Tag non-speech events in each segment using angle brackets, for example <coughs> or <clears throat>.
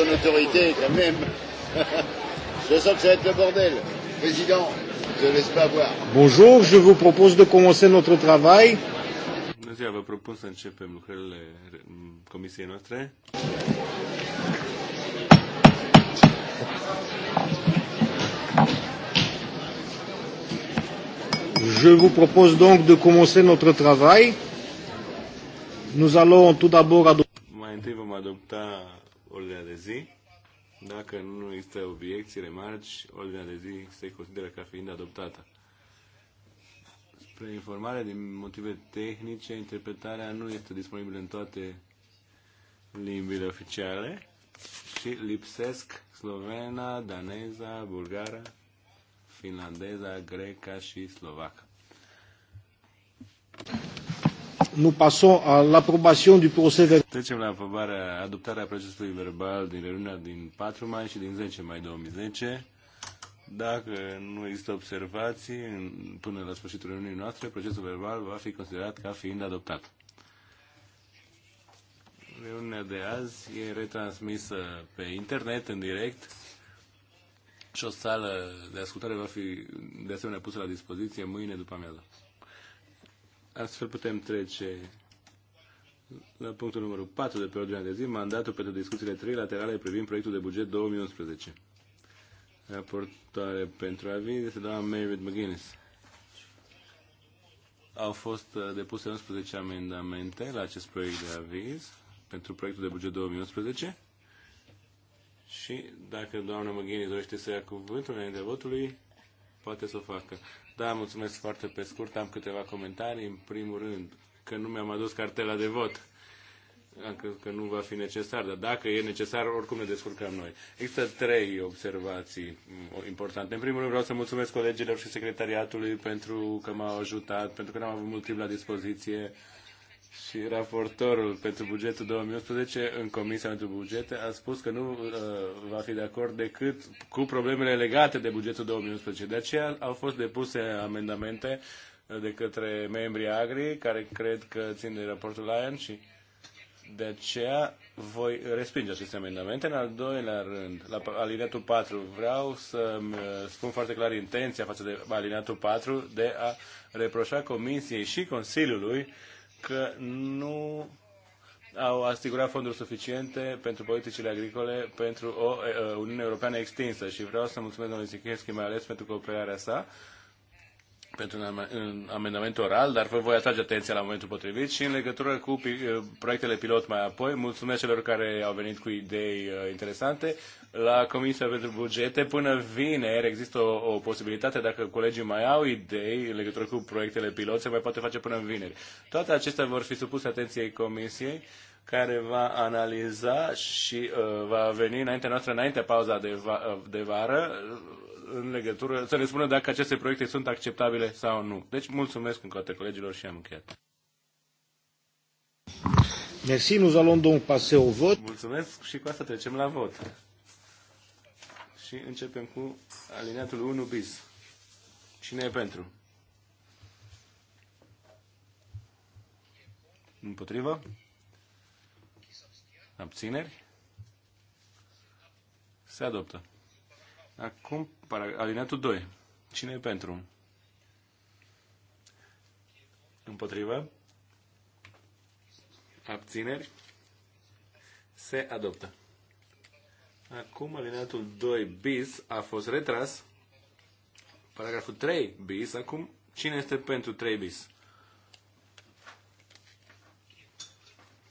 ton autorité quand même. <laughs> je sens que ça va être le bordel. Président, je ne laisse pas voir. Bonjour, je vous propose de commencer notre travail. Bună ziua, vă propun să începem lucrările comisiei noastre. Je vous propose donc de commencer notre travail. Nous allons tout d'abord adopter. Mai întâi vom adopta ordinea de zi. Dacă nu există obiecții, remarci, ordinea de zi se consideră ca fiind adoptată. Spre informare, din motive tehnice, interpretarea nu este disponibilă în toate limbile oficiale și lipsesc slovena, daneza, bulgara, finlandeza, greca și slovacă. Nous passons l'approbation du procès verbal. Trecem la aprobarea, adoptarea procesului verbal din reuniunea din 4 mai și din 10 mai 2010. Dacă nu există observații până la sfârșitul reuniunii noastre, procesul verbal va fi considerat ca fiind adoptat. Reuniunea de azi e retransmisă pe internet, în direct, și o sală de ascultare va fi de asemenea pusă la dispoziție mâine după amiază. Astfel putem trece la punctul numărul 4 de pe ordinea de zi, mandatul pentru discuțiile trilaterale privind proiectul de buget 2011. Raportoare pentru aviz este doamna Mary McGuinness. Au fost uh, depuse 11 amendamente la acest proiect de aviz pentru proiectul de buget 2011. Și dacă doamna McGuinness dorește să ia cuvântul înainte votului, poate să o facă. Da, mulțumesc foarte pe scurt. Am câteva comentarii. În primul rând, că nu mi-am adus cartela de vot. Am crezut că nu va fi necesar, dar dacă e necesar, oricum ne descurcăm noi. Există trei observații mm, importante. În primul rând vreau să mulțumesc colegilor și secretariatului pentru că m-au ajutat, pentru că n-am avut mult timp la dispoziție și raportorul pentru bugetul 2011 în Comisia pentru Bugete a spus că nu uh, va fi de acord decât cu problemele legate de bugetul 2011. De aceea au fost depuse amendamente uh, de către membrii Agri, care cred că țin de raportul Lion și de aceea voi respinge aceste amendamente. În al doilea rând, la alineatul 4, vreau să uh, spun foarte clar intenția față de alineatul 4 de a reproșa Comisiei și Consiliului uh, că nu au asigurat fonduri suficiente pentru politicile agricole pentru o Uniune Europeană extinsă și vreau să mulțumesc domnului Sikheschi mai ales pentru cooperarea sa pentru un amendament oral, dar vă voi atrage atenția la momentul potrivit și în legătură cu proiectele pilot mai apoi, mulțumesc celor care au venit cu idei interesante, la Comisia pentru Bugete până vineri există o, o posibilitate, dacă colegii mai au idei în legătură cu proiectele pilot, se mai poate face până în vineri. Toate acestea vor fi supuse atenției Comisiei care va analiza și uh, va veni înaintea noastră, înainte pauza de, va, uh, de vară, uh, în legătură, să ne spună dacă aceste proiecte sunt acceptabile sau nu. Deci mulțumesc încă o dată colegilor și am încheiat. Merci, nous allons donc passer au vote. Mulțumesc și cu asta trecem la vot. Și începem cu alineatul 1 bis. Cine e pentru? Împotrivă? Abțineri? Se adoptă. Acum, alineatul 2. Cine e pentru? Împotrivă? Abțineri? Se adoptă. Acum alineatul 2 bis a fost retras. Paragraful 3 bis. Acum cine este pentru 3 bis?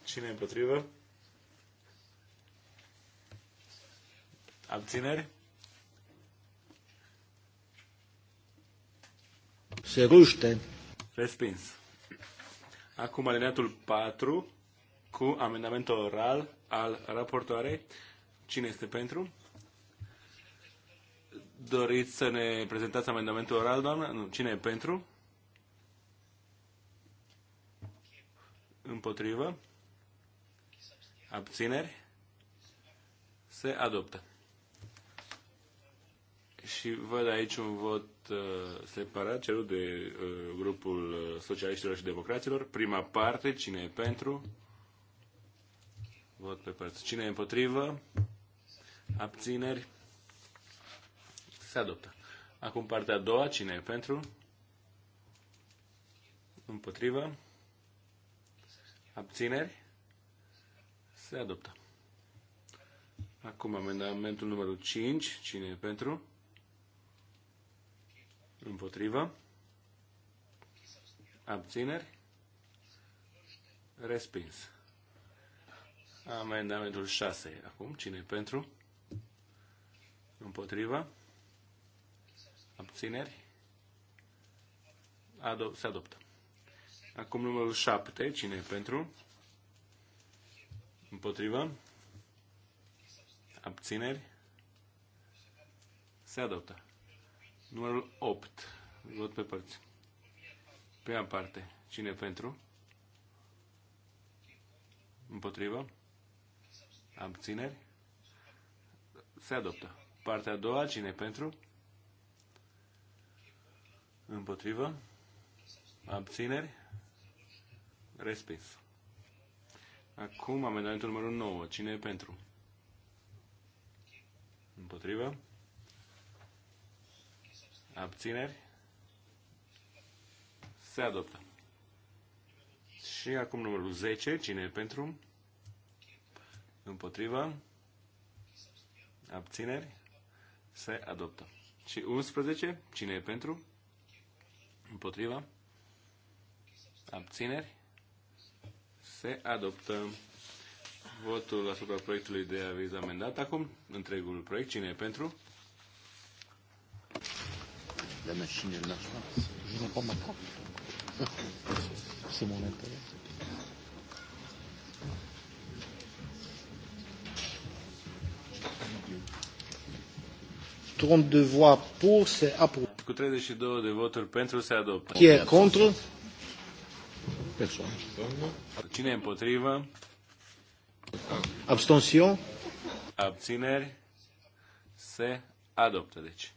Cine împotrivă? Abțineri? Se ruște. Respins. Acum alineatul 4 cu amendamentul oral al raportoarei. Cine este pentru? Doriți să ne prezentați amendamentul oral, doamnă? Nu. Cine e pentru? Împotrivă? Abțineri? Se adoptă. Și văd aici un vot uh, separat, cerut de uh, grupul uh, socialiștilor și democraților. Prima parte, cine e pentru? Vot pe părți. Cine e împotrivă? abțineri, se adoptă. Acum partea a doua, cine e pentru? Împotrivă. Abțineri? Se adoptă. Acum amendamentul numărul 5. Cine e pentru? Împotrivă. Abțineri? Respins. Amendamentul 6. Acum, cine e pentru? Împotriva? Abțineri? Adop- se adoptă. Acum numărul 7. Cine e pentru? Împotriva? Abțineri? Se adoptă. Numărul 8. Vot pe părți. Prima parte. Cine pentru? Împotrivă? Abțineri? Se adoptă. Partea a doua, cine pentru? Împotrivă? Abțineri? Respins. Acum amendamentul numărul 9. Cine e pentru? Împotrivă? Abțineri? Se adoptă. Și acum numărul 10. Cine e pentru? Împotrivă? Abțineri? Se adoptă. Și 11. Cine e pentru? Împotriva? Abțineri? Se adoptă. Votul asupra proiectului de aviz amendat acum. Întregul proiect. Cine e pentru? La mașină, la mașină. pas. Je n'ai pas ma propre. C'est mon intérêt. 32 voix pour, se aprobă. Cu 32 de voturi pentru se adoptă. Cine e contru? Persoană. Cine e împotrivă? Abstention? Abțineri? Se adoptă, deci.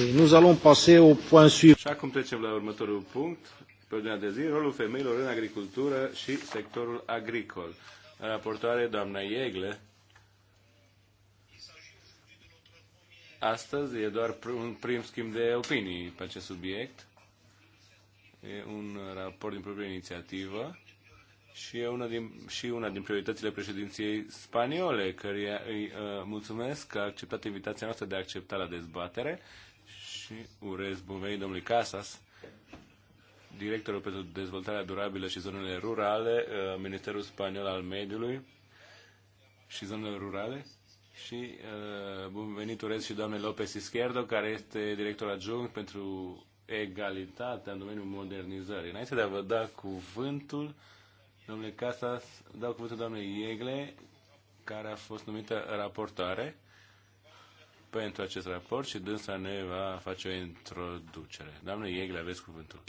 Et nous allons passer au point suivant. Și acum trecem la următorul punct, pe ordinea de zi, rolul femeilor în agricultură și sectorul agricol. Raportoare doamna Iegle. Astăzi e doar un prim schimb de opinii pe acest subiect. E un raport din propria inițiativă și e una din, și una din prioritățile președinției spaniole, care îi uh, mulțumesc că a acceptat invitația noastră de a accepta la dezbatere și urez bun venit domnului Casas, directorul pentru dezvoltarea durabilă și zonele rurale, uh, Ministerul Spaniol al Mediului și zonele rurale și uh, bun venit urez și doamnei Lopez Ischierdo, care este director adjunct pentru egalitate în domeniul modernizării. Înainte de a vă da cuvântul, domnule Casas, dau cuvântul doamnei Iegle, care a fost numită raportoare pentru acest raport și dânsa ne va face o introducere. Doamne Iegle, aveți cuvântul.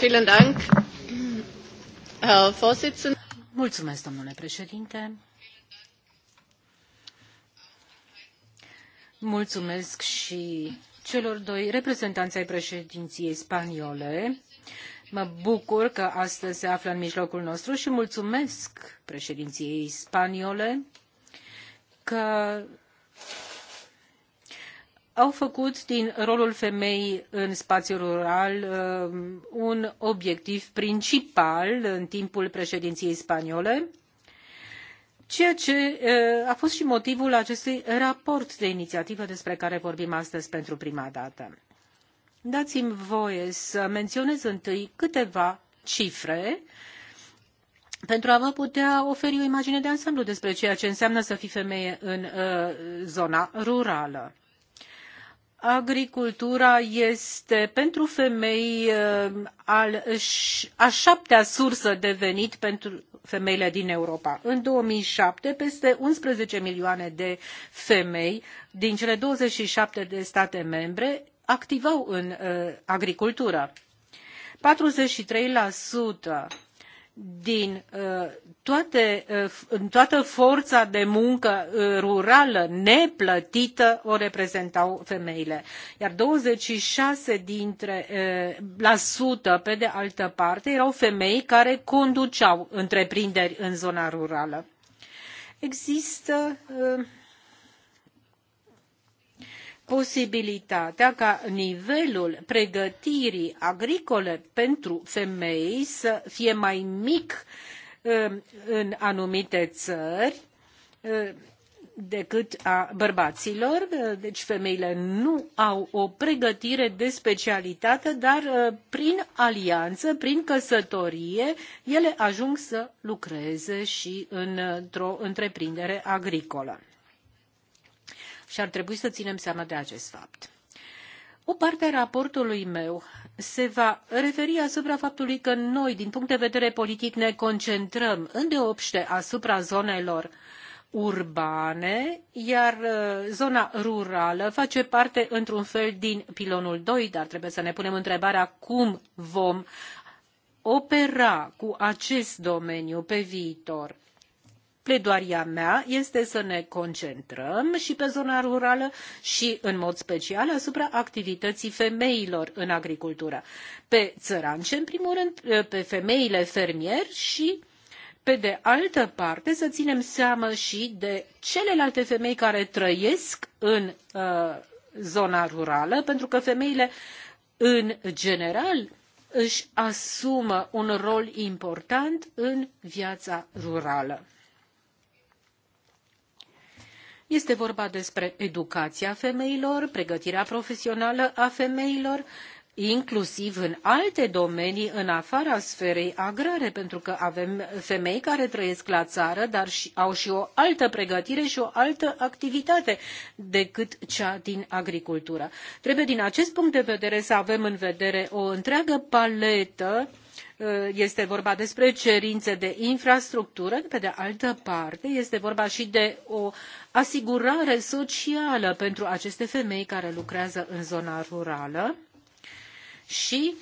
Vielen Dank. Mulțumesc, domnule președinte. Mulțumesc și celor doi reprezentanți ai președinției spaniole. Mă bucur că astăzi se află în mijlocul nostru și mulțumesc președinției spaniole că au făcut din rolul femeii în spațiul rural uh, un obiectiv principal în timpul președinției spaniole, ceea ce uh, a fost și motivul acestui raport de inițiativă despre care vorbim astăzi pentru prima dată. Dați-mi voie să menționez întâi câteva cifre pentru a vă putea oferi o imagine de ansamblu despre ceea ce înseamnă să fii femeie în uh, zona rurală agricultura este pentru femei uh, a șaptea sursă de venit pentru femeile din Europa. În 2007, peste 11 milioane de femei din cele 27 de state membre activau în uh, agricultură. 43% din uh, toate, uh, în toată forța de muncă uh, rurală neplătită o reprezentau femeile. Iar 26 dintre, la sută, pe de altă parte, erau femei care conduceau întreprinderi în zona rurală. Există uh, posibilitatea ca nivelul pregătirii agricole pentru femei să fie mai mic um, în anumite țări um, decât a bărbaților. Deci femeile nu au o pregătire de specialitate, dar uh, prin alianță, prin căsătorie, ele ajung să lucreze și uh, într-o întreprindere agricolă și ar trebui să ținem seama de acest fapt. O parte a raportului meu se va referi asupra faptului că noi, din punct de vedere politic, ne concentrăm îndeopște asupra zonelor urbane, iar uh, zona rurală face parte într-un fel din pilonul 2, dar trebuie să ne punem întrebarea cum vom opera cu acest domeniu pe viitor pledoaria mea este să ne concentrăm și pe zona rurală și, în mod special, asupra activității femeilor în agricultură. Pe țărance, în primul rând, pe femeile fermieri și pe de altă parte să ținem seama și de celelalte femei care trăiesc în uh, zona rurală, pentru că femeile, în general, își asumă un rol important în viața rurală. Este vorba despre educația femeilor, pregătirea profesională a femeilor, inclusiv în alte domenii în afara sferei agrare, pentru că avem femei care trăiesc la țară, dar au și o altă pregătire și o altă activitate decât cea din agricultură. Trebuie din acest punct de vedere să avem în vedere o întreagă paletă Uh, este vorba despre cerințe de infrastructură, pe de altă parte este vorba și de o asigurare socială pentru aceste femei care lucrează în zona rurală și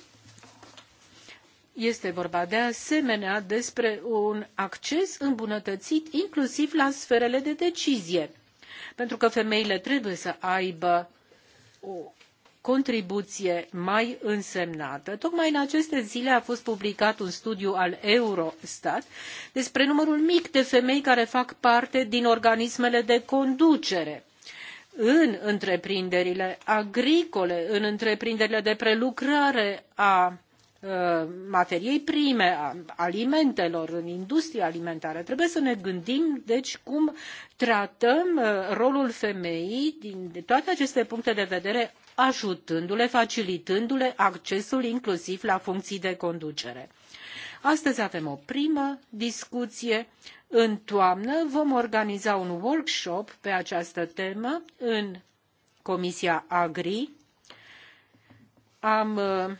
este vorba de asemenea despre un acces îmbunătățit inclusiv la sferele de decizie pentru că femeile trebuie să aibă o contribuție mai însemnată. Tocmai în aceste zile a fost publicat un studiu al Eurostat despre numărul mic de femei care fac parte din organismele de conducere în întreprinderile agricole, în întreprinderile de prelucrare a uh, materiei prime, a alimentelor, în industria alimentară. Trebuie să ne gândim, deci, cum tratăm uh, rolul femeii din toate aceste puncte de vedere ajutându-le, facilitându-le accesul inclusiv la funcții de conducere. Astăzi avem o primă discuție. În toamnă vom organiza un workshop pe această temă în Comisia Agri. Am uh,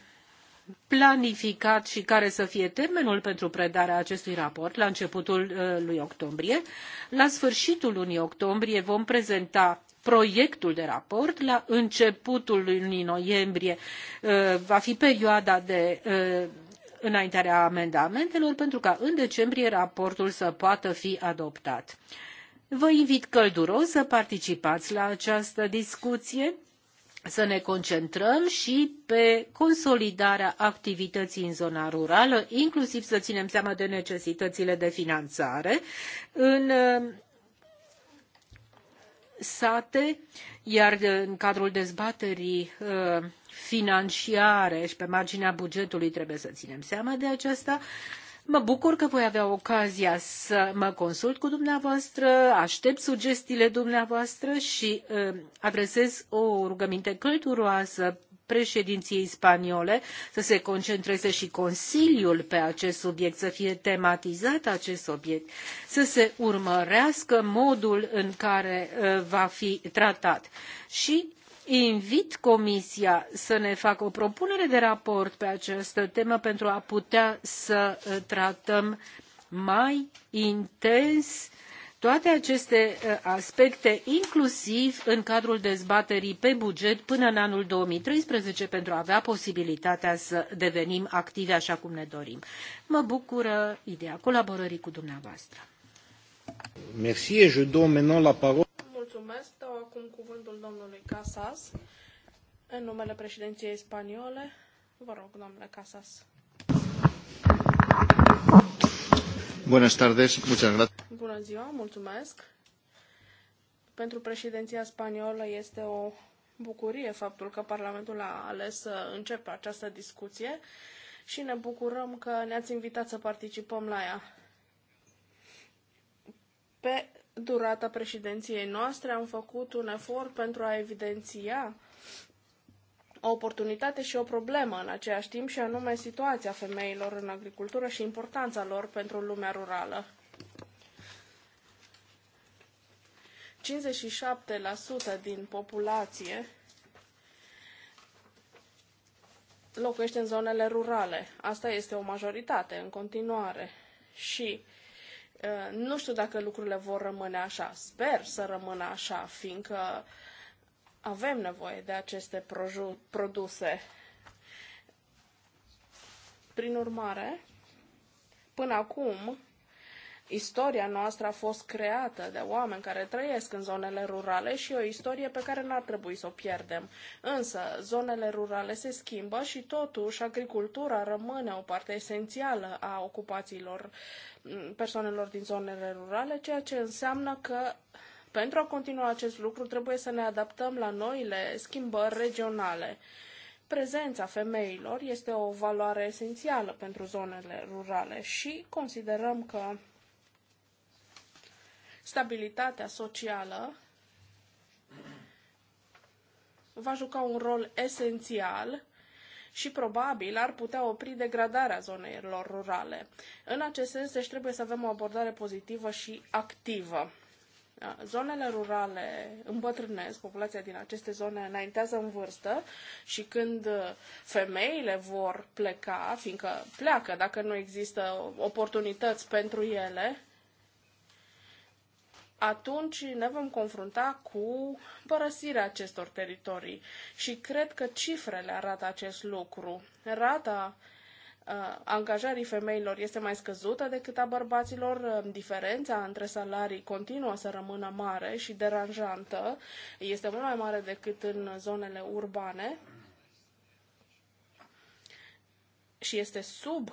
planificat și care să fie termenul pentru predarea acestui raport la începutul uh, lui octombrie. La sfârșitul lunii octombrie vom prezenta proiectul de raport. La începutul lunii noiembrie uh, va fi perioada de uh, înaintarea amendamentelor pentru ca în decembrie raportul să poată fi adoptat. Vă invit călduros să participați la această discuție să ne concentrăm și pe consolidarea activității în zona rurală, inclusiv să ținem seama de necesitățile de finanțare în uh, sate, iar în cadrul dezbaterii uh, financiare și pe marginea bugetului trebuie să ținem seama de aceasta. Mă bucur că voi avea ocazia să mă consult cu dumneavoastră, aștept sugestiile dumneavoastră și uh, adresez o rugăminte călduroasă președinției spaniole să se concentreze și Consiliul pe acest subiect, să fie tematizat acest subiect, să se urmărească modul în care uh, va fi tratat. Și invit comisia să ne facă o propunere de raport pe această temă pentru a putea să uh, tratăm mai intens toate aceste uh, aspecte, inclusiv în cadrul dezbaterii pe buget până în anul 2013, pentru a avea posibilitatea să devenim active, așa cum ne dorim. Mă bucură ideea colaborării cu dumneavoastră. Merci je donne la parole. Mulțumesc, dau acum cuvântul domnului Casas în numele președinției spaniole. Vă rog, domnule Casas. Buenas tardes, Bună ziua, mulțumesc. Pentru președinția spaniolă este o bucurie faptul că Parlamentul a ales să începe această discuție și ne bucurăm că ne-ați invitat să participăm la ea. Pe durata președinției noastre am făcut un efort pentru a evidenția uh, o oportunitate și o problemă în aceeași timp și anume situația femeilor în agricultură și importanța lor pentru lumea rurală. 57% din populație locuiește în zonele rurale. Asta este o majoritate în continuare. Și uh, nu știu dacă lucrurile vor rămâne așa. Sper să rămână așa, fiindcă uh, avem nevoie de aceste produse. Prin urmare, până acum, istoria noastră a fost creată de oameni care trăiesc în zonele rurale și o istorie pe care n-ar trebui să o pierdem. Însă, zonele rurale se schimbă și totuși agricultura rămâne o parte esențială a ocupațiilor persoanelor din zonele rurale, ceea ce înseamnă că pentru a continua acest lucru, trebuie să ne adaptăm la noile schimbări regionale. Prezența femeilor este o valoare esențială pentru zonele rurale și considerăm că stabilitatea socială va juca un rol esențial și probabil ar putea opri degradarea zonelor rurale. În acest sens, deci trebuie să avem o abordare pozitivă și activă zonele rurale îmbătrânesc, populația din aceste zone înaintează în vârstă și când uh, femeile vor pleca, fiindcă pleacă dacă nu există oportunități pentru ele, atunci ne vom confrunta cu părăsirea acestor teritorii. Și cred că cifrele arată acest lucru. Rata Uh, angajării femeilor este mai scăzută decât a bărbaților, uh, diferența între salarii continuă să rămână mare și deranjantă, este mult mai mare decât în zonele urbane și este sub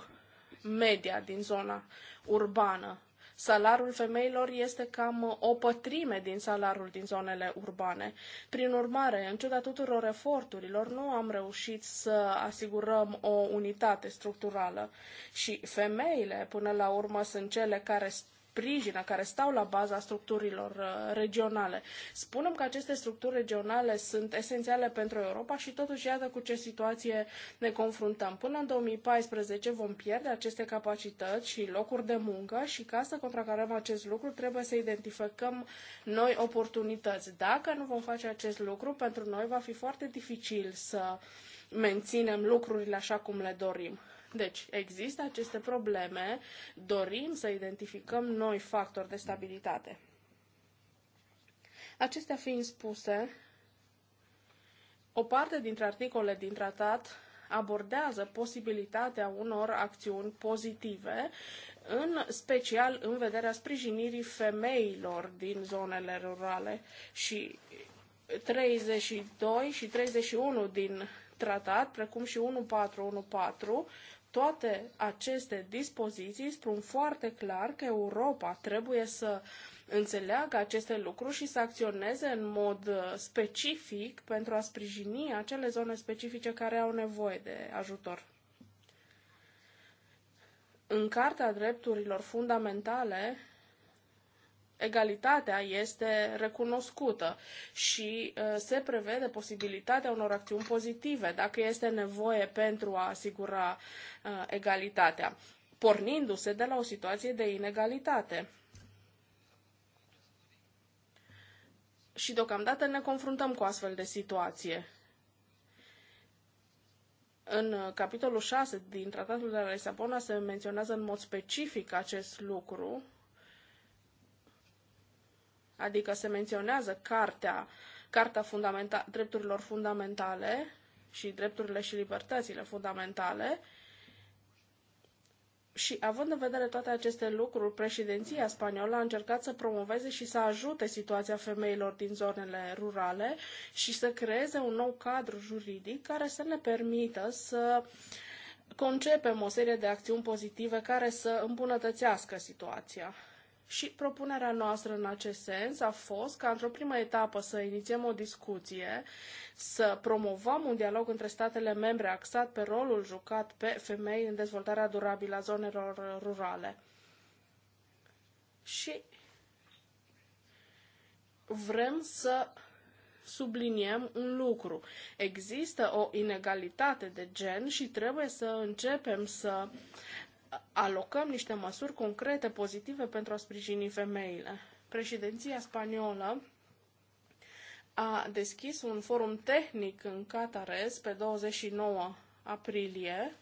media din zona urbană. Salarul femeilor este cam o pătrime din salarul din zonele urbane. Prin urmare, în ciuda tuturor eforturilor, nu am reușit să asigurăm o unitate structurală și femeile, până la urmă, sunt cele care sprijină, care stau la baza structurilor uh, regionale. Spunem că aceste structuri regionale sunt esențiale pentru Europa și totuși iată cu ce situație ne confruntăm. Până în 2014 vom pierde aceste capacități și locuri de muncă și ca să contracarăm acest lucru trebuie să identificăm noi oportunități. Dacă nu vom face acest lucru, pentru noi va fi foarte dificil să menținem lucrurile așa cum le dorim. Deci, există aceste probleme, dorim să identificăm noi factori de stabilitate. Acestea fiind spuse, o parte dintre articole din tratat abordează posibilitatea unor acțiuni pozitive, în special în vederea sprijinirii femeilor din zonele rurale și 32 și 31 din tratat, precum și 1414, toate aceste dispoziții spun foarte clar că Europa trebuie să înțeleagă aceste lucruri și să acționeze în mod uh, specific pentru a sprijini acele zone specifice care au nevoie de ajutor. În Carta Drepturilor Fundamentale egalitatea este recunoscută și uh, se prevede posibilitatea unor acțiuni pozitive dacă este nevoie pentru a asigura uh, egalitatea, pornindu-se de la o situație de inegalitate. Și deocamdată ne confruntăm cu astfel de situație. În uh, capitolul 6 din Tratatul de la Lisabona se menționează în mod specific acest lucru, adică se menționează cartea, Carta fundamenta- Drepturilor Fundamentale și Drepturile și Libertățile Fundamentale, și având în vedere toate aceste lucruri, președinția spaniolă a încercat să promoveze și să ajute situația femeilor din zonele rurale și să creeze un nou cadru juridic care să ne permită să concepem o serie de acțiuni pozitive care să îmbunătățească situația. Și propunerea noastră în acest sens a fost ca într-o primă etapă să inițiem o discuție, să promovăm un dialog între statele membre axat pe rolul jucat pe femei în dezvoltarea durabilă a zonelor rurale. Și vrem să subliniem un lucru. Există o inegalitate de gen și trebuie să începem să alocăm niște măsuri concrete, pozitive pentru a sprijini femeile. Președinția spaniolă a deschis un forum tehnic în Catarez pe 29 aprilie,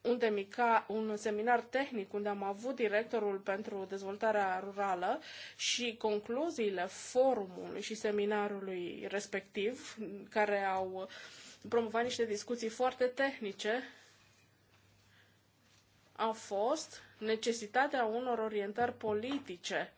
unde mica, un seminar tehnic unde am avut directorul pentru dezvoltarea rurală și concluziile forumului și seminarului respectiv, care au promovat niște discuții foarte tehnice, a fost necesitatea unor orientări politice.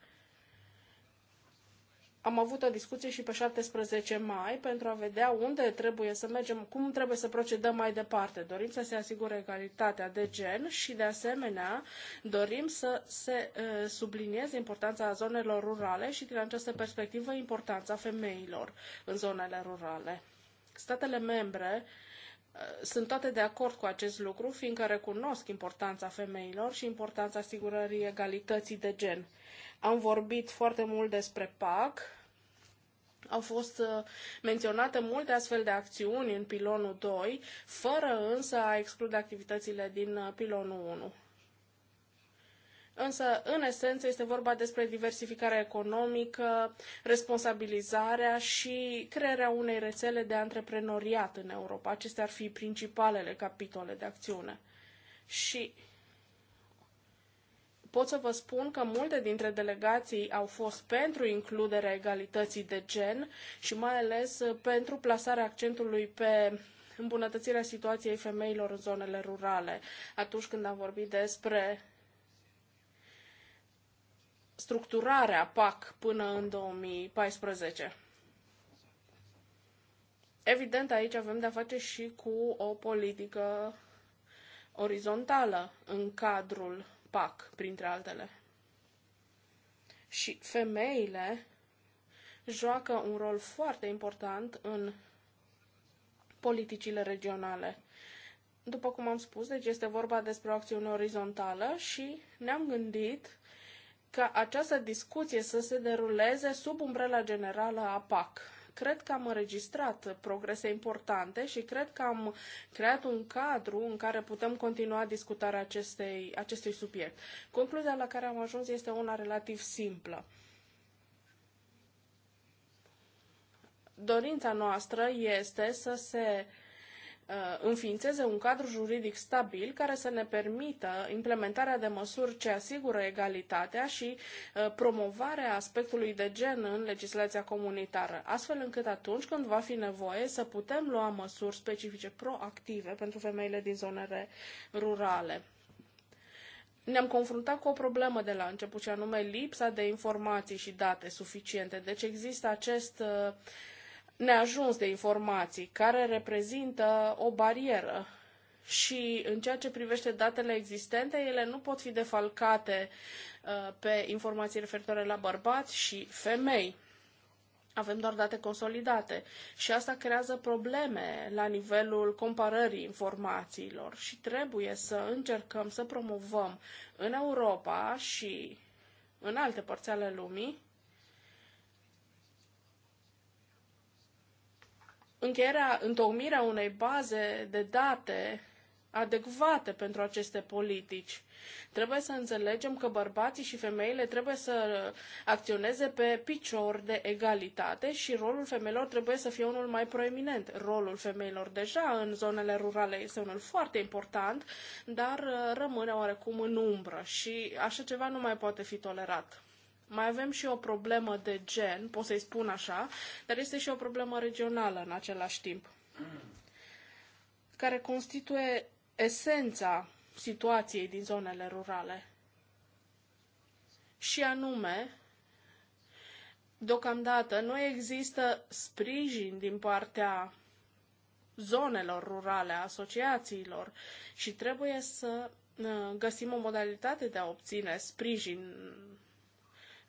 Am avut o discuție și pe 17 mai pentru a vedea unde trebuie să mergem, cum trebuie să procedăm mai departe. Dorim să se asigure egalitatea de gen și, de asemenea, dorim să se sublinieze importanța zonelor rurale și, din această perspectivă, importanța femeilor în zonele rurale. Statele membre uh, sunt toate de acord cu acest lucru, fiindcă recunosc importanța femeilor și importanța asigurării egalității de gen. Am vorbit foarte mult despre PAC, au fost uh, menționate multe astfel de acțiuni în pilonul 2, fără însă a exclude activitățile din uh, pilonul 1. Însă, în esență, este vorba despre diversificarea economică, responsabilizarea și crearea unei rețele de antreprenoriat în Europa. Acestea ar fi principalele capitole de acțiune. Și pot să vă spun că multe dintre delegații au fost pentru includerea egalității de gen și mai ales pentru plasarea accentului pe îmbunătățirea situației femeilor în zonele rurale atunci când am vorbit despre structurarea PAC până în 2014. Evident, aici avem de-a face și cu o politică orizontală în cadrul PAC, printre altele. Și femeile joacă un rol foarte important în politicile regionale. După cum am spus, deci este vorba despre o acțiune orizontală și ne-am gândit ca această discuție să se deruleze sub umbrela generală a PAC. Cred că am înregistrat progrese importante și cred că am creat un cadru în care putem continua discutarea acestei, acestui subiect. Concluzia la care am ajuns este una relativ simplă. Dorința noastră este să se Uh, înființeze un cadru juridic stabil care să ne permită implementarea de măsuri ce asigură egalitatea și uh, promovarea aspectului de gen în legislația comunitară, astfel încât atunci când va fi nevoie să putem lua măsuri specifice proactive pentru femeile din zonele rurale ne-am confruntat cu o problemă de la început, și anume lipsa de informații și date suficiente. Deci există acest uh, neajuns de informații, care reprezintă o barieră și în ceea ce privește datele existente, ele nu pot fi defalcate uh, pe informații referitoare la bărbați și femei. Avem doar date consolidate și asta creează probleme la nivelul comparării informațiilor și trebuie să încercăm să promovăm în Europa și în alte părți ale lumii încheierea, întocmirea unei baze de date adecvate pentru aceste politici. Trebuie să înțelegem că bărbații și femeile trebuie să acționeze pe picior de egalitate și rolul femeilor trebuie să fie unul mai proeminent. Rolul femeilor deja în zonele rurale este unul foarte important, dar uh, rămâne oarecum în umbră și așa ceva nu mai poate fi tolerat. Mai avem și o problemă de gen, pot să-i spun așa, dar este și o problemă regională în același timp, care constituie esența situației din zonele rurale. Și anume, deocamdată nu există sprijin din partea zonelor rurale, a asociațiilor și trebuie să uh, găsim o modalitate de a obține sprijin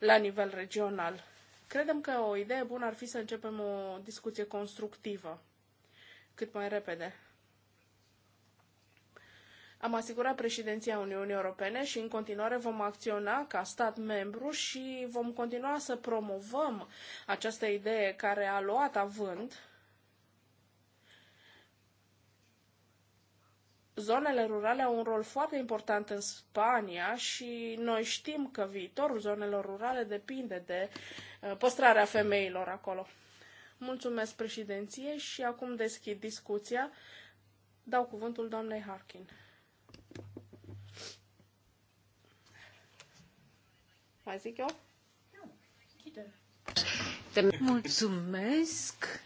la nivel regional. Credem că o idee bună ar fi să începem o discuție constructivă cât mai repede. Am asigurat președinția Uniunii Europene și în continuare vom acționa ca stat membru și vom continua să promovăm această idee care a luat avânt Zonele rurale au un rol foarte important în Spania și noi știm că viitorul zonelor rurale depinde de uh, păstrarea femeilor acolo. Mulțumesc președinție și acum deschid discuția. Dau cuvântul doamnei Harkin. Mai zic eu? Mulțumesc.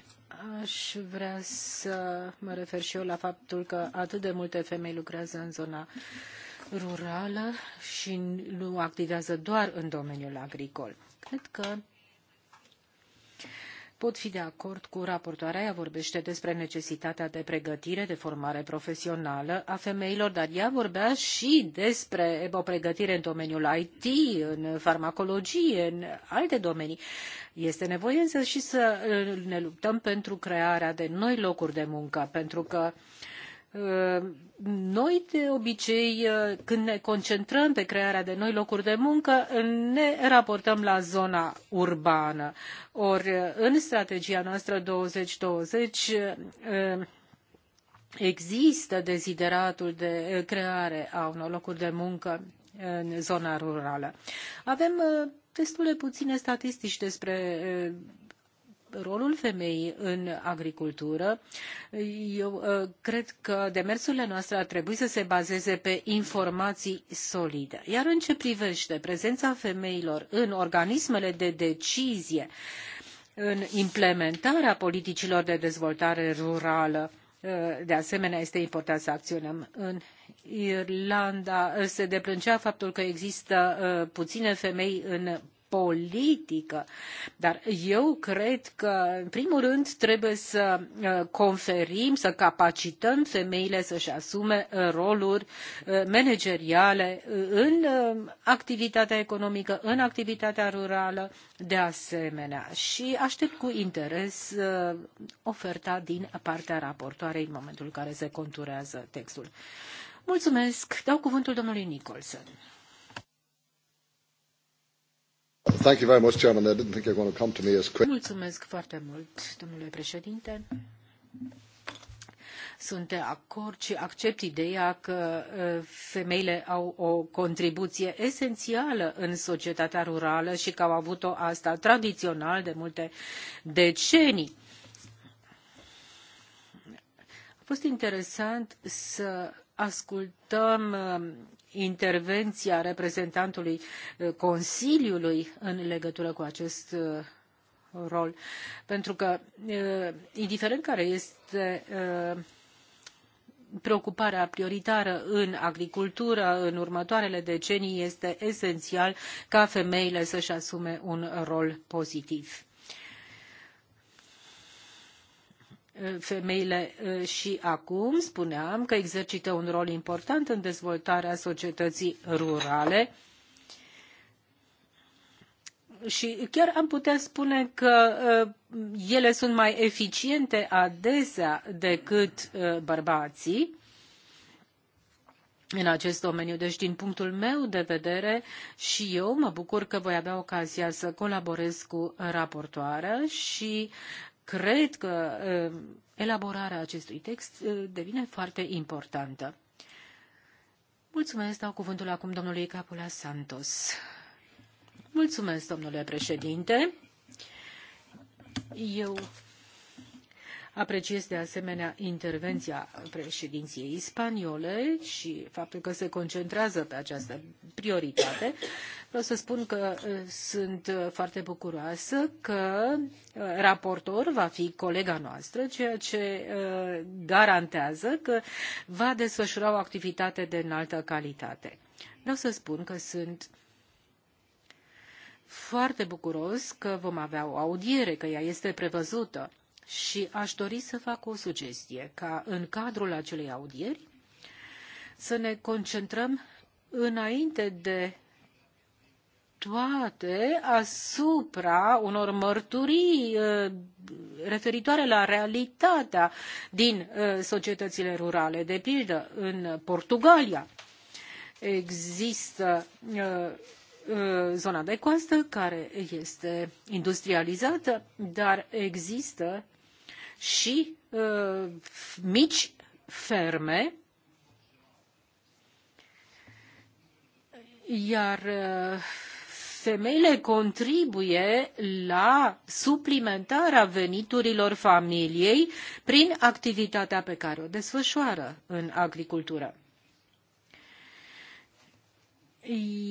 Aș vrea să mă refer și eu la faptul că atât de multe femei lucrează în zona rurală și nu activează doar în domeniul agricol. Cred că pot fi de acord cu raportoarea, ea vorbește despre necesitatea de pregătire, de formare profesională a femeilor, dar ea vorbea și despre o pregătire în domeniul IT, în farmacologie, în alte domenii. Este nevoie însă și să ne luptăm pentru crearea de noi locuri de muncă, pentru că uh, noi, de obicei, când ne concentrăm pe crearea de noi locuri de muncă, ne raportăm la zona urbană. Ori, în strategia noastră 2020, există dezideratul de creare a unor locuri de muncă în zona rurală. Avem uh, destule puține statistici despre uh, rolul femeii în agricultură, eu uh, cred că demersurile noastre ar trebui să se bazeze pe informații solide. Iar în ce privește prezența femeilor în organismele de decizie, în implementarea politicilor de dezvoltare rurală, uh, de asemenea, este important să acționăm. În Irlanda uh, se deplângea faptul că există puține femei în politică. Dar eu cred că, în primul rând, trebuie să uh, conferim, să capacităm femeile să-și asume uh, roluri uh, manageriale în activitatea economică, în activitatea rurală, de asemenea. Și aștept cu interes oferta din partea raportoarei în momentul în care se conturează textul. Mulțumesc. Dau cuvântul domnului Nicholson. Mulțumesc foarte mult, domnule președinte sunt de acord și accept ideea că uh, femeile au o contribuție esențială în societatea rurală și că au avut o asta tradițional de multe decenii. A fost interesant să ascultăm uh, intervenția reprezentantului uh, Consiliului în legătură cu acest uh, rol. Pentru că, uh, indiferent care este preocuparea prioritară în agricultură în următoarele decenii este esențial ca femeile să își asume un rol pozitiv. femeile și acum spuneam că exercită un rol important în dezvoltarea societății rurale și chiar am putea spune că ele sunt mai eficiente adesea decât bărbații în acest domeniu. Deci, din punctul meu de vedere, și eu mă bucur că voi avea ocazia să colaborez cu raportoarea și cred că elaborarea acestui text devine foarte importantă. Mulțumesc, dau cuvântul acum domnului Capula Santos. Mulțumesc, domnule președinte. Eu Apreciez de asemenea intervenția președinției spaniole și faptul că se concentrează pe această prioritate, Vreau să spun că uh, sunt uh, foarte bucuroasă că uh, raportor va fi colega noastră, ceea ce garantează că va desfășura o activitate de înaltă calitate. Vreau să spun că sunt foarte bucuros că vom avea o audiere, că ea este prevăzută și aș dori să fac o sugestie ca în cadrul acelei audieri să ne concentrăm înainte de toate asupra unor mărturii uh, referitoare la realitatea din uh, societățile rurale. De pildă, în Portugalia există uh, zona de coastă care este industrializată, dar există și mici ferme iar femeile contribuie la suplimentarea veniturilor familiei prin activitatea pe care o desfășoară în agricultură.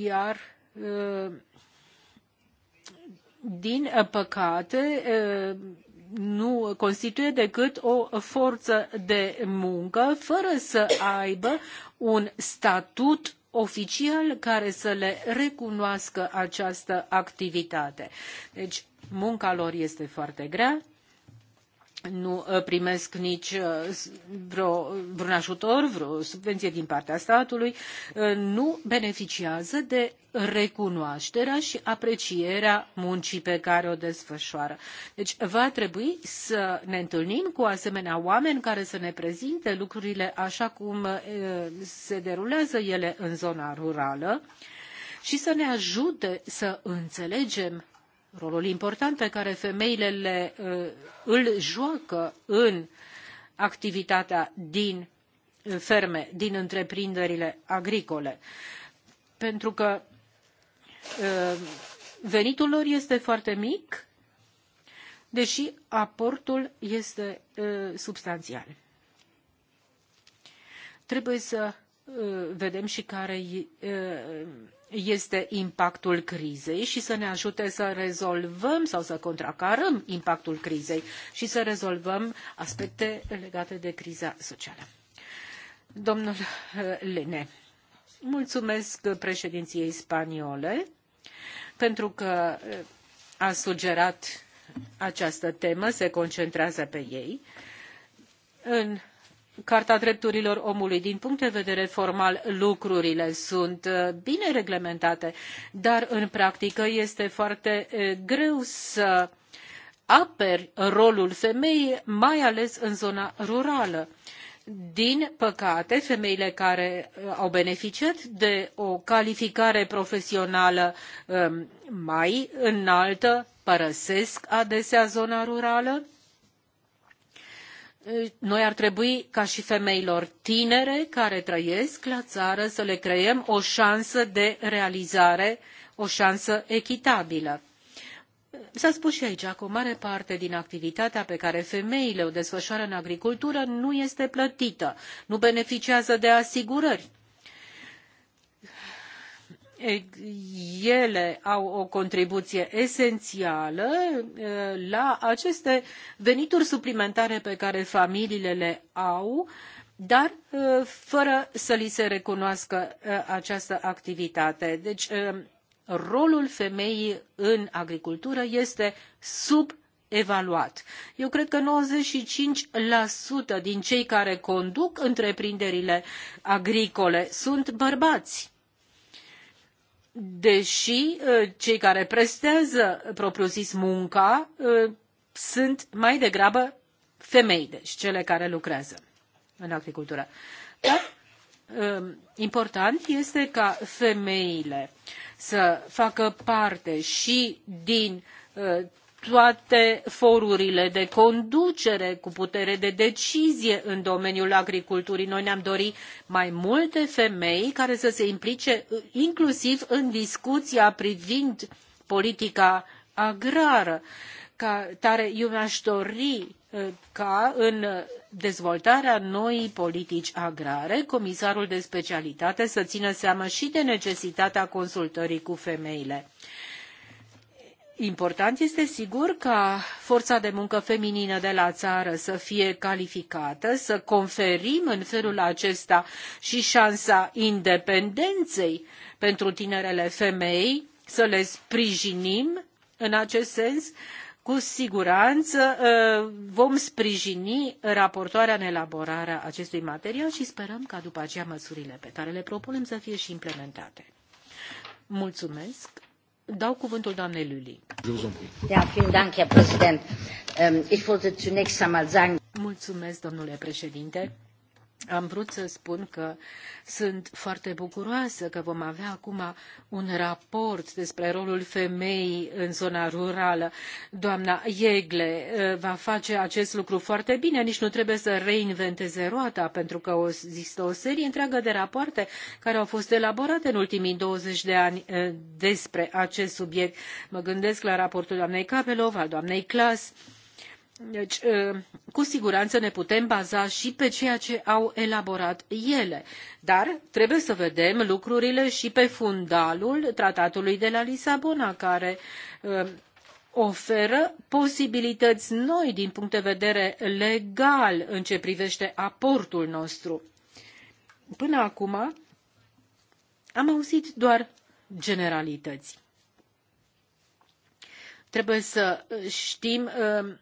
Iar uh, din păcate, uh, nu constituie decât o forță de muncă fără să aibă un statut oficial care să le recunoască această activitate. Deci munca lor este foarte grea, nu uh, primesc nici uh, vreun ajutor, vreo subvenție din partea statului, uh, nu beneficiază de recunoașterea și aprecierea muncii pe care o desfășoară. Deci va trebui să ne întâlnim cu asemenea oameni care să ne prezinte lucrurile așa cum se derulează ele în zona rurală și să ne ajute să înțelegem rolul important pe care femeile le, uh, îl joacă în activitatea din uh, ferme, din întreprinderile agricole. Pentru că uh, venitul lor este foarte mic, deși aportul este substanțial. Trebuie să Uh, vedem și care uh, este impactul crizei și să ne ajute să rezolvăm sau să contracarăm impactul crizei și să rezolvăm aspecte legate de criza socială. Domnul uh, Lene, mulțumesc președinției spaniole pentru că a sugerat această temă, se concentrează pe ei. În Carta Drepturilor Omului. Din punct de vedere formal, lucrurile sunt uh, bine reglementate, dar în practică este foarte uh, greu să aperi rolul femeii, mai ales în zona rurală. Din păcate, femeile care uh, au beneficiat de o calificare profesională um, mai înaltă părăsesc adesea zona rurală noi ar trebui ca și femeilor tinere care trăiesc la țară să le creăm o șansă de realizare, o șansă echitabilă. S-a spus și aici că o mare parte din activitatea pe care femeile o desfășoară în agricultură nu este plătită, nu beneficiază de asigurări ele au o contribuție esențială eh, la aceste venituri suplimentare pe care familiile le au, dar eh, fără să li se recunoască eh, această activitate. Deci, rolul femeii în agricultură este sub evaluat. Eu cred că 95% din cei care conduc întreprinderile agricole sunt bărbați deși uh, cei care prestează propriu-zis munca uh, sunt mai degrabă femei, deci cele care lucrează în agricultură. Dar um, important este ca femeile să facă parte și din uh, toate forurile de conducere, cu putere de decizie în domeniul agriculturii. Noi ne-am dorit mai multe femei care să se implice uh, inclusiv în discuția privind politica agrară. Ca tare, eu mi-aș dori uh, ca în dezvoltarea noii politici agrare, comisarul de specialitate să țină seama și de necesitatea consultării cu femeile. Important este sigur ca forța de muncă feminină de la țară să fie calificată, să conferim în felul acesta și șansa independenței pentru tinerele femei, să le sprijinim în acest sens. Cu siguranță ă, vom sprijini raportoarea în elaborarea acestui material și sperăm ca după aceea măsurile pe care le propunem să fie și implementate. Mulțumesc! cuvântul ähm, domnule președinte. Am vrut să spun că sunt foarte bucuroasă că vom avea acum un raport despre rolul femeii în zona rurală. Doamna Iegle eh, va face acest lucru foarte bine, nici nu trebuie să reinventeze roata, pentru că există o serie întreagă de rapoarte care au fost elaborate în ultimii 20 de ani eh, despre acest subiect. Mă gândesc la raportul doamnei Capelov, al doamnei Clas, deci, ă, cu siguranță ne putem baza și pe ceea ce au elaborat ele, dar trebuie să vedem lucrurile și pe fundalul tratatului de la Lisabona, care ă, oferă posibilități noi din punct de vedere legal în ce privește aportul nostru. Până acum am auzit doar generalități. Trebuie să știm uh,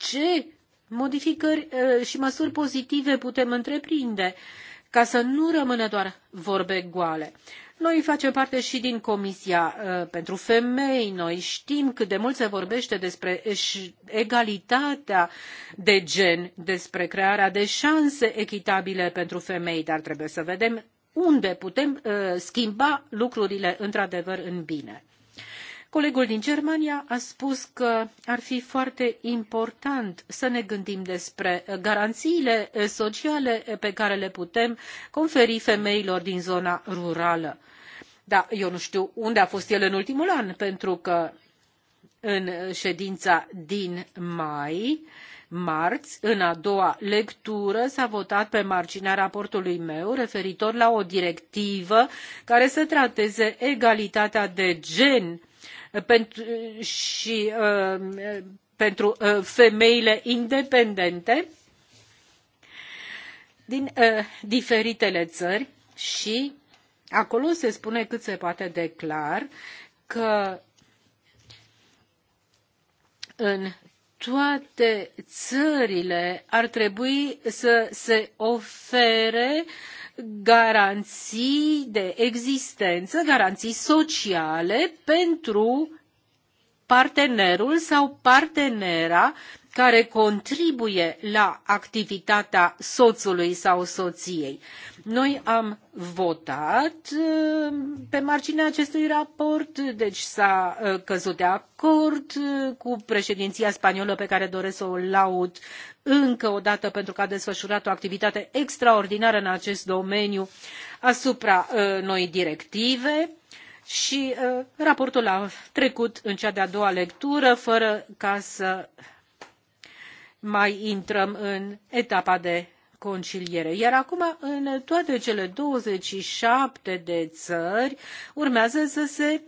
ce modificări și măsuri pozitive putem întreprinde ca să nu rămână doar vorbe goale. Noi facem parte și din Comisia pentru Femei, noi știm cât de mult se vorbește despre egalitatea de gen, despre crearea de șanse echitabile pentru femei, dar trebuie să vedem unde putem schimba lucrurile într-adevăr în bine. Colegul din Germania a spus că ar fi foarte important să ne gândim despre uh, garanțiile uh, sociale uh, pe care le putem conferi femeilor din zona rurală. Da, eu nu știu unde a fost el în ultimul an, pentru că în ședința din mai, marți, în a doua lectură, s-a votat pe marginea raportului meu referitor la o directivă care să trateze egalitatea de gen pentru, și uh, pentru uh, femeile independente din uh, diferitele țări și acolo se spune cât se poate de clar că în toate țările ar trebui să se ofere uh, garanții de existență, garanții sociale pentru partenerul sau partenera care contribuie la activitatea soțului sau soției. Noi am votat uh, pe marginea acestui raport, deci s-a uh, căzut de acord uh, cu președinția spaniolă pe care doresc să o laud încă o dată pentru că a desfășurat o activitate extraordinară în acest domeniu asupra noii directive și raportul a trecut în cea de-a doua lectură fără ca să mai intrăm în etapa de conciliere. Iar acum, în toate cele 27 de țări, urmează să se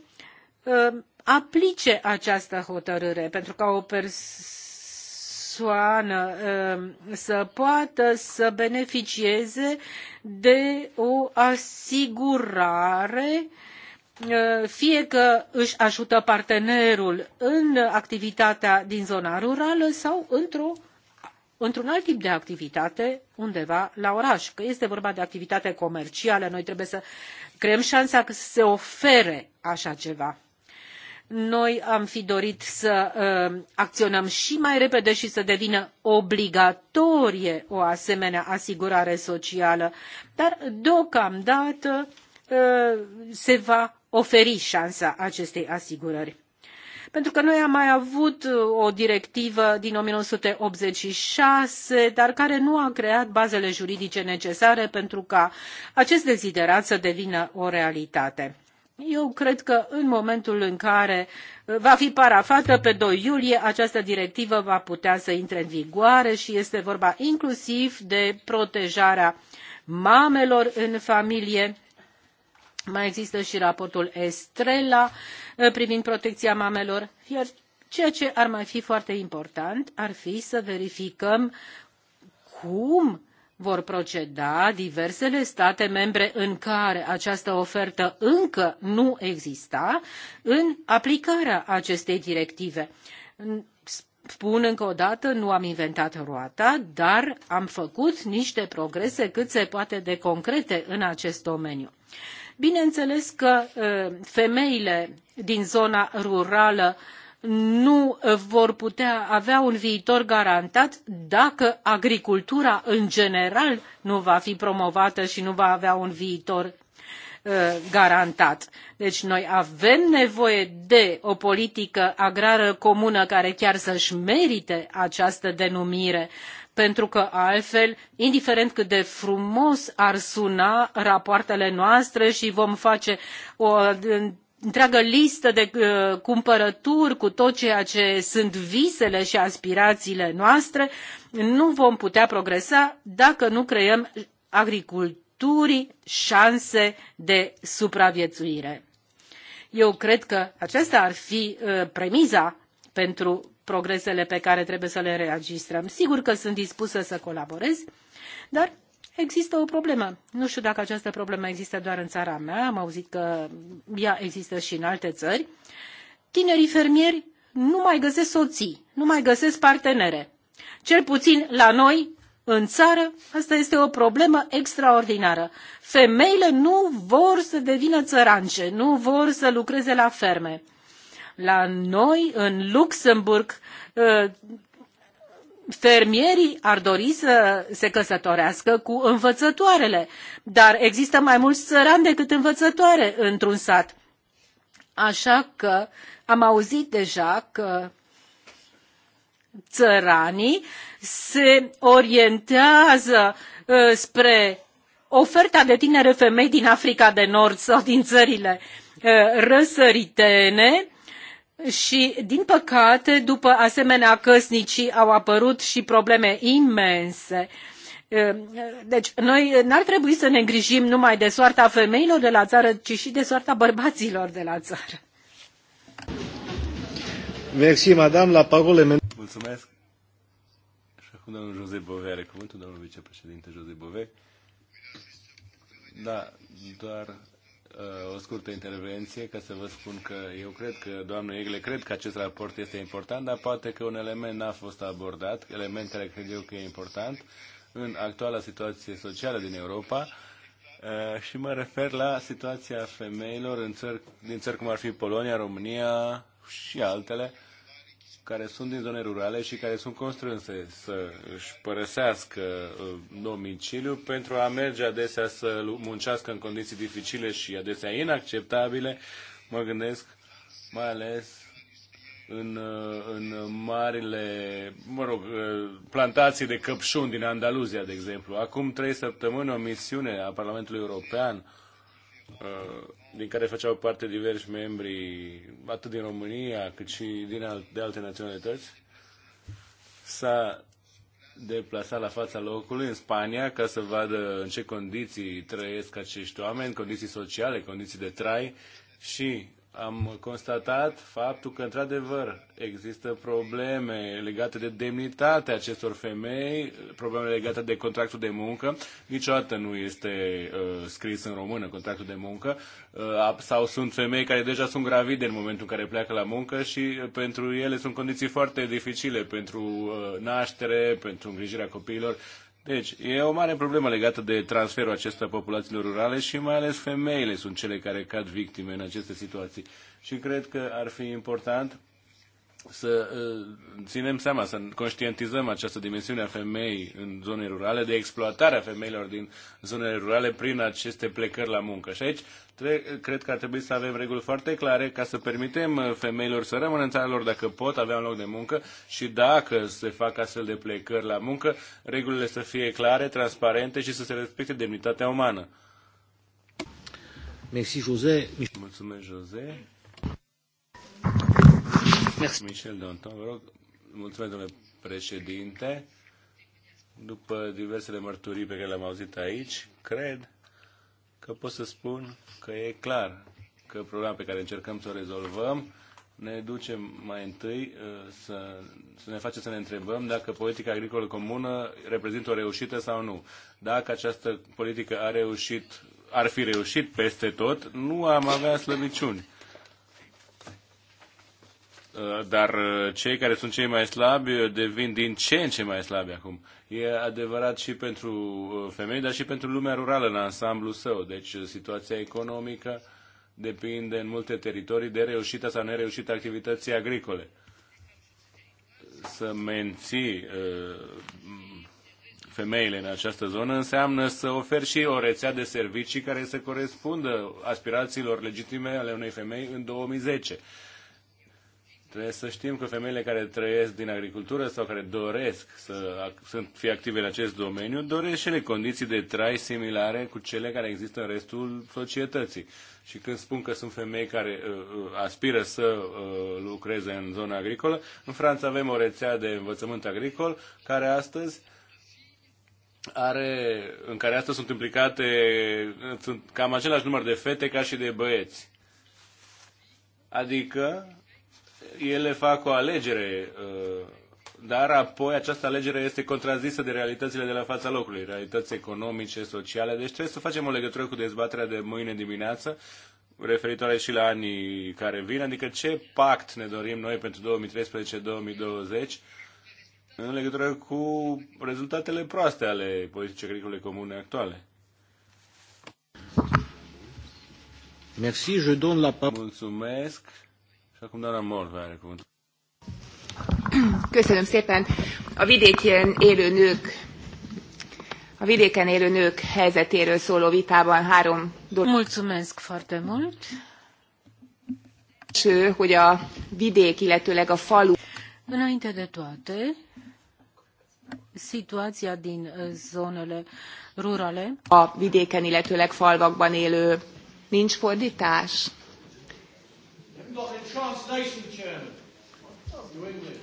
uh, aplice această hotărâre, pentru ca o persoană uh, să poată să beneficieze de o asigurare uh, fie că își ajută partenerul în activitatea din zona rurală sau într-o într-un alt tip de activitate undeva la oraș. Că este vorba de activitate comercială, noi trebuie să creăm șansa că se ofere așa ceva. Noi am fi dorit să uh, acționăm și mai repede și să devină obligatorie o asemenea asigurare socială, dar deocamdată se va oferi șansa acestei asigurări. Pentru că noi am mai avut uh, o directivă din 1986, dar care nu a creat bazele juridice necesare pentru ca acest deziderat să devină o realitate. Eu cred că în momentul în care uh, va fi parafată pe 2 iulie, această directivă va putea să intre în vigoare și este vorba inclusiv de protejarea mamelor în familie mai există și raportul Estrela uh, privind protecția mamelor, iar ceea ce ar mai fi foarte important ar fi să verificăm cum vor proceda diversele state membre în care această ofertă încă nu exista în aplicarea acestei directive. Spun încă o dată, nu am inventat roata, dar am făcut niște progrese cât se poate de concrete în acest domeniu. Bineînțeles că ă, femeile din zona rurală nu ă, vor putea avea un viitor garantat dacă agricultura în general nu va fi promovată și nu va avea un viitor ă, garantat. Deci noi avem nevoie de o politică agrară comună care chiar să-și merite această denumire, pentru că altfel indiferent cât de frumos ar suna rapoartele noastre și vom face o întreagă listă de uh, cumpărături cu tot ceea ce sunt visele și aspirațiile noastre nu vom putea progresa dacă nu creăm agriculturii șanse de supraviețuire. Eu cred că aceasta ar fi uh, premiza pentru progresele pe care trebuie să le registrăm. Sigur că sunt dispusă să colaborez, dar există o problemă. Nu știu dacă această problemă există doar în țara mea, am auzit că ea există și în alte țări. Tinerii fermieri nu mai găsesc soții, nu mai găsesc partenere. Cel puțin la noi, în țară, asta este o problemă extraordinară. Femeile nu vor să devină țărance, nu vor să lucreze la ferme. La noi, în Luxemburg, ă, fermierii ar dori să se căsătorească cu învățătoarele, dar există mai mulți țărani decât învățătoare într-un sat. Așa că am auzit deja că țăranii se orientează ă, spre oferta de tinere femei din Africa de Nord sau din țările ă, răsăritene și, din păcate, după asemenea căsnicii au apărut și probleme imense. Deci, noi n-ar trebui să ne îngrijim numai de soarta femeilor de la țară, ci și de soarta bărbaților de la țară. Mersi, madame, la parole. Mulțumesc. Și acum domnul Jose Bové are cuvântul, domnul vicepreședinte Jose Bové. Da, doar Uh, o scurtă intervenție ca să vă spun că eu cred că, doamnă Egle, cred că acest raport este important, dar poate că un element n-a fost abordat, element care cred eu că e important în actuala situație socială din Europa uh, și mă refer la situația femeilor în țări, din țări cum ar fi Polonia, România și altele, care sunt din zone rurale și care sunt constrânse să își părăsească uh, domiciliul pentru a merge adesea să muncească în condiții dificile și adesea inacceptabile. Mă gândesc mai ales în, uh, în marile, mă rog, uh, plantații de căpșuni din Andaluzia, de exemplu. Acum trei săptămâni o misiune a Parlamentului European din care făceau parte diversi membri, atât din România, cât și din al, de alte naționalități, s-a deplasat la fața locului în Spania ca să vadă în ce condiții trăiesc acești oameni, condiții sociale, condiții de trai și am constatat faptul că, într-adevăr, există probleme legate de demnitatea acestor femei, probleme legate de contractul de muncă. Niciodată nu este uh, scris în română contractul de muncă. Uh, sau sunt femei care deja sunt gravide în momentul în care pleacă la muncă și uh, pentru ele sunt condiții foarte dificile pentru uh, naștere, pentru îngrijirea copiilor deci, e o mare problemă legată de transferul acesta populațiilor rurale și mai ales femeile sunt cele care cad victime în aceste situații. Și cred că ar fi important să uh, ținem seama, să conștientizăm această dimensiune a femei în zone rurale, de exploatarea femeilor din zonele rurale prin aceste plecări la muncă. Și aici cred că ar trebui să avem reguli foarte clare ca să permitem uh, femeilor să rămână în țara lor dacă pot avea un loc de muncă și dacă se fac astfel de plecări la muncă, regulile să fie clare, transparente și să se respecte demnitatea umană. Mersi, José. Mulțumesc, José. Merci. Michel Danton, vă rog. Mulțumesc, domnule președinte. După diversele mărturii pe care le-am auzit aici, cred că pot să spun că e clar că problema pe care încercăm să o rezolvăm ne duce mai întâi uh, să, să ne face să ne întrebăm dacă politica agricolă comună reprezintă o reușită sau nu. Dacă această politică a reușit, ar fi reușit peste tot, nu am avea slăbiciuni. Uh, dar uh, cei care sunt cei mai slabi uh, devin din ce în ce mai slabi acum. E adevărat și pentru femei, dar și pentru lumea rurală în ansamblu său. Deci situația economică depinde în multe teritorii de reușita sau nereușita activității agricole. Să menții femeile în această zonă înseamnă să oferi și o rețea de servicii care să corespundă aspirațiilor legitime ale unei femei în 2010 Trebuie să știm că femeile care trăiesc din agricultură sau care doresc să sunt, fie active în acest domeniu, doresc și ele condiții de trai similare cu cele care există în restul societății. Și când spun că sunt femei care uh, uh, aspiră să uh, lucreze în zona agricolă, în Franța avem o rețea de învățământ agricol care astăzi are, în care astăzi sunt implicate sunt cam același număr de fete ca și de băieți. Adică ele fac o alegere, uh, dar apoi această alegere este contrazisă de realitățile de la fața locului, realități economice, sociale. Deci trebuie să facem o legătură cu dezbaterea de mâine dimineață, referitoare și la anii care vin, adică ce pact ne dorim noi pentru 2013-2020 în legătură cu rezultatele proaste ale politicii agricole comune actuale. Merci, je donne la Mulțumesc. Köszönöm szépen. A vidéken élő nők a vidéken élő nők helyzetéről szóló vitában három dolog. Mulțumesc foarte Ső, hogy a vidék, illetőleg a falu. Înainte de toate, situația din uh, zonele rurale. A vidéken, illetőleg falvakban élő. Nincs fordítás? got the translation, Chairman, New English.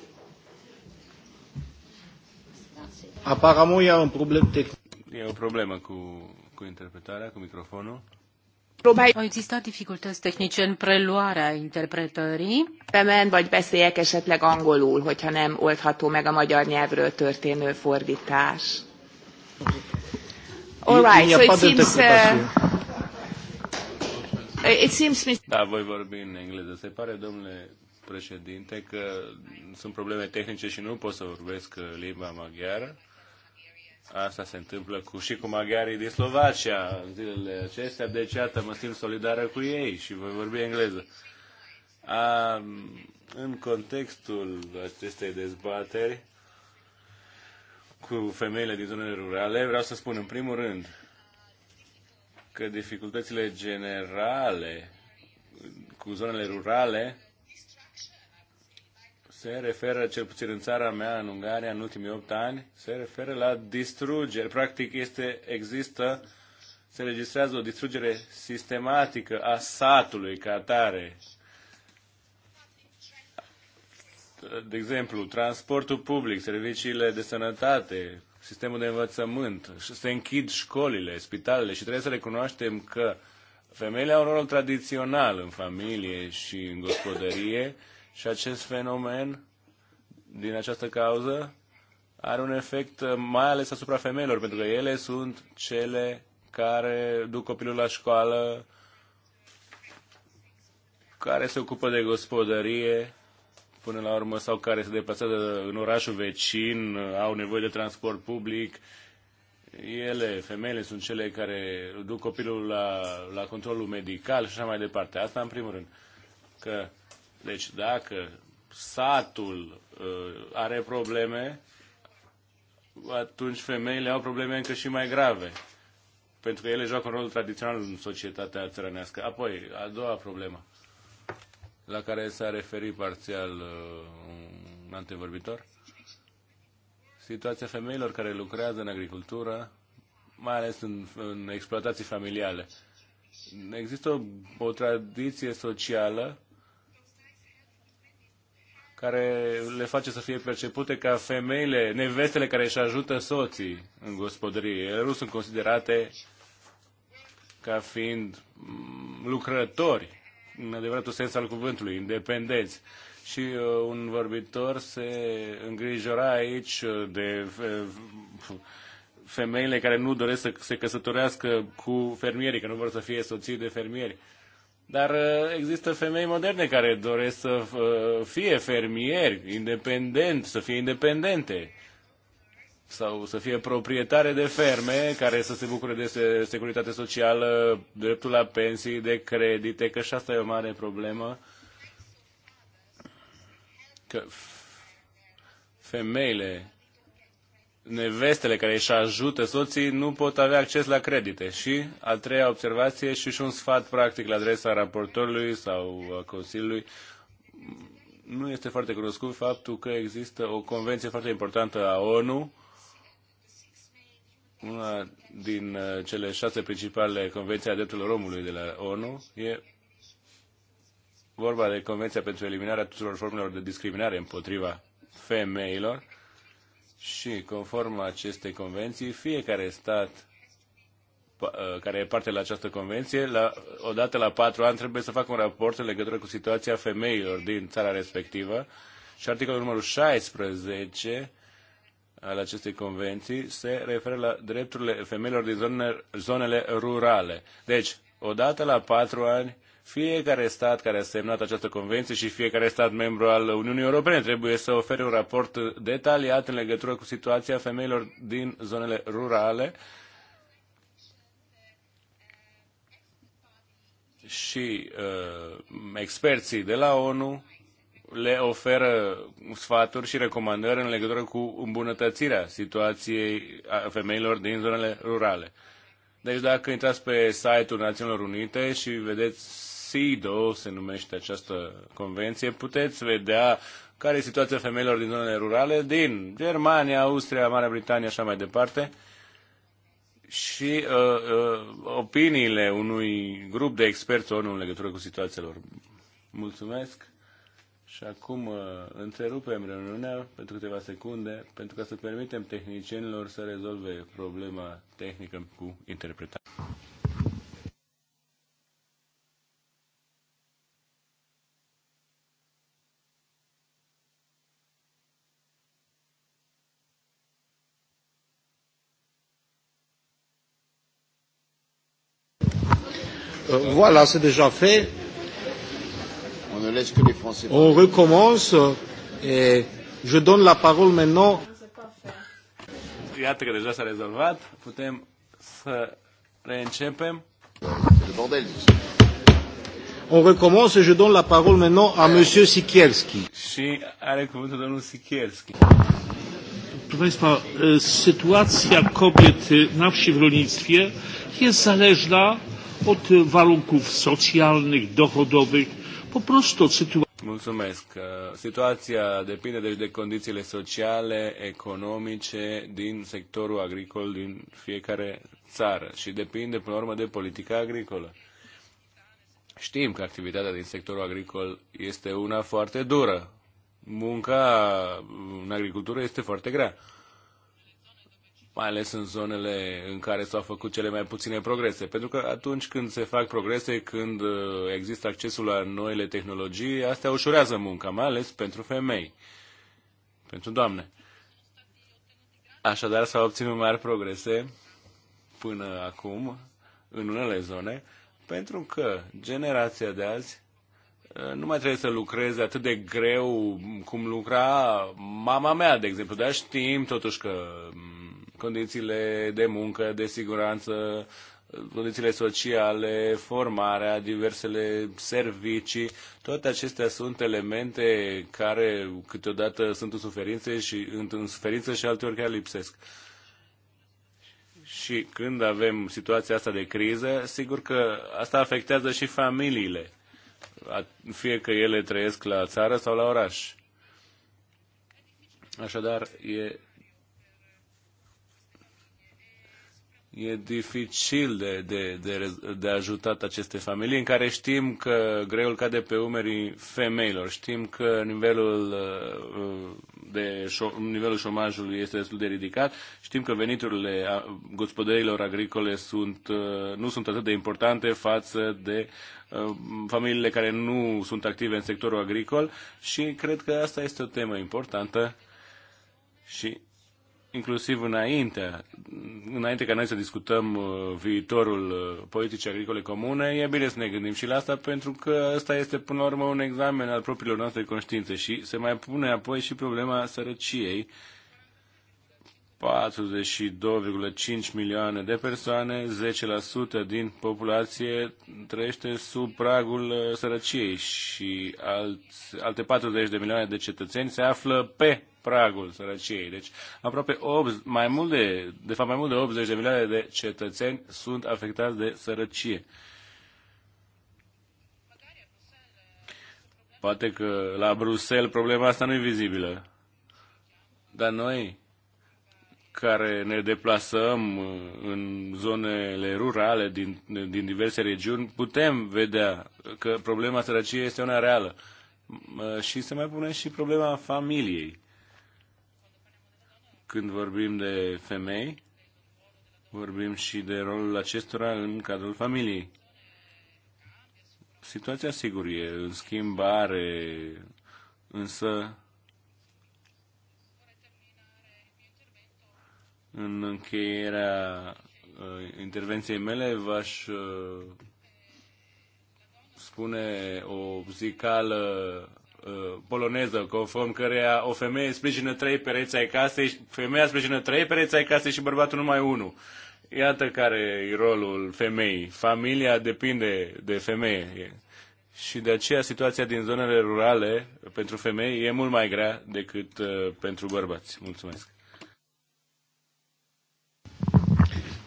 Apparemment, il y a un problème tehnic. E o problemă cu, cu interpretarea, cu microfonul. Au existat dificultăți tehnice în preluarea interpretării. Remen, vagy beszéljek esetleg angolul, hogyha nem oldható meg a magyar nyelvről történő fordítás. All right, so it seems uh, It seems me... Da, voi vorbi în engleză. Se pare, domnule președinte, că sunt probleme tehnice și nu pot să vorbesc uh, limba maghiară. Asta se întâmplă cu, și cu maghiarii din Slovacia în zilele acestea, deci iată, mă simt solidară cu ei și voi vorbi engleză. A, în contextul acestei dezbateri cu femeile din zonele rurale, vreau să spun în primul rând că dificultățile generale cu zonele rurale se referă, cel puțin în țara mea, în Ungaria, în ultimii 8 ani, se referă la distrugere. Practic este, există, se registrează o distrugere sistematică a satului ca atare. De exemplu, transportul public, serviciile de sănătate, sistemul de învățământ, se închid școlile, spitalele și trebuie să recunoaștem că femeile au un rol tradițional în familie și în gospodărie și acest fenomen, din această cauză, are un efect mai ales asupra femeilor, pentru că ele sunt cele care duc copilul la școală, care se ocupă de gospodărie până la urmă sau care se deplasează în orașul vecin, au nevoie de transport public. Ele, femeile, sunt cele care duc copilul la, la controlul medical și așa mai departe. Asta în primul rând. Că, deci dacă satul uh, are probleme, atunci femeile au probleme încă și mai grave. Pentru că ele joacă un rol tradițional în societatea țărănească. Apoi, a doua problemă. Uh, la care s-a referit parțial uh, un antevorbitor. Situația femeilor care lucrează în agricultură, mai ales în, în exploatații familiale. Există o, o tradiție socială care le face să fie percepute ca femeile, nevestele care își ajută soții în gospodărie. Ele nu sunt considerate ca fiind mm, lucrători în adevăratul sens al cuvântului, independenți. Și uh, un vorbitor se îngrijora aici uh, de uh, femeile care nu doresc să se căsătorească cu fermierii, că nu vor să fie soții de fermieri. Dar uh, există femei moderne care doresc să fie fermieri, independent, să fie independente sau să fie proprietare de ferme care să se bucure de securitate socială, dreptul la pensii, de credite, că și asta e o mare problemă. Că femeile, nevestele care își ajută soții nu pot avea acces la credite. Și a treia observație și și un sfat practic la adresa raportorului sau a Consiliului, nu este foarte cunoscut faptul că există o convenție foarte importantă a ONU una din uh, cele șase principale convenții a drepturilor omului de la ONU e vorba de Convenția pentru eliminarea tuturor formelor de discriminare împotriva femeilor și conform acestei convenții, fiecare stat uh, care e parte la această convenție, la, odată la patru ani trebuie să facă un raport în legătură cu situația femeilor din țara respectivă și articolul numărul 16 al acestei convenții se referă la drepturile femeilor din zonele, zonele rurale. Deci, odată la patru ani, fiecare stat care a semnat această convenție și fiecare stat membru al Uniunii Europene trebuie să ofere un raport detaliat în legătură cu situația femeilor din zonele rurale și uh, experții de la ONU le oferă sfaturi și recomandări în legătură cu îmbunătățirea situației femeilor din zonele rurale. Deci dacă intrați pe site-ul Națiunilor Unite și vedeți SIDO, se numește această convenție, puteți vedea care e situația femeilor din zonele rurale, din Germania, Austria, Marea Britanie, așa mai departe. Și uh, uh, opiniile unui grup de experți ONU în legătură cu situația lor. Mulțumesc! Și acum uh, întrerupem reuniunea pentru câteva secunde pentru ca să permitem tehnicienilor să rezolve problema tehnică cu interpretarea. Voilà, c'est déjà fait. On recommence et je donne la parole maintenant. Iată că deja s-a rezolvat. Putem să reîncepem. On recommence et je donne la parole maintenant à monsieur Sikielski. Și are cuvântul domnul Sikielski. Proszę Państwa, sytuacja kobiet na wsi w rolnictwie jest zależna od warunków socjalnych, dochodowych, Po Mulțumesc. Situația depinde deci de condițiile sociale, economice din sectorul agricol din fiecare țară și depinde până la urmă de politica agricolă. Știm că activitatea din sectorul agricol este una foarte dură. Munca în agricultură este foarte grea mai ales în zonele în care s-au făcut cele mai puține progrese. Pentru că atunci când se fac progrese, când uh, există accesul la noile tehnologii, astea ușurează munca, mai ales pentru femei, pentru doamne. Așadar s-au obținut mari progrese până acum în unele zone, pentru că generația de azi uh, nu mai trebuie să lucreze atât de greu cum lucra mama mea, de exemplu, dar știm totuși că mm, condițiile de muncă, de siguranță, condițiile sociale, formarea, diversele servicii, toate acestea sunt elemente care câteodată sunt în suferințe și în suferință și alteori care lipsesc. Și când avem situația asta de criză, sigur că asta afectează și familiile, fie că ele trăiesc la țară sau la oraș. Așadar, e e dificil de, de, de, de ajutat aceste familii în care știm că greul cade pe umerii femeilor, știm că nivelul, uh, de, nivelul șomajului este destul de ridicat, știm că veniturile gospodărilor agricole sunt, uh, nu sunt atât de importante față de uh, familiile care nu sunt active în sectorul agricol și cred că asta este o temă importantă și inclusiv înainte, înainte ca noi să discutăm uh, viitorul uh, politicii agricole comune, e bine să ne gândim și la asta, pentru că ăsta este până la urmă un examen al propriilor noastre conștiințe și se mai pune apoi și problema sărăciei. 42,5 milioane de persoane, 10% din populație trăiește sub pragul uh, sărăciei și alți, alte 40 de milioane de cetățeni se află pe pragul sărăciei. Deci aproape 8, mai mult de, de fapt mai mult de 80 de milioane de cetățeni sunt afectați de sărăcie. Poate că la Bruxelles problema asta nu e vizibilă. Dar noi, care ne deplasăm uh, în zonele rurale din, din diverse regiuni, putem vedea că problema sărăciei este una reală. Uh, și se mai pune și problema familiei. Când vorbim de femei, vorbim și de rolul acestora în cadrul familiei. Situația, sigur, e în schimbare, însă în încheierea uh, intervenției mele v-aș uh, spune o zicală Uh, poloneză, conform căreia o femeie sprijină trei pereți ai casei, femeia sprijină trei pereți ai casei și bărbatul numai unul. Iată care e rolul femeii. Familia depinde de femeie. Și de aceea situația din zonele rurale pentru femei e mult mai grea decât uh, pentru bărbați. Mulțumesc.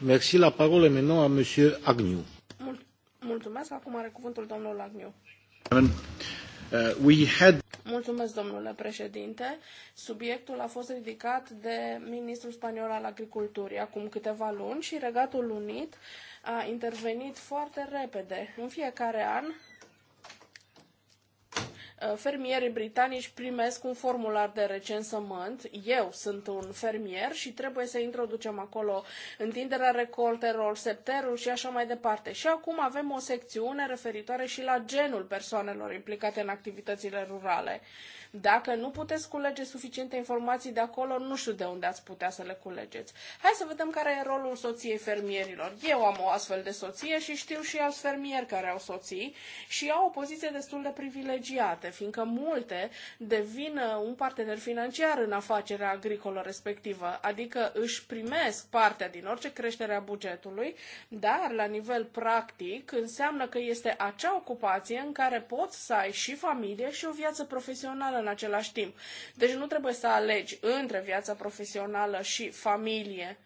Merci la parole maintenant à monsieur Agnew. Mulțumesc. Acum are cuvântul domnul Agnew. Uh, we had... Mulțumesc, domnule președinte. Subiectul a fost ridicat de ministrul spaniol al agriculturii acum câteva luni și Regatul Unit a intervenit foarte repede. În fiecare an Uh, fermierii britanici primesc un formular de recensământ. Eu sunt un fermier și trebuie să introducem acolo întinderea recoltelor, septerul și așa mai departe. Și acum avem o secțiune referitoare și la genul persoanelor implicate în activitățile rurale. Uh, dacă nu puteți culege suficiente informații de acolo, nu știu de unde ați putea să le culegeți. Hai să vedem care e rolul soției fermierilor. Eu am o astfel de soție și știu și alți fermieri care au soții și au o poziție destul de privilegiată, fiindcă multe devin uh, un partener financiar în afacerea agricolă respectivă, adică își primesc partea din orice creștere a bugetului, dar la nivel practic înseamnă că este acea ocupație în care poți să ai și familie și o viață profesională în același timp. Deci nu trebuie să alegi între viața profesională și familie.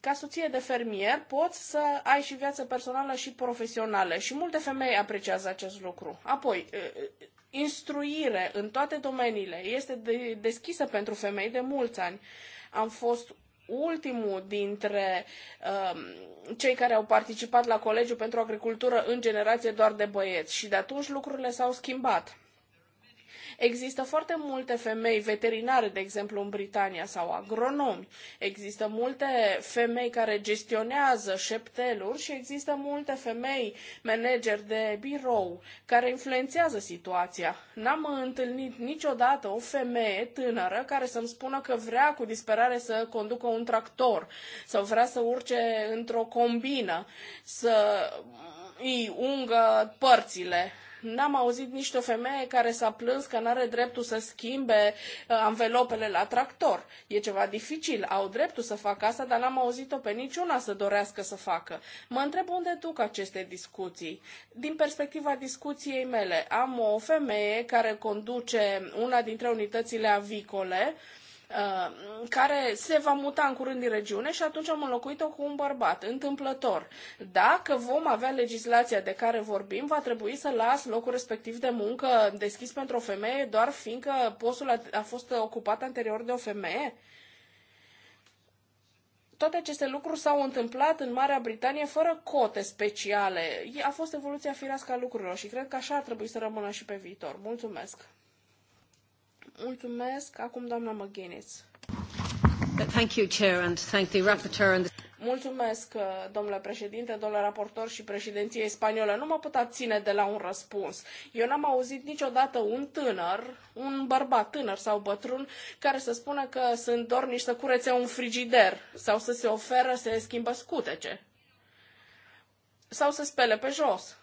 Ca soție de fermier poți să ai și viață personală și profesională și multe femei apreciază acest lucru. Apoi, instruire în toate domeniile este de, deschisă pentru femei de mulți ani. Am fost ultimul dintre um, cei care au participat la Colegiul pentru Agricultură în generație doar de băieți și de atunci lucrurile s-au schimbat. Există foarte multe femei veterinare, de exemplu, în Britania sau agronomi. Există multe femei care gestionează șepteluri și există multe femei manageri de birou care influențează situația. N-am întâlnit niciodată o femeie tânără care să-mi spună că vrea cu disperare să conducă un tractor sau vrea să urce într-o combină, să îi ungă părțile N-am auzit nicio femeie care s-a plâns că nu are dreptul să schimbe uh, anvelopele la tractor. E ceva dificil. Au dreptul să facă asta, dar n-am auzit-o pe niciuna să dorească să facă. Mă întreb unde duc aceste discuții. Din perspectiva discuției mele, am o femeie care conduce una dintre unitățile avicole, uh, Uh, care se va muta în curând din regiune și atunci am înlocuit-o cu un bărbat, întâmplător. Dacă vom avea legislația de care vorbim, va trebui să las locul respectiv de muncă deschis pentru o femeie doar fiindcă postul a, fost ocupat anterior de o femeie? Toate aceste lucruri s-au întâmplat în Marea Britanie fără cote speciale. A fost evoluția firească a lucrurilor și cred că așa ar trebui să rămână și pe viitor. Mulțumesc! Mulțumesc. Acum doamna McGuinness. Thank you, Chair, and thank the rapporteur and the... Mulțumesc, uh, domnule președinte, domnule raportor și președinției spaniole. Nu mă pot abține de la un răspuns. Eu n-am auzit niciodată un tânăr, un bărbat tânăr sau bătrân, care să spună că sunt dornici să curețe un frigider sau să se oferă să schimbă scutece sau să spele pe jos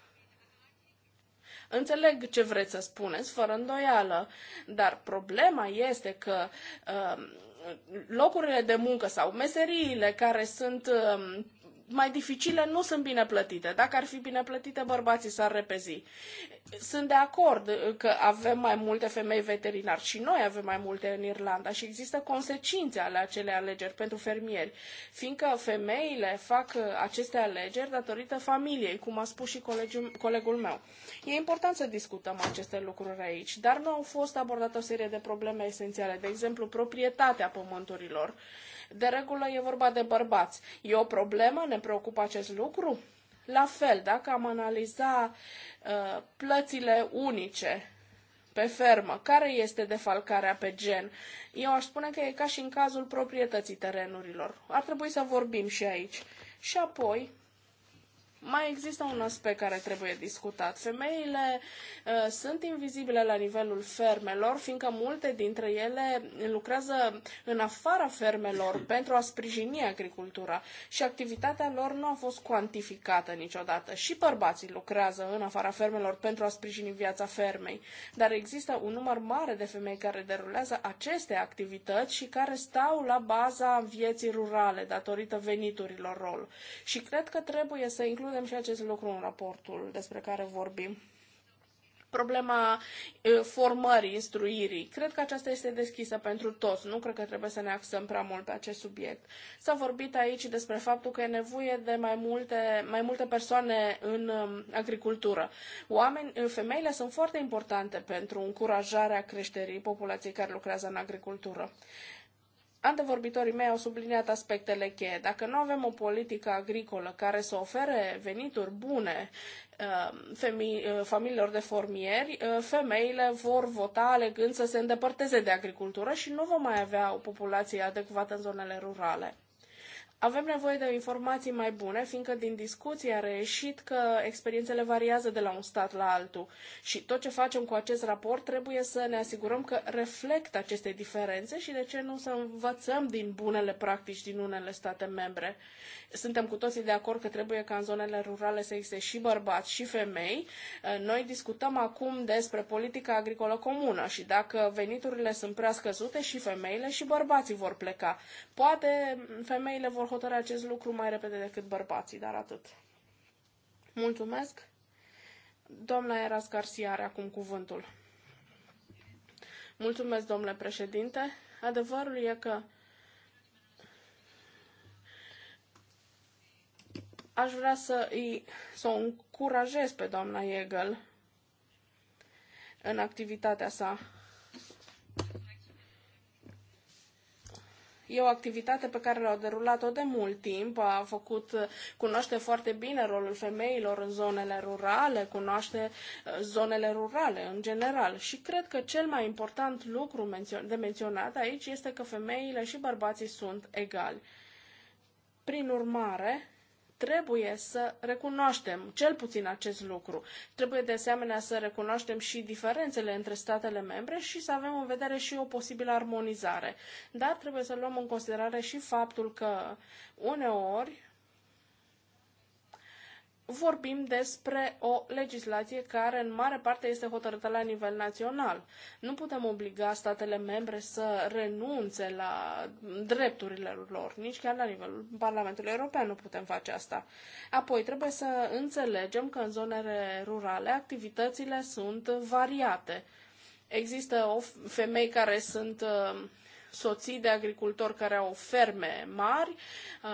Înțeleg ce vreți să spuneți, fără îndoială, dar problema este că uh, locurile de muncă sau meseriile care sunt uh, mai dificile nu sunt bine plătite. Dacă ar fi bine plătite, bărbații s-ar repezi. Sunt de acord că avem mai multe femei veterinari și noi avem mai multe în Irlanda și există consecințe ale acelei alegeri pentru fermieri, fiindcă femeile fac aceste alegeri datorită familiei, cum a spus și colegiul, colegul meu. E important să discutăm aceste lucruri aici, dar nu au fost abordate o serie de probleme esențiale, de exemplu proprietatea pământurilor. De regulă e vorba de bărbați. E o problemă? Ne preocupă acest lucru? La fel, dacă am analiza uh, plățile unice pe fermă, care este defalcarea pe gen? Eu aș spune că e ca și în cazul proprietății terenurilor. Ar trebui să vorbim și aici. Și apoi, mai există un aspect care trebuie discutat. Femeile uh, sunt invizibile la nivelul fermelor, fiindcă multe dintre ele lucrează în afara fermelor <coughs> pentru a sprijini agricultura și activitatea lor nu a fost cuantificată niciodată. Și bărbații lucrează în afara fermelor pentru a sprijini viața fermei, dar există un număr mare de femei care derulează aceste activități și care stau la baza vieții rurale datorită veniturilor rol. Și cred că trebuie să includ vedem și acest lucru în raportul despre care vorbim problema formării, instruirii. Cred că aceasta este deschisă pentru toți. Nu cred că trebuie să ne axăm prea mult pe acest subiect. S-a vorbit aici despre faptul că e nevoie de mai multe, mai multe persoane în um, agricultură. Oameni, femeile sunt foarte importante pentru încurajarea creșterii populației care lucrează în agricultură. Antevorbitorii mei au subliniat aspectele cheie. Dacă nu avem o politică agricolă care să ofere venituri bune uh, uh, familiilor de formieri, uh, femeile vor vota alegând să se îndepărteze de agricultură și nu vom mai avea o populație adecvată în zonele rurale. Avem nevoie de informații mai bune, fiindcă din discuții a reieșit că experiențele variază de la un stat la altul și tot ce facem cu acest raport trebuie să ne asigurăm că reflectă aceste diferențe și de ce nu să învățăm din bunele practici din unele state membre. Suntem cu toții de acord că trebuie ca în zonele rurale să existe și bărbați și femei. Noi discutăm acum despre politica agricolă comună și dacă veniturile sunt prea scăzute și femeile și bărbații vor pleca. Poate femeile vor hotărâi acest lucru mai repede decât bărbații, dar atât. Mulțumesc! Doamna Eras Garcia are acum cuvântul. Mulțumesc, domnule președinte. Adevărul e că aș vrea să, îi, să o încurajez pe doamna Egel în activitatea sa E o activitate pe care l-au derulat-o de mult timp, a făcut, cunoaște foarte bine rolul femeilor în zonele rurale, cunoaște uh, zonele rurale în general. Și cred că cel mai important lucru de menționat aici este că femeile și bărbații sunt egali. Prin urmare, Trebuie să recunoaștem cel puțin acest lucru. Trebuie de asemenea să recunoaștem și diferențele între statele membre și să avem în vedere și o posibilă armonizare. Dar trebuie să luăm în considerare și faptul că uneori vorbim despre o legislație care în mare parte este hotărâtă la nivel național. Nu putem obliga statele membre să renunțe la drepturile lor, nici chiar la nivelul Parlamentului European nu putem face asta. Apoi trebuie să înțelegem că în zonele rurale activitățile sunt variate. Există o femei care sunt uh, soții de agricultori care au ferme mari, uh,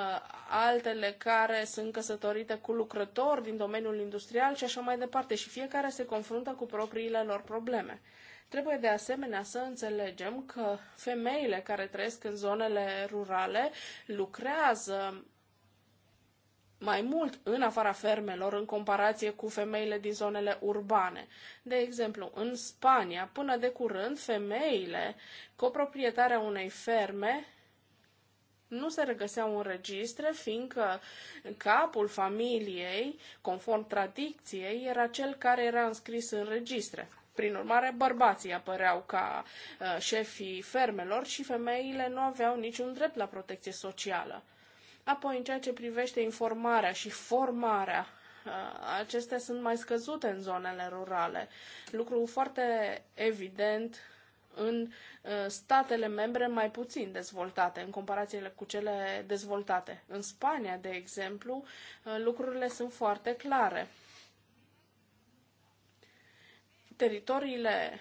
altele care sunt căsătorite cu lucrători din domeniul industrial și așa mai departe. Și fiecare se confruntă cu propriile lor probleme. Trebuie de asemenea să înțelegem că femeile care trăiesc în zonele rurale lucrează mai mult în afara fermelor în comparație cu femeile din zonele urbane. De exemplu, în Spania, până de curând, femeile coproprietarea unei ferme nu se regăseau în registre, fiindcă capul familiei, conform tradiției, era cel care era înscris în registre. Prin urmare, bărbații apăreau ca uh, șefii fermelor și femeile nu aveau niciun drept la protecție socială. Apoi, în ceea ce privește informarea și formarea, acestea sunt mai scăzute în zonele rurale. Lucru foarte evident în statele membre mai puțin dezvoltate în comparație cu cele dezvoltate. În Spania, de exemplu, lucrurile sunt foarte clare. Teritoriile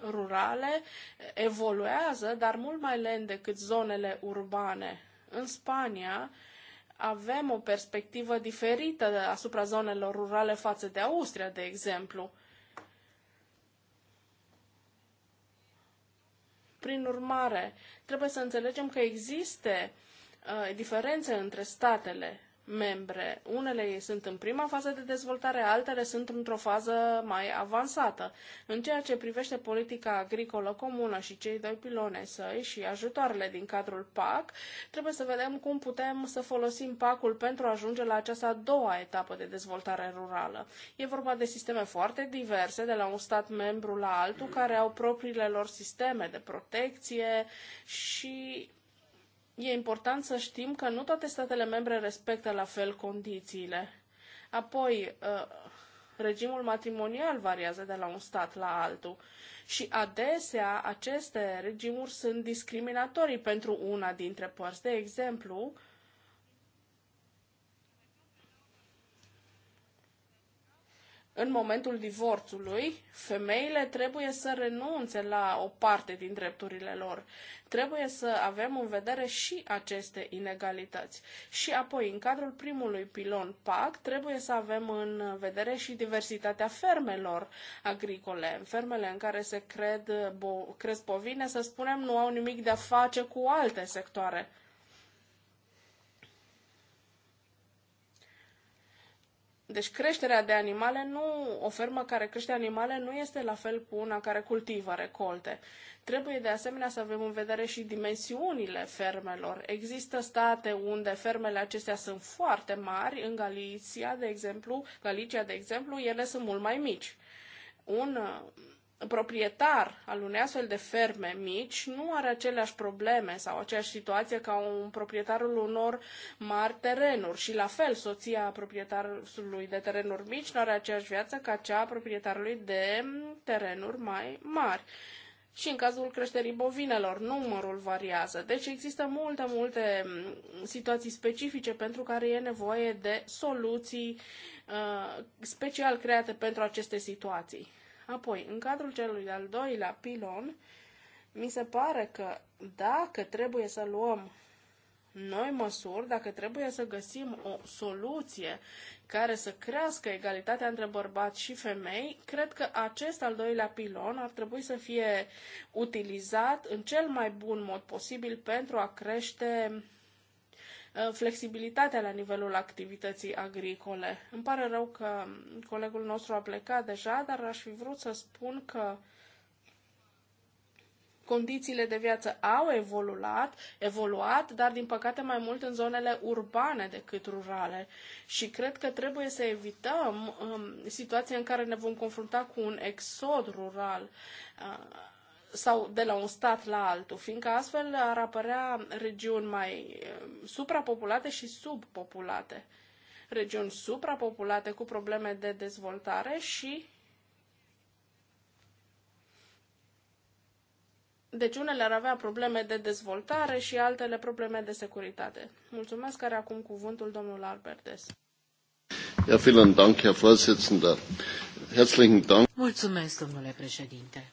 rurale evoluează, dar mult mai lent decât zonele urbane. În Spania avem o perspectivă diferită asupra zonelor rurale față de Austria, de exemplu. Prin urmare, trebuie să înțelegem că există uh, diferențe între statele membre. Unele sunt în prima fază de dezvoltare, altele sunt într-o fază mai avansată. În ceea ce privește politica agricolă comună și cei doi pilone săi și ajutoarele din cadrul PAC, trebuie să vedem cum putem să folosim PAC-ul pentru a ajunge la această a doua etapă de dezvoltare rurală. E vorba de sisteme foarte diverse, de la un stat membru la altul, care au propriile lor sisteme de protecție și e important să știm că nu toate statele membre respectă la fel condițiile. Apoi, ă, regimul matrimonial variază de la un stat la altul și adesea aceste regimuri sunt discriminatorii pentru una dintre părți. De exemplu, în momentul divorțului, femeile trebuie să renunțe la o parte din drepturile lor. Trebuie să avem în vedere și aceste inegalități. Și apoi, în cadrul primului pilon PAC, trebuie să avem în vedere și diversitatea fermelor agricole. Fermele în care se cred, bo, cresc povine, să spunem, nu au nimic de a face cu alte sectoare Deci creșterea de animale nu, o fermă care crește animale nu este la fel cu una care cultivă recolte. Trebuie de asemenea să avem în vedere și dimensiunile fermelor. Există state unde fermele acestea sunt foarte mari, în Galicia, de exemplu, Galicia, de exemplu, ele sunt mult mai mici. Un proprietar al unei astfel de ferme mici nu are aceleași probleme sau aceeași situație ca un proprietarul unor mari terenuri și la fel soția proprietarului de terenuri mici nu are aceeași viață ca cea a proprietarului de terenuri mai mari. Și în cazul creșterii bovinelor, numărul variază. Deci există multe, multe situații specifice pentru care e nevoie de soluții uh, special create pentru aceste situații. Apoi, în cadrul celui de-al doilea pilon, mi se pare că dacă trebuie să luăm noi măsuri, dacă trebuie să găsim o soluție care să crească egalitatea între bărbați și femei, cred că acest al doilea pilon ar trebui să fie utilizat în cel mai bun mod posibil pentru a crește Uh, flexibilitatea la nivelul activității agricole. Îmi pare rău că colegul nostru a plecat deja, dar aș fi vrut să spun că condițiile de viață au evoluat, evoluat, dar din păcate mai mult în zonele urbane decât rurale. Și cred că trebuie să evităm um, situația în care ne vom confrunta cu un exod rural. Uh, sau de la un stat la altul, fiindcă astfel ar apărea regiuni mai eh, suprapopulate și subpopulate. Regiuni suprapopulate cu probleme de dezvoltare și Deci unele ar avea probleme de dezvoltare și altele probleme de securitate. Mulțumesc, care acum cuvântul domnul Albertes. Ja, vielen Dank, Herr Vorsitzender. Herzlichen Dank. Mulțumesc, domnule președinte.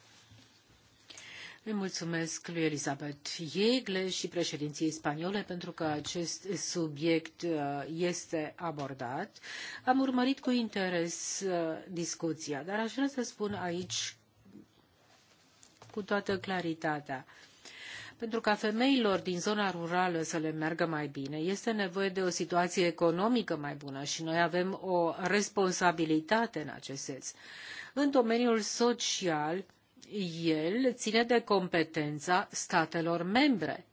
Îi mulțumesc lui Elisabeth Iegle și președinției spaniole pentru că acest subiect uh, este abordat. Am urmărit cu interes uh, discuția, dar aș vrea să spun aici cu toată claritatea pentru ca femeilor din zona rurală să le meargă mai bine, este nevoie de o situație economică mai bună și noi avem o responsabilitate în acest sens. În domeniul social, el ține de competența statelor membre.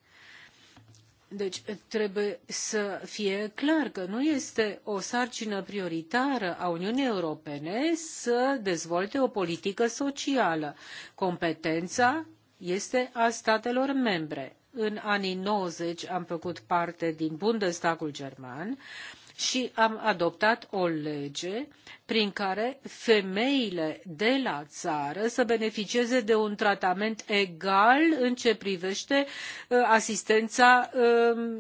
Deci trebuie să fie clar că nu este o sarcină prioritară a Uniunii Europene să dezvolte o politică socială. Competența este a statelor membre. În anii 90 am făcut parte din Bundestagul german, uh, și am adoptat o lege prin care femeile de la țară să beneficieze de un tratament egal în ce privește uh, asistența um,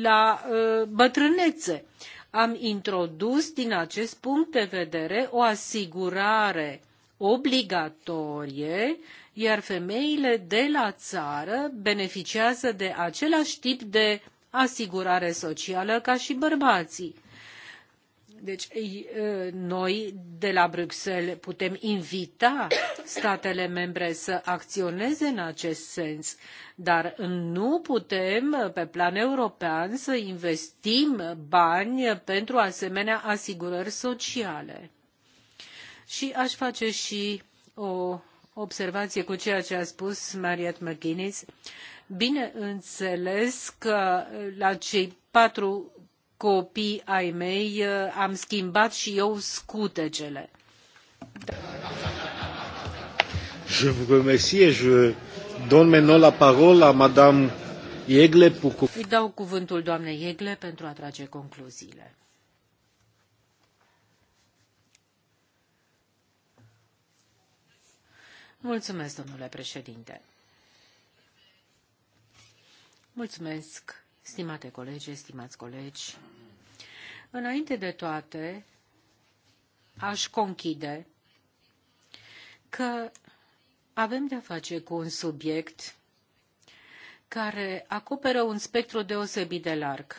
la uh, bătrânețe. Am introdus din acest punct de vedere o asigurare obligatorie, iar femeile de la țară beneficiază de același tip de asigurare socială ca și bărbații. Deci ă, noi de la Bruxelles putem invita statele membre să acționeze în acest sens, dar nu putem ă, pe plan european să investim bani pentru asemenea asigurări sociale. Și aș face și o observație cu ceea ce a spus Mariette McGuinness Bineînțeles că la cei patru copii ai mei uh, am schimbat și eu scutecele. Je vous remercie et je donne maintenant la parole à Madame Iegle pour... Îi dau cuvântul doamnei Iegle pentru a trage concluziile. Mulțumesc, domnule președinte. Mulțumesc, stimate colegi, stimați colegi. Înainte de toate, aș conchide că avem de-a face cu un subiect care acoperă un spectru deosebit de larg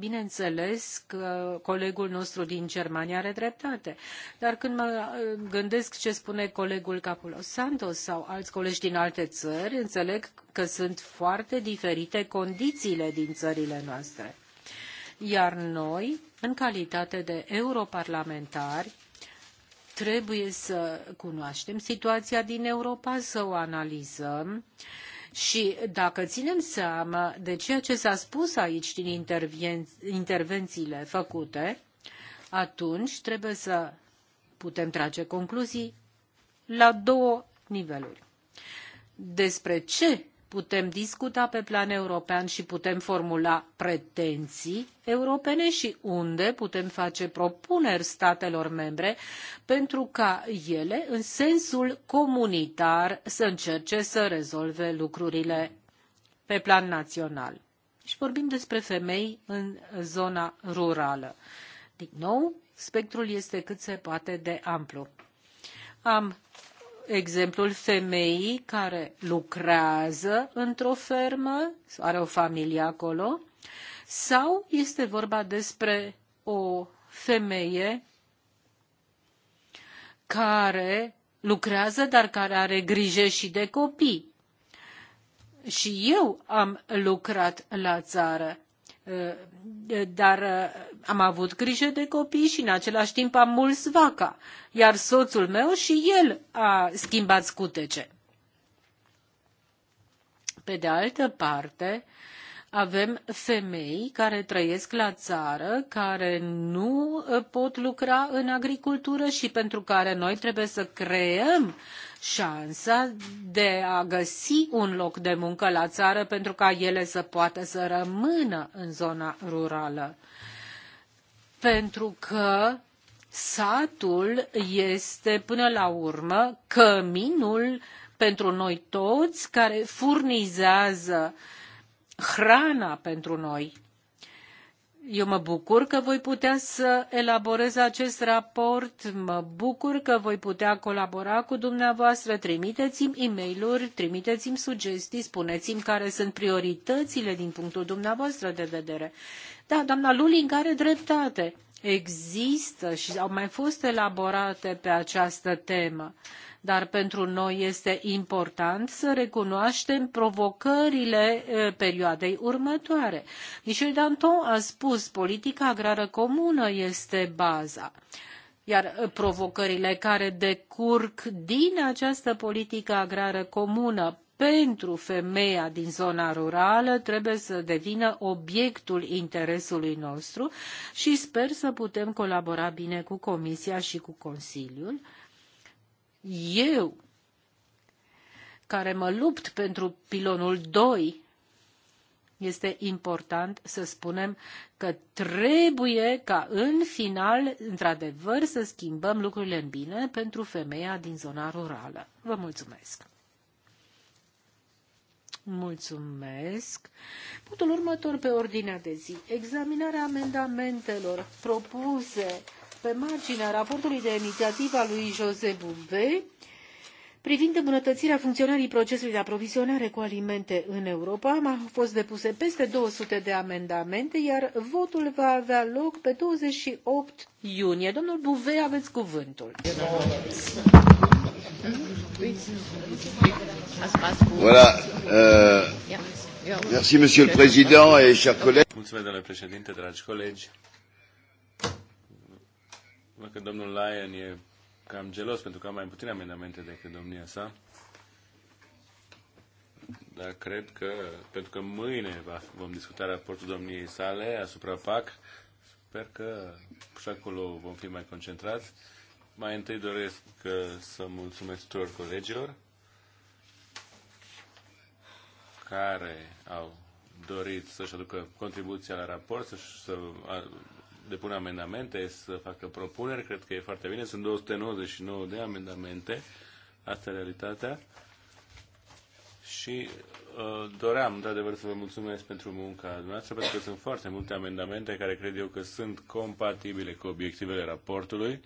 Bineînțeles că colegul nostru din Germania are dreptate, dar când mă uh, gândesc ce spune colegul Capulos Santos sau alți colegi din alte țări, înțeleg că sunt foarte diferite condițiile din țările noastre. Iar noi, în calitate de europarlamentari, trebuie să cunoaștem situația din Europa, să o analizăm, și dacă ținem seama de ceea ce s-a spus aici din intervențiile făcute, atunci trebuie să putem trage concluzii la două niveluri. Despre ce putem discuta pe plan european și putem formula pretenții europene și unde putem face propuneri statelor membre pentru ca ele, în sensul comunitar, să încerce să rezolve lucrurile pe plan național. Și vorbim despre femei în zona rurală. Din nou, spectrul este cât se poate de amplu. Am exemplul femeii care lucrează într-o fermă, are o familie acolo, sau este vorba despre o femeie care lucrează, dar care are grijă și de copii. Și eu am lucrat la țară, dar am avut grijă de copii și în același timp am mulți vaca, iar soțul meu și el a schimbat scutece. Pe de altă parte, avem femei care trăiesc la țară, care nu pot lucra în agricultură și pentru care noi trebuie să creăm șansa de a găsi un loc de muncă la țară pentru ca ele să poată să rămână în zona rurală pentru că satul este până la urmă căminul pentru noi toți care furnizează hrana pentru noi. Eu mă bucur că voi putea să elaborez acest raport, mă bucur că voi putea colabora cu dumneavoastră, trimiteți-mi e mail trimiteți-mi sugestii, spuneți-mi care sunt prioritățile din punctul dumneavoastră de vedere. Da, doamna Luling are dreptate. Există și au mai fost elaborate pe această temă dar pentru noi este important să recunoaștem provocările perioadei următoare. Michel Danton a spus, politica agrară comună este baza. Iar provocările care decurg din această politică agrară comună pentru femeia din zona rurală trebuie să devină obiectul interesului nostru și sper să putem colabora bine cu Comisia și cu Consiliul. Eu, care mă lupt pentru pilonul 2, este important să spunem că trebuie ca în final, într-adevăr, să schimbăm lucrurile în bine pentru femeia din zona rurală. Vă mulțumesc! Mulțumesc. Punctul următor pe ordinea de zi. Examinarea amendamentelor propuse pe marginea raportului de inițiativă a lui José Bouvet privind îmbunătățirea funcționării procesului de aprovizionare cu alimente în Europa. Au fost depuse peste 200 de amendamente, iar votul va avea loc pe 28 iunie. Domnul Bouvet, aveți cuvântul. Voilà. Euh, merci, Monsieur le Président et chers collègues. Mulțumesc, domnule președinte, dragi colegi. Văd că domnul Lyon e cam gelos pentru că am mai puține amendamente decât domnia sa. Dar cred că, pentru că mâine va, vom discuta raportul domniei sale asupra PAC, sper că și acolo vom fi mai concentrați. Mai întâi doresc uh, să mulțumesc tuturor colegilor care au dorit să-și aducă contribuția la raport, să, să depună amendamente, să facă propuneri. Cred că e foarte bine. Sunt 299 de amendamente. Asta e realitatea. Și uh, doream, într-adevăr, să vă mulțumesc pentru munca dumneavoastră, pentru că sunt foarte multe amendamente care cred eu că sunt compatibile cu obiectivele raportului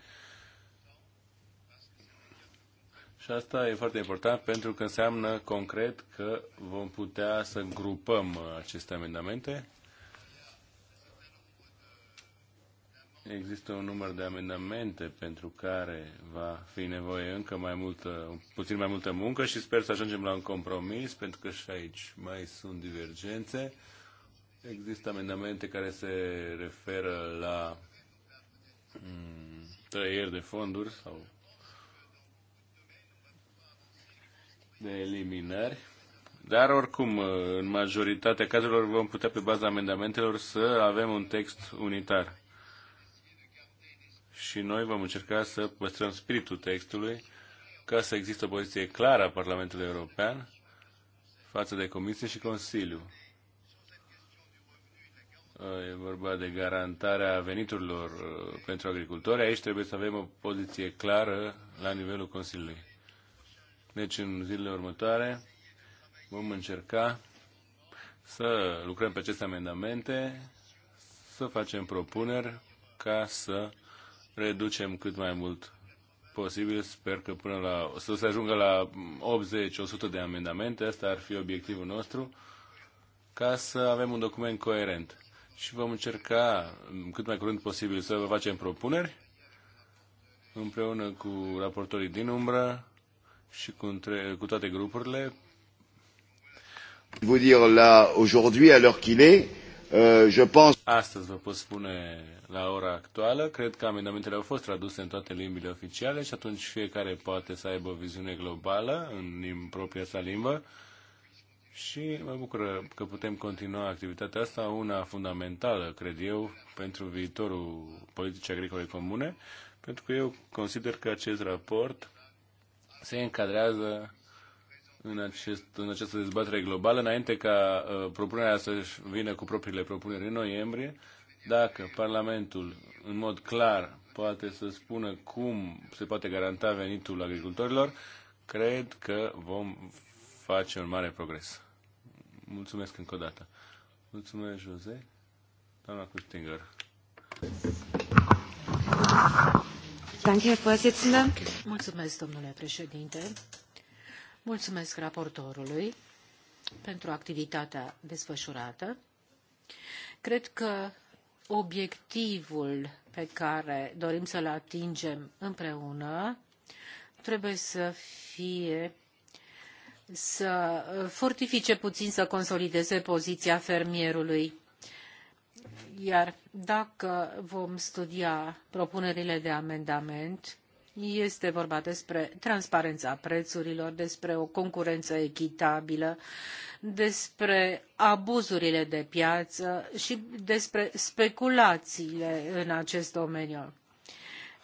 și asta e foarte important pentru că înseamnă concret că vom putea să grupăm aceste amendamente. Există un număr de amendamente pentru care va fi nevoie încă mai multă, puțin mai multă muncă și sper să ajungem la un compromis, pentru că și aici mai sunt divergențe. Există amendamente care se referă la mm, tăieri de fonduri sau de eliminări, dar oricum, uh, în majoritatea cazurilor vom putea pe baza amendamentelor să avem un text unitar. Și noi vom încerca să păstrăm spiritul textului ca să există o poziție clară a Parlamentului European față de Comisie și Consiliu. Uh, e vorba de garantarea veniturilor uh, pentru agricultori. Aici trebuie să avem o poziție clară la nivelul Consiliului. Deci în zilele următoare vom încerca să lucrăm pe aceste amendamente, să facem propuneri ca să reducem cât mai mult posibil. Sper că până la, să se ajungă la 80-100 de amendamente. Asta ar fi obiectivul nostru ca să avem un document coerent. Și vom încerca cât mai curând posibil să vă facem propuneri împreună cu raportorii din umbră și cu, între, cu toate grupurile. Vă dire la aujourd'hui à l'heure qu'il est, euh, je pense Astăzi vă pot spune la ora actuală, cred că amendamentele au fost traduse în toate limbile oficiale și atunci fiecare poate să aibă o viziune globală în, limba, propria sa limbă și mă bucură că putem continua activitatea asta, una fundamentală, cred eu, pentru viitorul politicii agricole comune, pentru că eu consider că acest raport se încadrează în, acest, în această dezbatere globală, înainte ca uh, propunerea să-și vină cu propriile propuneri în noiembrie, dacă Parlamentul în mod clar poate să spună cum se poate garanta venitul agricultorilor, cred că vom face un mare progres. Mulțumesc încă o dată. Mulțumesc, Jose. Doamna Custinger. Mulțumesc, domnule președinte. Mulțumesc raportorului pentru activitatea desfășurată. Cred că obiectivul pe care dorim să-l atingem împreună trebuie să fie să fortifice puțin, să consolideze poziția fermierului iar dacă vom studia propunerile de amendament, este vorba despre transparența prețurilor, despre o concurență echitabilă, despre abuzurile de piață și despre speculațiile în acest domeniu.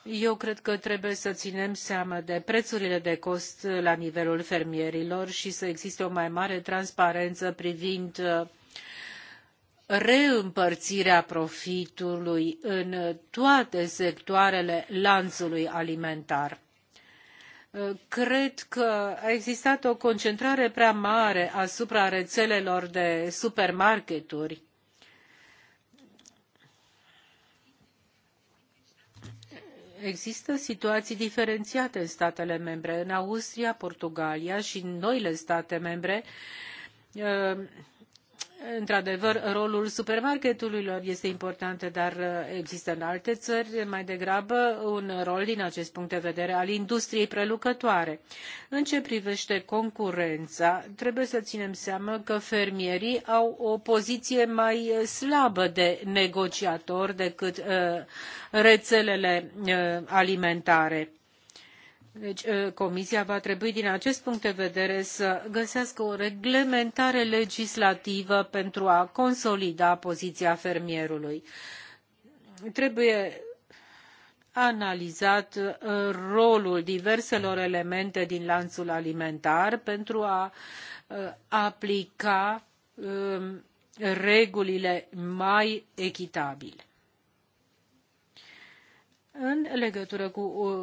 Eu cred că trebuie să ținem seama de prețurile de cost la nivelul fermierilor și să existe o mai mare transparență privind uh, reîmpărțirea profitului în toate sectoarele lanțului alimentar. Cred că a existat o concentrare prea mare asupra rețelelor de supermarketuri. Există situații diferențiate în statele membre. În Austria, Portugalia și în noile state membre Într-adevăr, rolul supermarketurilor este important, dar uh, există în alte ări mai degrabă un rol din acest punct de vedere al industriei prelucrătoare. În ce privete concurența, trebuie să inem seama că fermierii au o poziie mai uh, slabă de negociator decât uh, rețelele alimentare deci, uh, Comisia va trebui, din acest punct de vedere, să găsească o reglementare legislativă pentru a consolida poziția fermierului. Trebuie analizat uh, rolul diverselor elemente din lanțul alimentar pentru a uh, aplica um, regulile mai echitabile. În legătură cu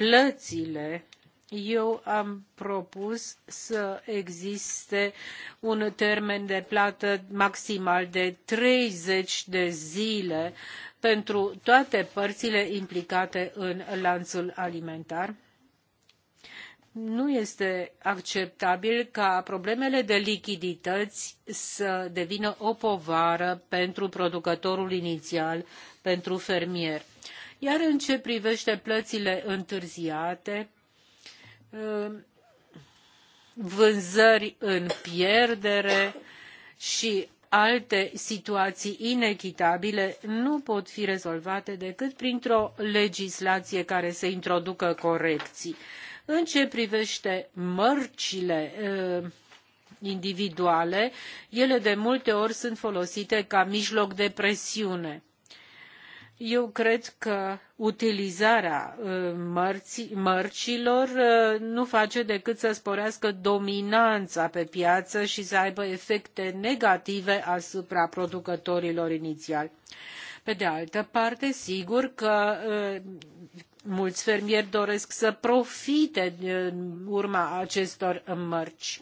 plățile, eu am propus să existe un termen de plată maximal de 30 de zile pentru toate părțile implicate în lanțul alimentar nu este acceptabil ca problemele de lichidități să devină o povară pentru producătorul inițial, pentru fermier. Iar în ce privește plățile întârziate, uh, vânzări în pierdere și alte situații inechitabile nu pot fi rezolvate decât printr o legislație care să introducă corecții. în ce privește mărcile uh, individuale ele de multe ori sunt folosite ca mijloc de presiune eu cred că utilizarea uh, mărcilor uh, nu face decât să sporească dominanța pe piață și să aibă efecte negative asupra producătorilor inițiali. Pe de altă parte, sigur că uh, mulți fermieri doresc să profite în urma acestor mărci.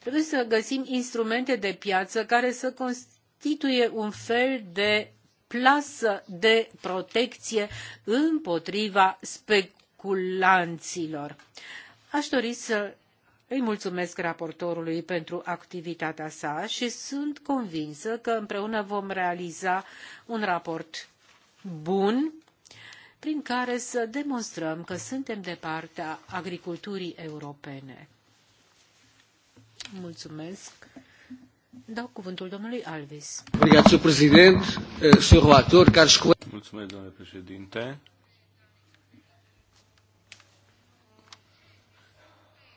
Trebuie să găsim instrumente de piață care să constituie un fel de plasă de protecție împotriva speculanților. Aș dori să îi mulțumesc raportorului pentru activitatea sa și sunt convinsă că împreună vom realiza un raport bun prin care să demonstrăm că suntem de partea agriculturii europene. Mulțumesc. Dau cuvântul domnului Alves. Eh, Mulțumesc, domnule președinte.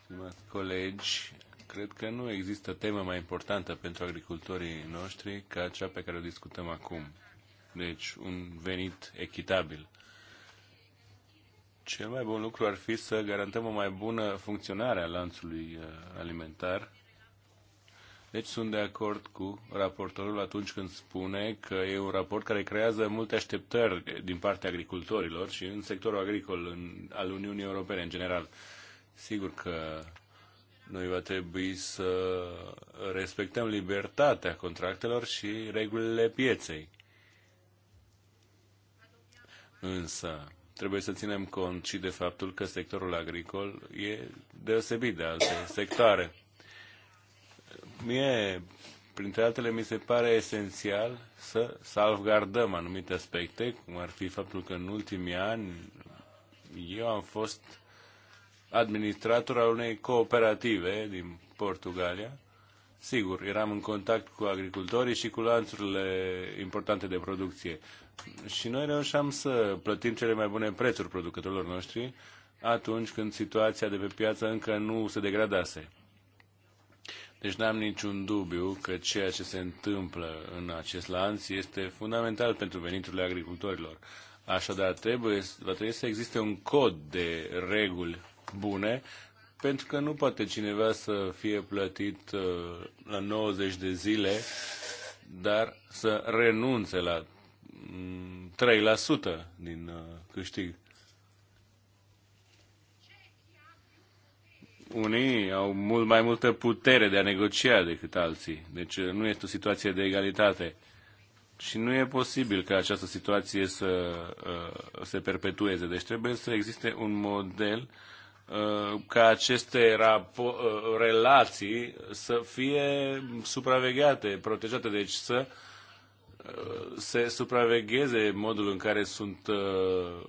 Stimați colegi, cred că nu există temă mai importantă pentru agricultorii noștri ca cea pe care o discutăm acum. Deci, un venit echitabil. Cel mai bun lucru ar fi să garantăm o mai bună funcționare a lanțului eh, alimentar deci sunt de acord cu raportorul atunci când spune că e un raport care creează multe așteptări din partea agricultorilor și în sectorul agricol în, al Uniunii Europene în general. Sigur că noi va trebui să respectăm libertatea contractelor și regulile pieței. Însă, trebuie să ținem cont și de faptul că sectorul agricol e deosebit de alte sectoare mie, printre altele, mi se pare esențial să salvgardăm anumite aspecte, cum ar fi faptul că în ultimii ani eu am fost administrator al unei cooperative din Portugalia. Sigur, eram în contact cu agricultorii și cu lanțurile importante de producție. Și noi reușeam să plătim cele mai bune prețuri producătorilor noștri atunci când situația de pe piață încă nu se degradase. Deci n-am niciun dubiu că ceea ce se întâmplă în acest lanț este fundamental pentru veniturile agricultorilor. Așadar, trebuie, va trebui să existe un cod de reguli bune, pentru că nu poate cineva să fie plătit uh, la 90 de zile, dar să renunțe la 3% mm, din uh, câștig. unii au mult mai multă putere de a negocia decât alții. Deci uh, nu este o situație de egalitate. Și nu e posibil ca această situație să uh, se perpetueze. Deci trebuie să existe un model uh, ca aceste rapo- relații să fie supravegheate, protejate, deci să se supravegheze modul în care sunt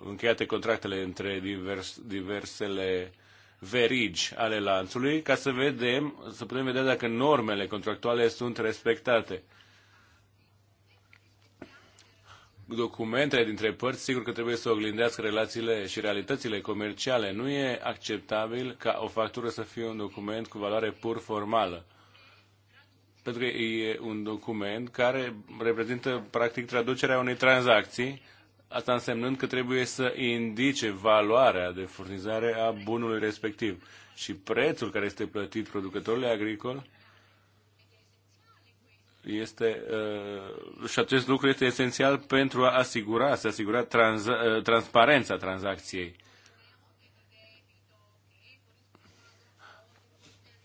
încheiate contractele între divers, diversele verigi ale lanțului ca să vedem, să putem vedea dacă normele contractuale sunt respectate. Documentele dintre părți, sigur că trebuie să oglindească relațiile și realitățile comerciale. Nu e acceptabil ca o factură să fie un document cu valoare pur formală pentru că e un document care reprezintă practic traducerea unei tranzacții Asta însemnând că trebuie să indice valoarea de furnizare a bunului respectiv și prețul care este plătit producătorului agricol este, uh, și acest lucru este esențial pentru a asigura, să asigura trans, uh, transparența tranzacției.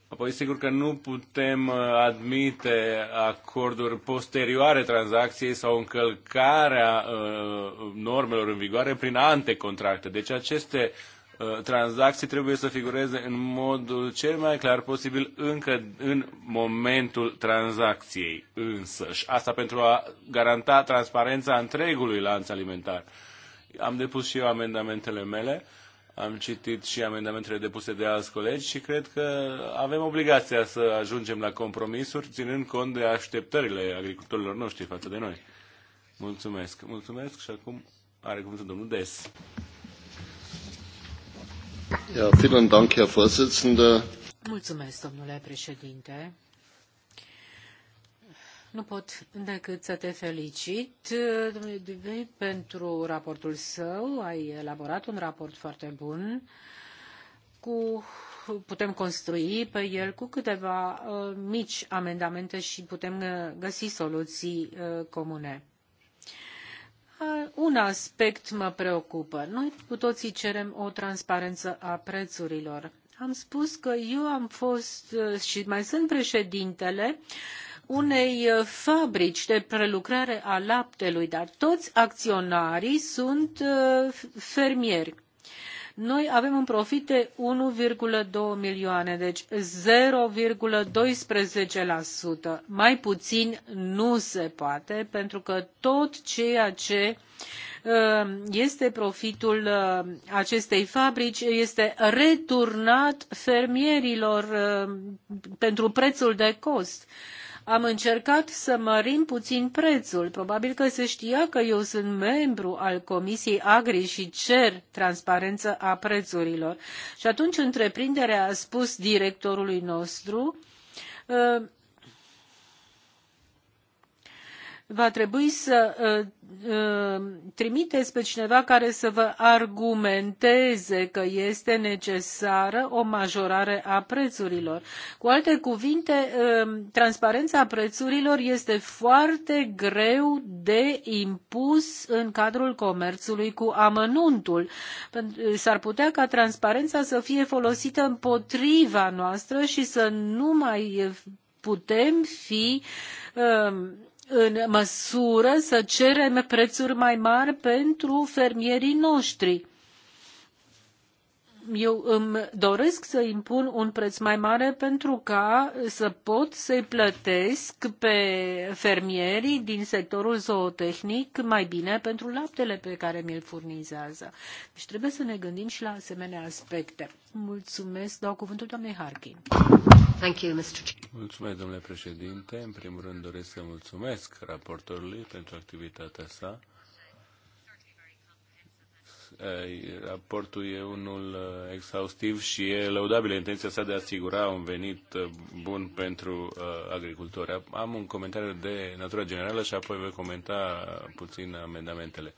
Apoi, sigur că nu putem uh, admite acorduri posterioare tranzacției sau încălcarea uh, normelor în vigoare prin antecontracte. Deci aceste uh, tranzacții trebuie să figureze în modul cel mai clar posibil încă în momentul tranzacției însăși. Asta pentru a garanta transparența întregului lanț alimentar. Am depus și eu amendamentele mele am citit și amendamentele depuse de alți colegi și cred că avem obligația să ajungem la compromisuri, ținând cont de așteptările agricultorilor noștri față de noi. Mulțumesc. Mulțumesc și acum are cuvântul domnul Des. Ja, vielen Dank, Herr Vorsitzender. Mulțumesc, domnule președinte. Nu pot decât să te felicit, domnule Duvei, pentru raportul său. Ai elaborat un raport foarte bun. Cu, putem construi pe el cu câteva uh, mici amendamente și putem uh, găsi soluții uh, comune. Uh, un aspect mă preocupă. Noi cu toții cerem o transparență a prețurilor. Am spus că eu am fost uh, și mai sunt președintele unei uh, fabrici de prelucrare a laptelui, dar toți acționarii sunt uh, fermieri. Noi avem un profit de 1,2 milioane, deci 0,12%. Mai puțin nu se poate, pentru că tot ceea ce uh, este profitul acestei fabrici este returnat fermierilor pentru prețul de cost am încercat să mărim puțin prețul. Probabil că se știa că eu sunt membru al Comisiei Agri și cer transparență a prețurilor. Și atunci întreprinderea a spus directorului nostru, uh, va trebui să uh, uh, trimiteți pe cineva care să vă argumenteze că este necesară o majorare a prețurilor. Cu alte cuvinte, uh, transparența prețurilor este foarte greu de impus în cadrul comerțului cu amănuntul. S-ar putea ca transparența să fie folosită împotriva noastră și să nu mai putem fi în măsură să cerem prețuri mai mari pentru fermierii noștri eu îmi doresc să impun un preț mai mare pentru ca să pot să-i plătesc pe fermierii din sectorul zootehnic mai bine pentru laptele pe care mi-l furnizează. Deci trebuie să ne gândim și la asemenea aspecte. Mulțumesc. Dau cuvântul doamnei Harkin. Thank you, Mr. Mulțumesc, domnule președinte. În primul rând doresc să mulțumesc raportorului pentru activitatea sa Raportul e unul uh, exhaustiv și e lăudabilă intenția sa de a asigura un venit uh, bun pentru uh, agricultori. Am un comentariu de natură generală și apoi voi comenta puțin amendamentele.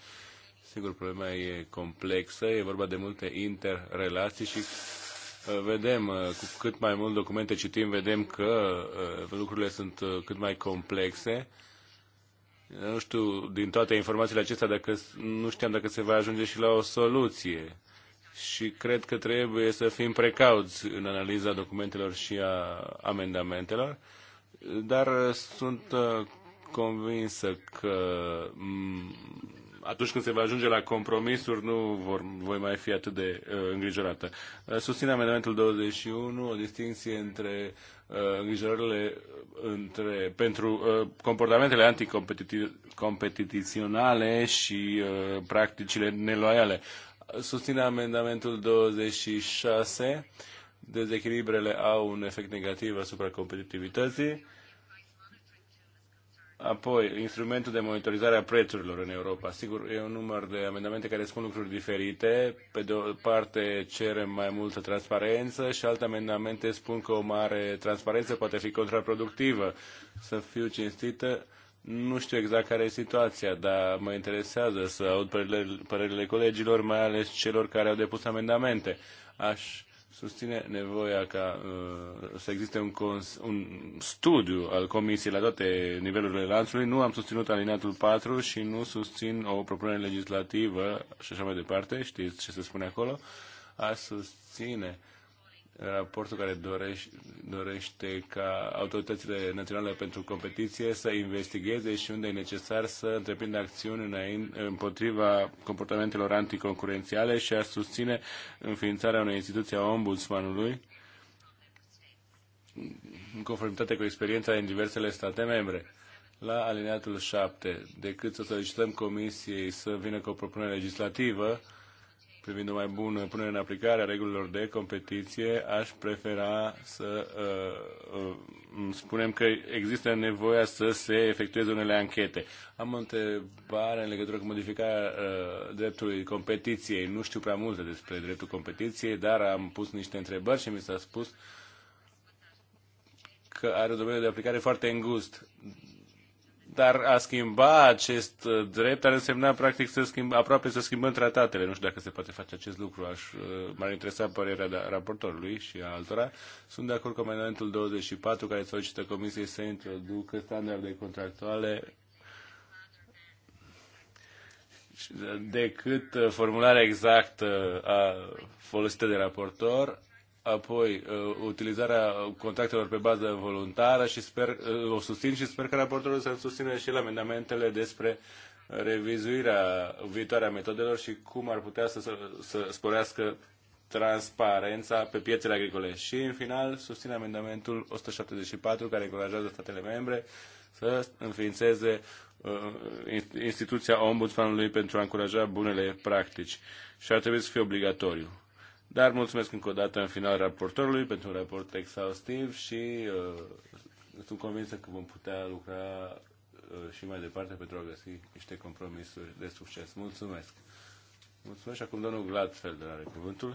Sigur, problema e complexă, e vorba de multe interrelații și vedem, cu cât mai mult documente citim, vedem că lucrurile sunt cât mai complexe nu știu din toate informațiile acestea dacă nu știam dacă se va ajunge și la o soluție. Și cred că trebuie să fim precauți în analiza documentelor și a amendamentelor, dar sunt uh, convinsă că atunci când se va ajunge la compromisuri, nu vor, voi mai fi atât de uh, îngrijorată. Uh, susțin amendamentul 21, o distinție între uh, îngrijorările între, pentru uh, comportamentele anticompetiționale și uh, practicile neloiale. Susțin amendamentul 26, dezechilibrele au un efect negativ asupra competitivității Apoi, instrumentul de monitorizare a prețurilor în Europa. Sigur, e un număr de amendamente care spun lucruri diferite. Pe de o parte cerem mai multă transparență și alte amendamente spun că o mare transparență poate fi contraproductivă. Să fiu cinstită, nu știu exact care e situația, dar mă interesează să aud părerile, părerile colegilor, mai ales celor care au depus amendamente. Aș susține nevoia ca uh, să existe un, cons, un studiu al comisiei la toate nivelurile lanțului. Nu am susținut alineatul 4 și nu susțin o propunere legislativă și așa mai departe. Știți ce se spune acolo? A susține uh, raportul care dorește, dorește ca autoritățile naționale pentru competiție să investigheze și unde e necesar să întreprindă acțiuni împotriva comportamentelor anticoncurențiale și a susține înființarea unei instituții a ombudsmanului în conformitate cu experiența din diversele state membre. La alineatul 7, decât să solicităm Comisiei să vină cu o propunere legislativă, privind o mai bună punere în aplicare a regulilor de competiție, aș prefera să uh, uh, spunem că există nevoia să se efectueze unele anchete. Am o întrebare în legătură cu modificarea uh, dreptului competiției. Nu știu prea multe despre dreptul competiției, dar am pus niște întrebări și mi s-a spus că are o domeniu de aplicare foarte îngust dar a schimba acest uh, drept ar însemna practic să schimb, aproape să schimbăm tratatele. Nu știu dacă se poate face acest lucru. Aș, uh, m-ar interesa părerea raportorului și a altora. Sunt de acord cu amendamentul 24 care solicită Comisiei să introducă standarde contractuale decât uh, formularea exactă a folosită de raportor apoi uh, utilizarea contractelor pe bază voluntară și sper, uh, o susțin și sper că raportorul să susțină și la amendamentele despre revizuirea viitoarea metodelor și cum ar putea să, să, să sporească transparența pe piețele agricole. Și, în final, susțin amendamentul 174 care încurajează statele membre să înființeze uh, instituția ombudsmanului pentru a încuraja bunele practici și ar trebui să fie obligatoriu. Dar mulțumesc încă o dată în final raportorului pentru un raport exhaustiv și uh, sunt convins că vom putea lucra uh, și mai departe pentru a găsi niște compromisuri de succes. Mulțumesc! Mulțumesc și acum domnul Gladfeld are cuvântul.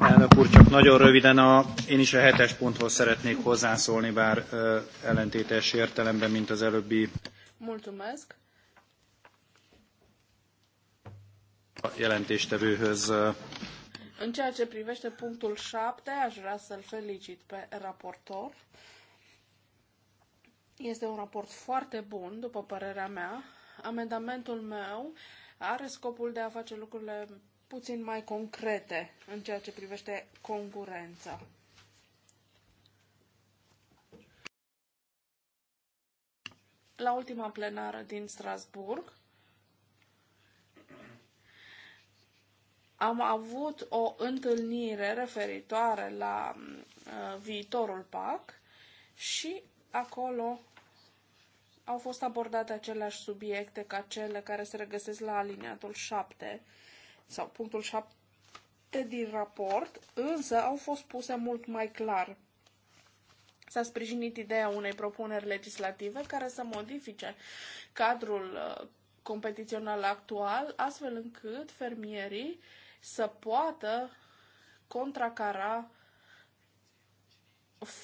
Elnök úr, csak nagyon röviden a, én is a hetes ponthoz szeretnék hozzászólni, bár ellentétes értelemben, mint az előbbi. Mulțumesc. jelentéstevőhöz. În ceea ce privește punctul 7, aș vrea să-l felicit pe raportor. Este un raport foarte bun, după părerea mea. Amendamentul meu are scopul de a face lucrurile puțin mai concrete în ceea ce privește concurența. La ultima plenară din Strasburg am avut o întâlnire referitoare la uh, viitorul PAC și acolo au fost abordate aceleași subiecte ca cele care se regăsesc la aliniatul 7 sau punctul 7 din raport, însă au fost puse mult mai clar. S-a sprijinit ideea unei propuneri legislative care să modifice cadrul uh, competițional actual, astfel încât fermierii uh, să poată contracara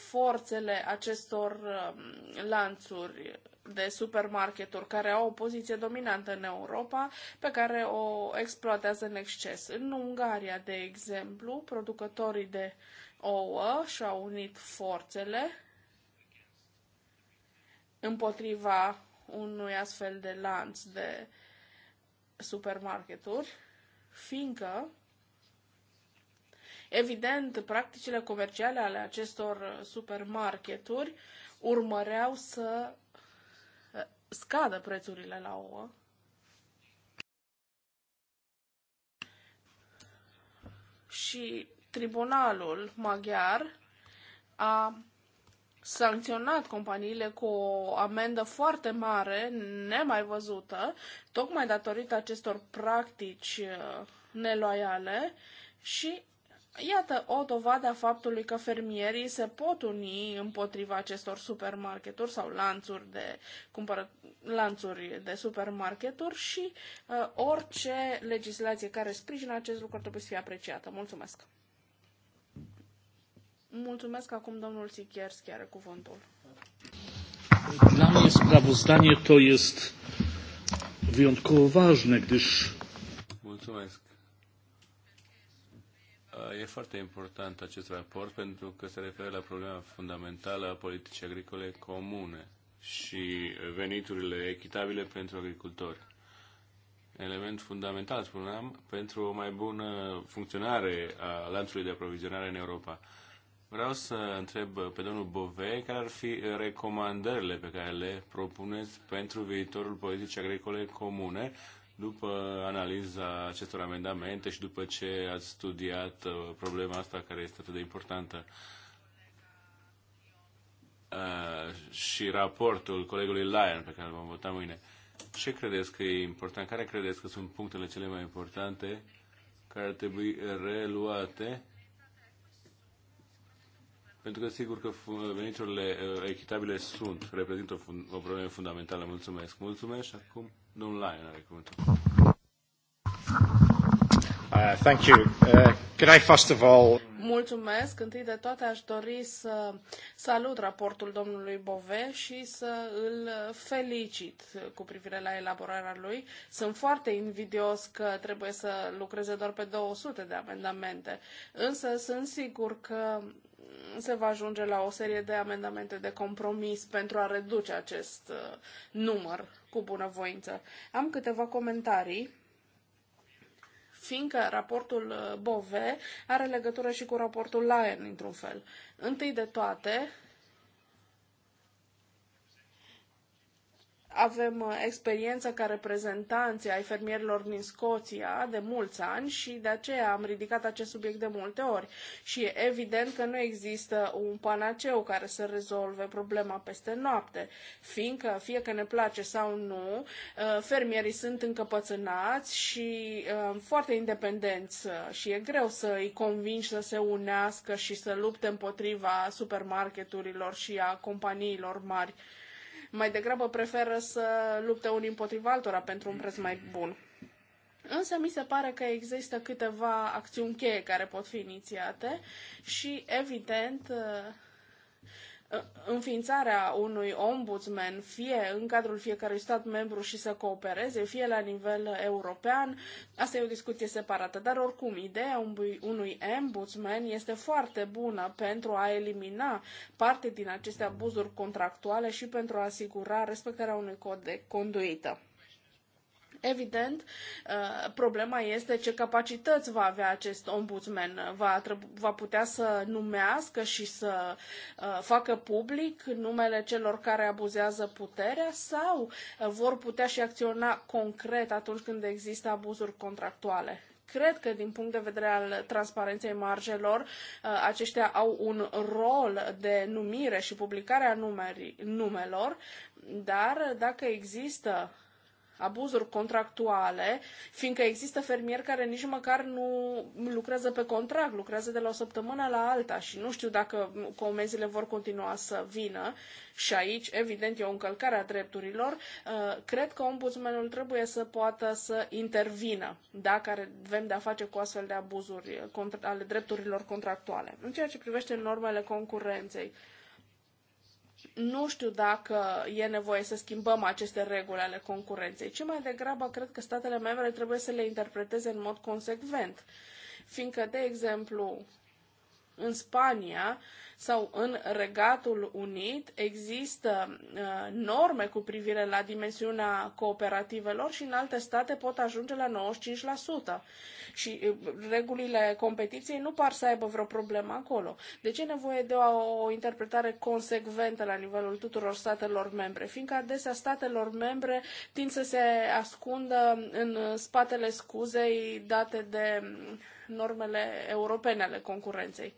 forțele acestor um, lanțuri de supermarketuri care au o poziție dominantă în Europa, pe care o exploatează în exces. În Ungaria, de exemplu, producătorii de ouă și-au unit forțele împotriva unui astfel de lanț de supermarketuri fiindcă Evident, practicile comerciale ale acestor supermarketuri urmăreau să eh, scadă prețurile la ouă. Și tribunalul maghiar a sancționat companiile cu o amendă foarte mare, nemai văzută, tocmai datorită acestor practici uh, neloiale și Iată o dovadă a faptului că fermierii se pot uni împotriva acestor supermarketuri sau lanțuri de, cumpără, lanțuri de supermarketuri și uh, orice legislație care sprijină acest lucru trebuie să fie apreciată. Mulțumesc! Mulțumesc acum domnul Sikierski are cuvântul. Dla mnie sprawozdanie to jest wyjątkowo ważne, gdyż... Mulțumesc. E foarte important acest raport pentru că se referă la problema fundamentală a politicii agricole comune și veniturile echitabile pentru agricultori. Element fundamental, spuneam, pentru o mai bună funcționare a lanțului de aprovizionare în Europa. Vreau să întreb pe domnul Bove care ar fi recomandările pe care le propuneți pentru viitorul politicii agricole comune după analiza acestor amendamente și după ce ați studiat uh, problema asta care este atât de importantă uh, și raportul colegului Lyon pe care îl vom vota mâine. Ce credeți că e important? Care credeți că sunt punctele cele mai importante care ar trebui reluate pentru că sigur că veniturile uh, echitabile sunt, reprezintă o, o problemă fundamentală. Mulțumesc. Mulțumesc și acum domnul Lion are cuvântul. Uh, thank you. Uh, could I first of all... Mulțumesc. Întâi de toate aș dori să salut raportul domnului Bove și să îl felicit cu privire la elaborarea lui. Sunt foarte invidios că trebuie să lucreze doar pe 200 de amendamente, însă sunt sigur că se va ajunge la o serie de amendamente de compromis pentru a reduce acest uh, număr cu bunăvoință. Am câteva comentarii fiindcă raportul uh, Bove are legătură și cu raportul Lyon, într-un fel. Întâi de toate, Avem uh, experiență ca reprezentanți ai fermierilor din Scoția de mulți ani și de aceea am ridicat acest subiect de multe ori. Și e evident că nu există un panaceu care să rezolve problema peste noapte, fiindcă, fie că ne place sau nu, uh, fermierii sunt încăpățânați și uh, foarte independenți și e greu să îi convingi să se unească și să lupte împotriva supermarketurilor și a companiilor mari mai degrabă preferă să lupte unii împotriva altora pentru un preț mai bun. Însă mi se pare că există câteva acțiuni cheie care pot fi inițiate și, evident, înființarea unui ombudsman, fie în cadrul fiecărui stat membru și să coopereze, fie la nivel european, asta e o discuție separată. Dar oricum, ideea unui ombudsman este foarte bună pentru a elimina parte din aceste abuzuri contractuale și pentru a asigura respectarea unui cod de conduită. Evident, uh, problema este ce capacități va avea acest ombudsman. Va, va putea să numească și să uh, facă public numele celor care abuzează puterea sau uh, vor putea și acționa concret atunci când există abuzuri contractuale? Cred că, din punct de vedere al transparenței marjelor, aceștia au un rol de numire și publicare a numelor, dar dacă există abuzuri contractuale, fiindcă există fermieri care nici măcar nu lucrează pe contract, lucrează de la o săptămână la alta și nu știu dacă comenzile vor continua să vină și aici, evident, e o încălcare a drepturilor. Uh, cred că ombudsmanul trebuie să poată să intervină dacă avem de-a face cu astfel de abuzuri ale drepturilor contractuale. În ceea ce privește normele concurenței, nu știu dacă e nevoie să schimbăm aceste reguli ale concurenței, ci mai degrabă cred că statele membre trebuie să le interpreteze în mod consecvent. Fiindcă, de exemplu, în Spania sau în Regatul Unit există uh, norme cu privire la dimensiunea cooperativelor și în alte state pot ajunge la 95%. Și uh, regulile competiției nu par să aibă vreo problemă acolo. De ce e nevoie de o, o interpretare consecventă la nivelul tuturor statelor membre? Fiindcă adesea statelor membre tind să se ascundă în spatele scuzei date de mm, normele europene ale concurenței.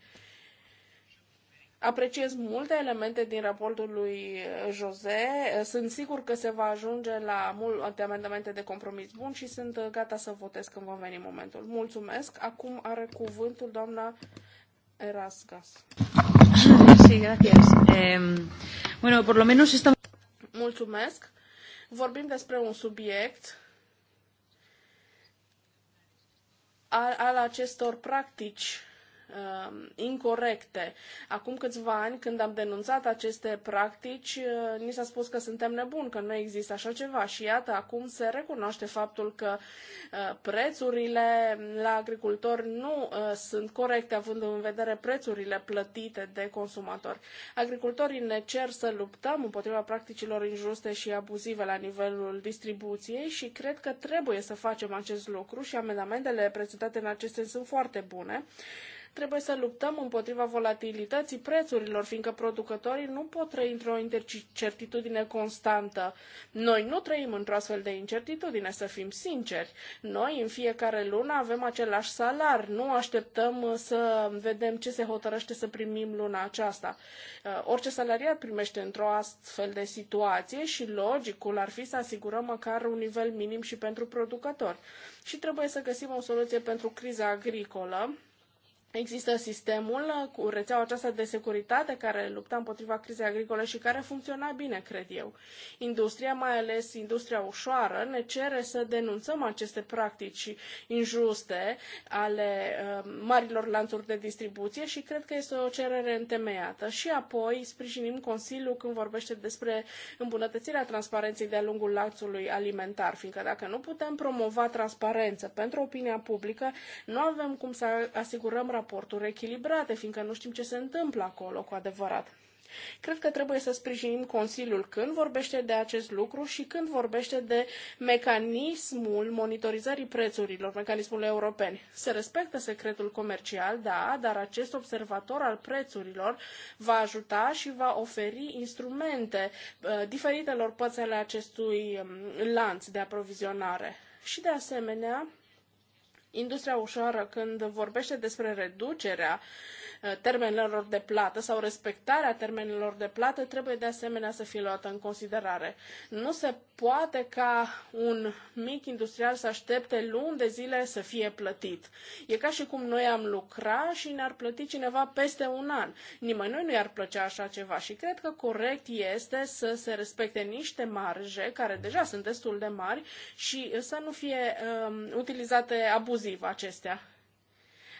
Apreciez multe elemente din raportul lui uh, Jose. Uh, sunt sigur că se va ajunge la multe amendamente de compromis bun și sunt uh, gata să votez când va veni momentul. Mulțumesc. Acum are cuvântul doamna Erasgas. Sí, gracias. Eh, bueno, por lo menos Mulțumesc. Vorbim despre un subiect al, al acestor practici uh, incorrecte. Acum câțiva ani, când am denunțat aceste practici, uh, ni s-a spus că suntem nebuni, că nu există așa ceva și iată, acum se recunoaște faptul că uh, prețurile la agricultori nu uh, sunt corecte, având în vedere prețurile plătite de consumatori. Agricultorii ne cer să luptăm împotriva practicilor injuste și abuzive la nivelul distribuției și cred că trebuie să facem acest lucru și amendamentele prezentate în acest sens sunt foarte bune. Trebuie să luptăm împotriva volatilității prețurilor, fiindcă producătorii nu pot trăi într-o incertitudine constantă. Noi nu trăim într-o astfel de incertitudine, să fim sinceri. Noi în fiecare lună avem același salar, nu așteptăm uh, să vedem ce se hotărăște să primim luna aceasta. Uh, orice salariat primește într-o astfel de situație și logicul ar fi să asigurăm măcar un nivel minim și pentru producători. Și trebuie să găsim o soluție pentru criza agricolă Există sistemul uh, cu rețeaua aceasta de securitate care lupta împotriva crizei agricole și care funcționa bine, cred eu. Industria, mai ales industria ușoară, ne cere să denunțăm aceste practici injuste ale uh, marilor lanțuri de distribuție și cred că este o cerere întemeiată. Și apoi sprijinim Consiliul când vorbește despre îmbunătățirea transparenței de-a lungul lanțului alimentar, fiindcă dacă nu putem promova transparență pentru opinia publică, nu avem cum să asigurăm raporturi echilibrate, fiindcă nu știm ce se întâmplă acolo cu adevărat. Cred că trebuie să sprijinim Consiliul când vorbește de acest lucru și când vorbește de mecanismul monitorizării prețurilor, mecanismul european. Se respectă secretul comercial, da, dar acest observator al prețurilor va ajuta și va oferi instrumente uh, diferitelor părți ale acestui um, lanț de aprovizionare. Și de asemenea, Industria ușoară, când vorbește despre reducerea uh, termenelor de plată sau respectarea termenelor de plată, trebuie de asemenea să fie luată în considerare. Nu se poate ca un mic industrial să aștepte luni de zile să fie plătit. E ca și cum noi am lucra și ne-ar plăti cineva peste un an. Nimănui nu i-ar plăcea așa ceva și cred că corect este să se respecte niște marje, care deja sunt destul de mari, și să nu fie um, utilizate abuziv abuziv acestea.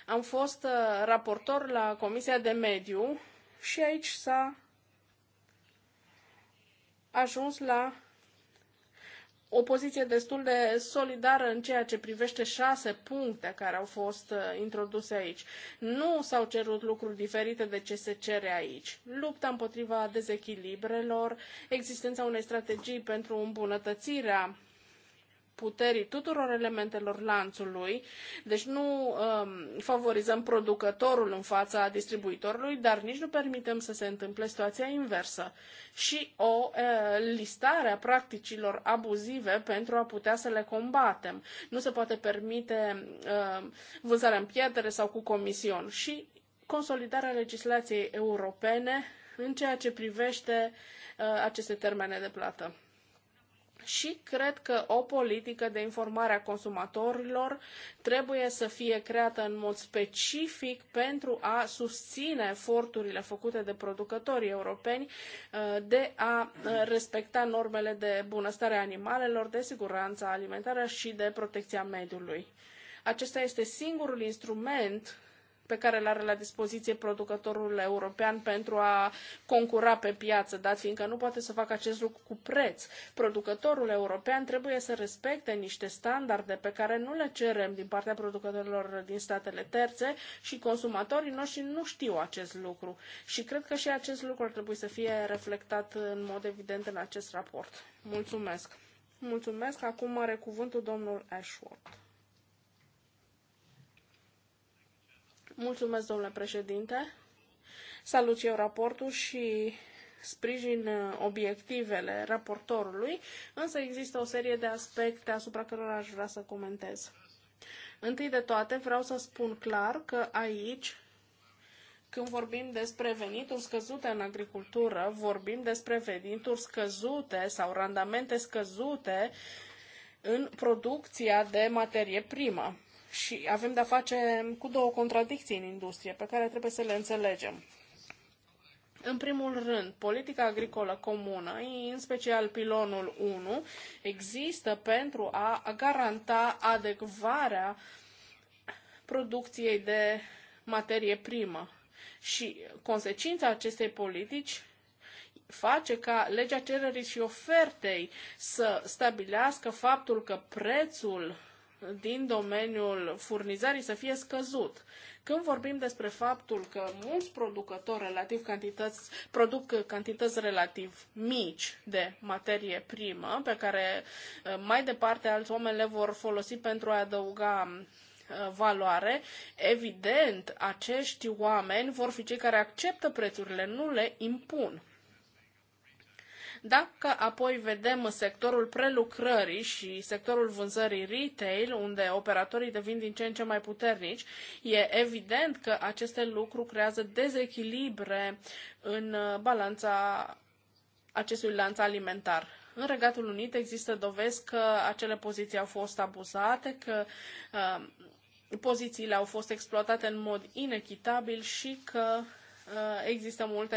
Am fost uh, raportor la Comisia de Mediu și aici s-a ajuns la o poziție destul de solidară în ceea ce privește șase puncte care au fost uh, introduse aici. Nu s-au cerut lucruri diferite de ce se cere aici. Lupta împotriva dezechilibrelor, existența unei strategii pentru îmbunătățirea puterii tuturor elementelor lanțului, deci nu um, favorizăm producătorul în fața distribuitorului, dar nici nu permitem să se întâmple situația inversă și o e, listare a practicilor abuzive pentru a putea să le combatem. Nu se poate permite e, vânzarea în pierdere sau cu comision și consolidarea legislației europene în ceea ce privește e, aceste termene de plată și cred că o politică de informare a consumatorilor trebuie să fie creată în mod specific pentru a susține eforturile făcute de producătorii europeni uh, de a uh, respecta normele de bunăstare a animalelor, de siguranță alimentară și de protecția mediului. Acesta este singurul instrument pe care le are la dispoziție producătorul european pentru a concura pe piață, dat fiindcă nu poate să facă acest lucru cu preț. Producătorul european trebuie să respecte niște standarde pe care nu le cerem din partea producătorilor din statele terțe și consumatorii noștri nu știu acest lucru. Și cred că și acest lucru ar trebui să fie reflectat în mod evident în acest raport. Mulțumesc! Mulțumesc! Acum are cuvântul domnul Ashworth. Mulțumesc, domnule președinte. Salut eu raportul și sprijin uh, obiectivele raportorului, însă există o serie de aspecte asupra cărora aș vrea să comentez. Întâi de toate, vreau să spun clar că aici, când vorbim despre venituri scăzute în agricultură, vorbim despre venituri scăzute sau randamente scăzute în producția de materie primă. Și avem de-a face cu două contradicții în industrie pe care trebuie să le înțelegem. În primul rând, politica agricolă comună, în special pilonul 1, există pentru a garanta adecvarea producției de materie primă. Și consecința acestei politici face ca legea cererii și ofertei să stabilească faptul că prețul din domeniul furnizării să fie scăzut. Când vorbim despre faptul că mulți producători relativ cantități, produc cantități relativ mici de materie primă, pe care eh, mai departe alți oameni le vor folosi pentru a adăuga eh, valoare, evident, acești oameni vor fi cei care acceptă prețurile, nu le impun. Dacă apoi vedem sectorul prelucrării și sectorul vânzării retail, unde operatorii devin din ce în ce mai puternici, e evident că aceste lucruri creează dezechilibre în uh, balanța acestui lanț alimentar. În Regatul Unit există dovezi că acele poziții au fost abuzate, că uh, pozițiile au fost exploatate în mod inechitabil și că Uh, există multe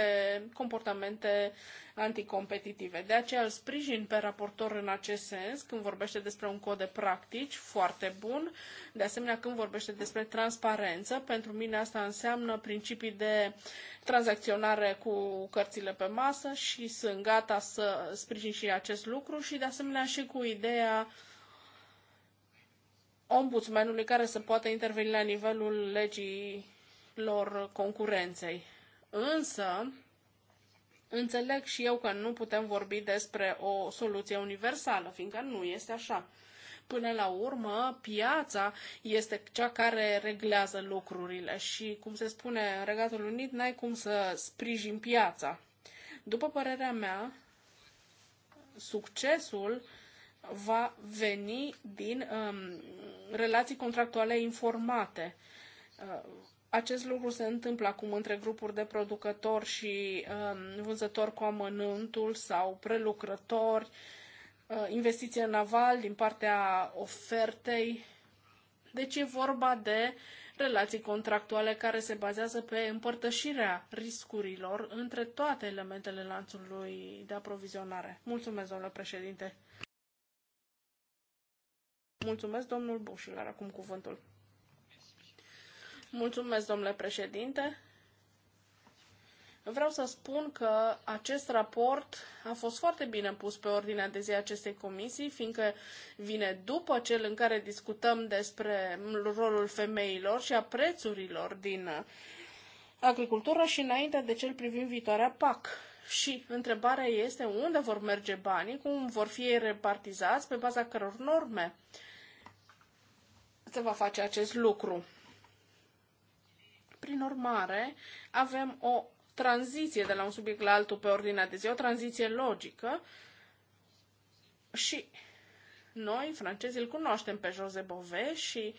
comportamente anticompetitive. De aceea îl sprijin pe raportor în acest sens când vorbește despre un cod de practici foarte bun. De asemenea, când vorbește despre transparență, pentru mine asta înseamnă principii de tranzacționare cu cărțile pe masă și sunt gata să sprijin și acest lucru și de asemenea și cu ideea ombudsmanului care să poată interveni la nivelul legii lor concurenței. Însă, înțeleg și eu că nu putem vorbi despre o soluție universală, fiindcă nu este așa. Până la urmă, piața este cea care reglează lucrurile și, cum se spune în Regatul Unit, n-ai cum să sprijin piața. După părerea mea, succesul va veni din um, relații contractuale informate. Uh, acest lucru se întâmplă acum între grupuri de producători și uh, vânzători cu amănântul sau prelucrători, uh, investiție în aval din partea ofertei. Deci e vorba de relații contractuale care se bazează pe împărtășirea riscurilor între toate elementele lanțului de aprovizionare. Mulțumesc, domnule președinte. Mulțumesc, domnul Bușilar, acum cuvântul. Mulțumesc, domnule președinte. Vreau să spun că acest raport a fost foarte bine pus pe ordinea de zi a acestei comisii, fiindcă vine după cel în care discutăm despre rolul femeilor și a prețurilor din agricultură și înainte de cel privind viitoarea PAC. Și întrebarea este unde vor merge banii, cum vor fi ei repartizați, pe baza căror norme se va face acest lucru. Prin urmare, avem o tranziție de la un subiect la altul pe ordinea de zi, o tranziție logică și noi, francezii, îl cunoaștem pe Jose Bove și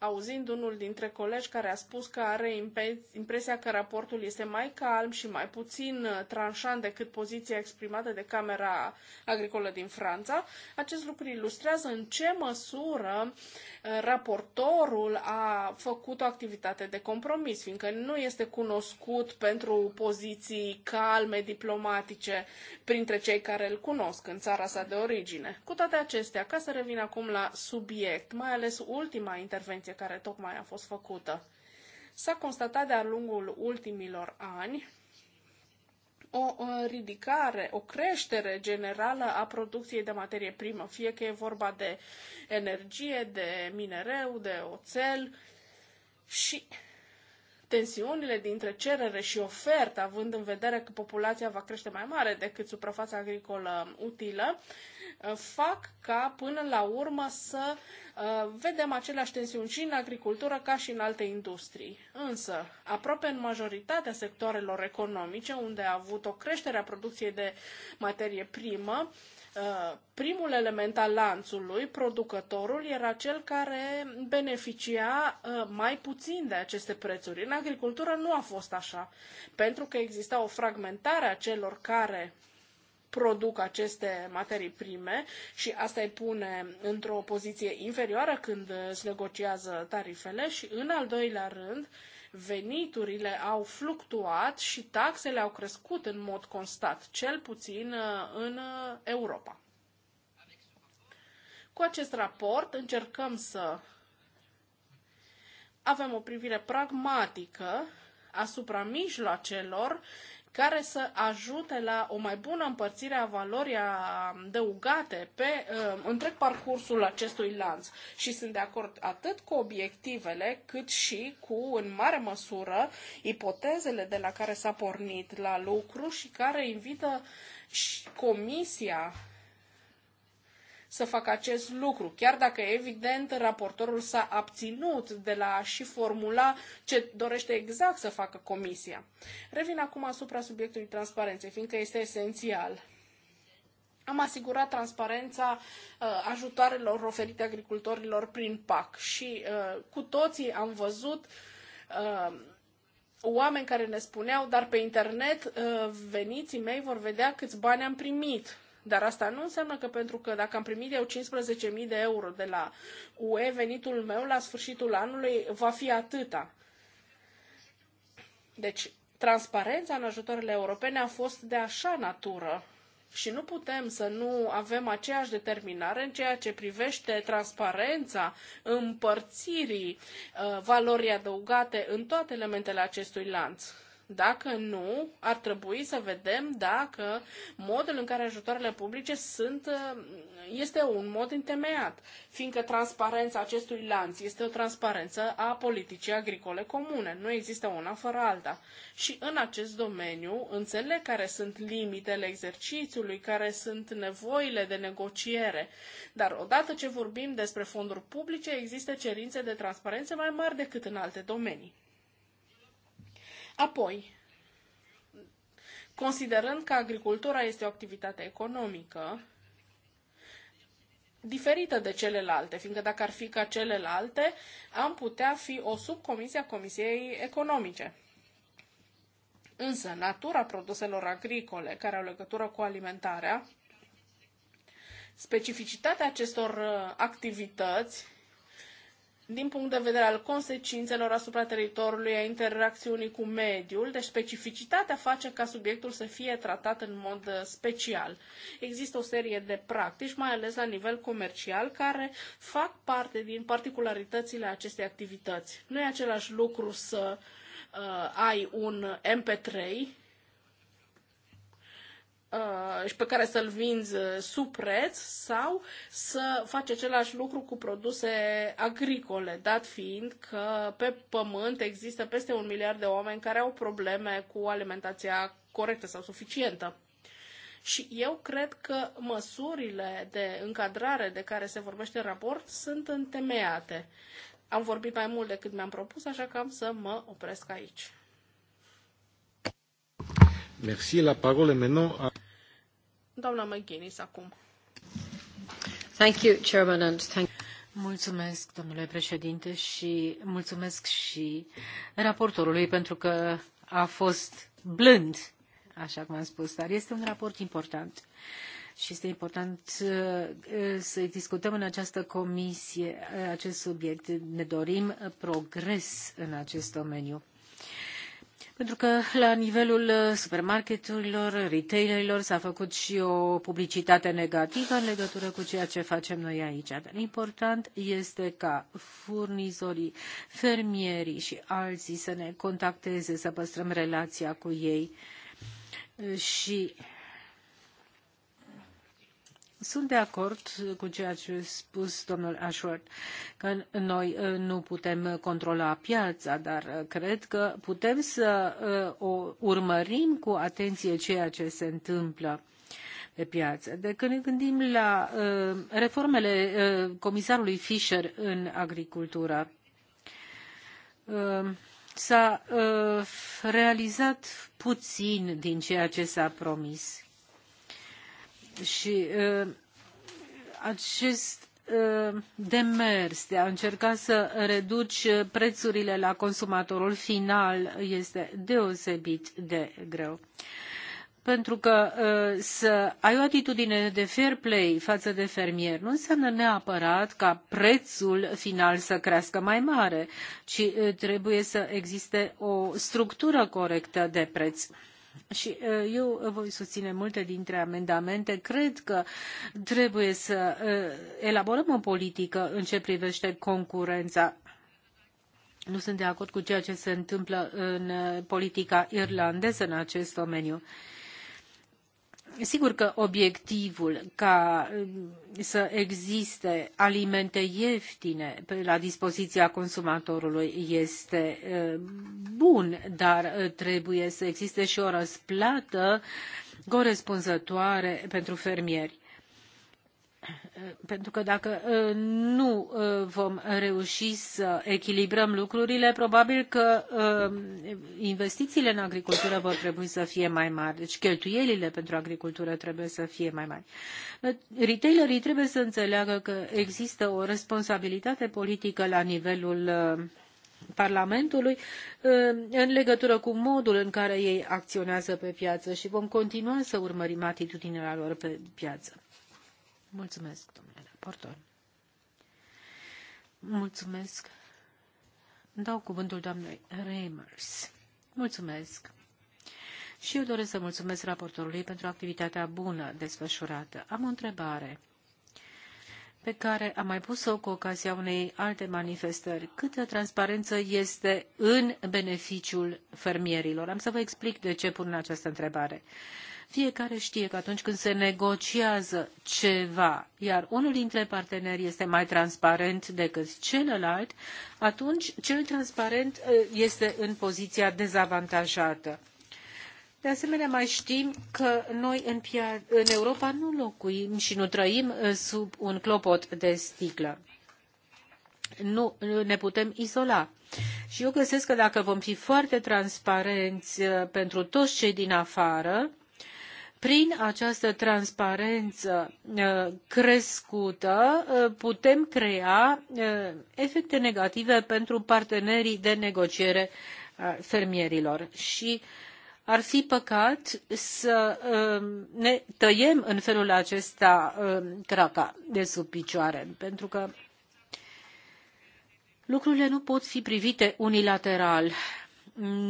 auzind unul dintre colegi care a spus că are impresia că raportul este mai calm și mai puțin uh, tranșant decât poziția exprimată de Camera Agricolă din Franța. Acest lucru ilustrează în ce măsură uh, raportorul a făcut o activitate de compromis, fiindcă nu este cunoscut pentru poziții calme, diplomatice, printre cei care îl cunosc în țara sa de origine. Cu toate acestea, ca să revin acum la subiect, mai ales ultima intervenție comparație care tocmai a fost făcută. S-a constatat de-a lungul ultimilor ani o ridicare, o creștere generală a producției de materie primă, fie că e vorba de energie, de minereu, de oțel și tensiunile dintre cerere și ofertă, având în vedere că populația va crește mai mare decât suprafața agricolă utilă, Uh, fac ca până la urmă să uh, vedem aceleași tensiuni și în agricultură ca și în alte industrii. Însă, aproape în majoritatea sectoarelor economice, unde a avut o creștere a producției de materie primă, uh, primul element al lanțului, producătorul, era cel care beneficia mai puțin de aceste prețuri. În agricultură nu a fost așa, pentru că exista o fragmentare a celor care produc aceste materii prime și asta îi pune într-o poziție inferioară când se negociază tarifele și, în al doilea rând, veniturile au fluctuat și taxele au crescut în mod constat, cel puțin uh, în uh, Europa. Cu acest raport încercăm să avem o privire pragmatică asupra mijloacelor care să ajute la o mai bună împărțire a valorii adăugate pe uh, întreg parcursul acestui lanț. Și sunt de acord atât cu obiectivele, cât și cu, în mare măsură, ipotezele de la care s-a pornit la lucru și care invită și Comisia să facă acest lucru, chiar dacă evident raportorul s-a abținut de la a și formula ce dorește exact să facă comisia. Revin acum asupra subiectului transparenței, fiindcă este esențial. Am asigurat transparența uh, ajutoarelor oferite agricultorilor prin PAC și uh, cu toții am văzut uh, oameni care ne spuneau, dar pe internet uh, veniții mei vor vedea câți bani am primit. Dar asta nu înseamnă că pentru că dacă am primit eu 15.000 de euro de la UE, venitul meu la sfârșitul anului va fi atâta. Deci, transparența în ajutoarele europene a fost de așa natură și nu putem să nu avem aceeași determinare în ceea ce privește transparența împărțirii uh, valorii adăugate în toate elementele acestui lanț. Dacă nu, ar trebui să vedem dacă modul în care ajutoarele publice sunt, este un mod întemeiat, fiindcă transparența acestui lanț este o transparență a politicii agricole comune. Nu există una fără alta. Și în acest domeniu înțeleg care sunt limitele exercițiului, care sunt nevoile de negociere. Dar odată ce vorbim despre fonduri publice, există cerințe de transparență mai mari decât în alte domenii. Apoi, considerând că agricultura este o activitate economică, diferită de celelalte, fiindcă dacă ar fi ca celelalte, am putea fi o subcomisie a Comisiei Economice. Însă, natura produselor agricole care au legătură cu alimentarea, specificitatea acestor uh, activități din punct de vedere al consecințelor asupra teritoriului, a interacțiunii cu mediul, deci specificitatea face ca subiectul să fie tratat în mod uh, special. Există o serie de practici, mai ales la nivel comercial, care fac parte din particularitățile acestei activități. Nu e același lucru să uh, ai un MP3 Uh, și pe care să-l vinzi uh, sub preț sau să faci același lucru cu produse agricole, dat fiind că pe pământ există peste un miliard de oameni care au probleme cu alimentația corectă sau suficientă. Și eu cred că măsurile de încadrare de care se vorbește în raport sunt întemeiate. Am vorbit mai mult decât mi-am propus, așa că am să mă opresc aici. Merci. La parole maintenant à... Doamna McGuinness, acum. Thank you, Chairman, and thank Mulțumesc, domnule președinte, și mulțumesc și raportorului pentru că a fost blând, așa cum am spus, dar este un raport important și este important uh, să discutăm în această comisie uh, acest subiect. Ne dorim progres în acest domeniu. Pentru că la nivelul uh, supermarketurilor, retailerilor s-a făcut și o publicitate negativă în legătură cu ceea ce facem noi aici. Dar important este ca furnizorii, fermierii și alții să ne contacteze, să păstrăm relația cu ei uh, și sunt de acord cu ceea ce a spus domnul Ashworth, că noi uh, nu putem controla piața, dar uh, cred că putem să uh, urmărim cu atenție ceea ce se întâmplă pe piață. De când ne gândim la reformele comisarului Fischer în agricultură, s-a realizat puțin din ceea ce s-a promis și acest demers de a încerca să reduci prețurile la consumatorul final este deosebit de greu. Pentru că să ai o atitudine de fair play față de fermier nu înseamnă neapărat ca prețul final să crească mai mare, ci trebuie să existe o structură corectă de preț. Și eu voi susține multe dintre amendamente. Cred că trebuie să elaborăm o politică în ce privește concurența. Nu sunt de acord cu ceea ce se întâmplă în politica irlandeză în acest domeniu. Sigur că obiectivul ca um, să existe alimente ieftine la dispoziția consumatorului este um, bun, dar uh, trebuie să existe și o răsplată corespunzătoare pentru fermieri pentru că dacă uh, nu uh, vom reuși să echilibrăm lucrurile, probabil că uh, investițiile în agricultură vor trebui să fie mai mari, deci cheltuielile pentru agricultură trebuie să fie mai mari. Retailerii trebuie să înțeleagă că există o responsabilitate politică la nivelul Parlamentului în legătură cu modul în care ei acționează pe piață și vom continua să urmărim atitudinea lor pe piață. Mulțumesc, domnule raportor. Mulțumesc. Dau cuvântul doamnei Reimers. Mulțumesc. Și eu doresc să mulțumesc raportorului pentru activitatea bună desfășurată. Am o întrebare pe care am mai pus-o cu ocazia unei alte manifestări. Câtă transparență este în beneficiul fermierilor? Am să vă explic de ce pun această întrebare. Fiecare știe că atunci când se negociază ceva, iar unul dintre parteneri este mai transparent decât celălalt, atunci cel transparent uh, este în poziția dezavantajată. De asemenea, mai știm că noi în, în Europa nu locuim și nu trăim uh, sub un clopot de sticlă nu uh, ne putem izola. Și eu găsesc că dacă vom fi foarte transparenți pentru toți cei din afară, prin această transparență uh, crescută uh, putem crea uh, efecte negative pentru partenerii de negociere fermierilor și ar fi păcat să ne tăiem în felul acesta craca de sub picioare, pentru că lucrurile nu pot fi privite unilateral.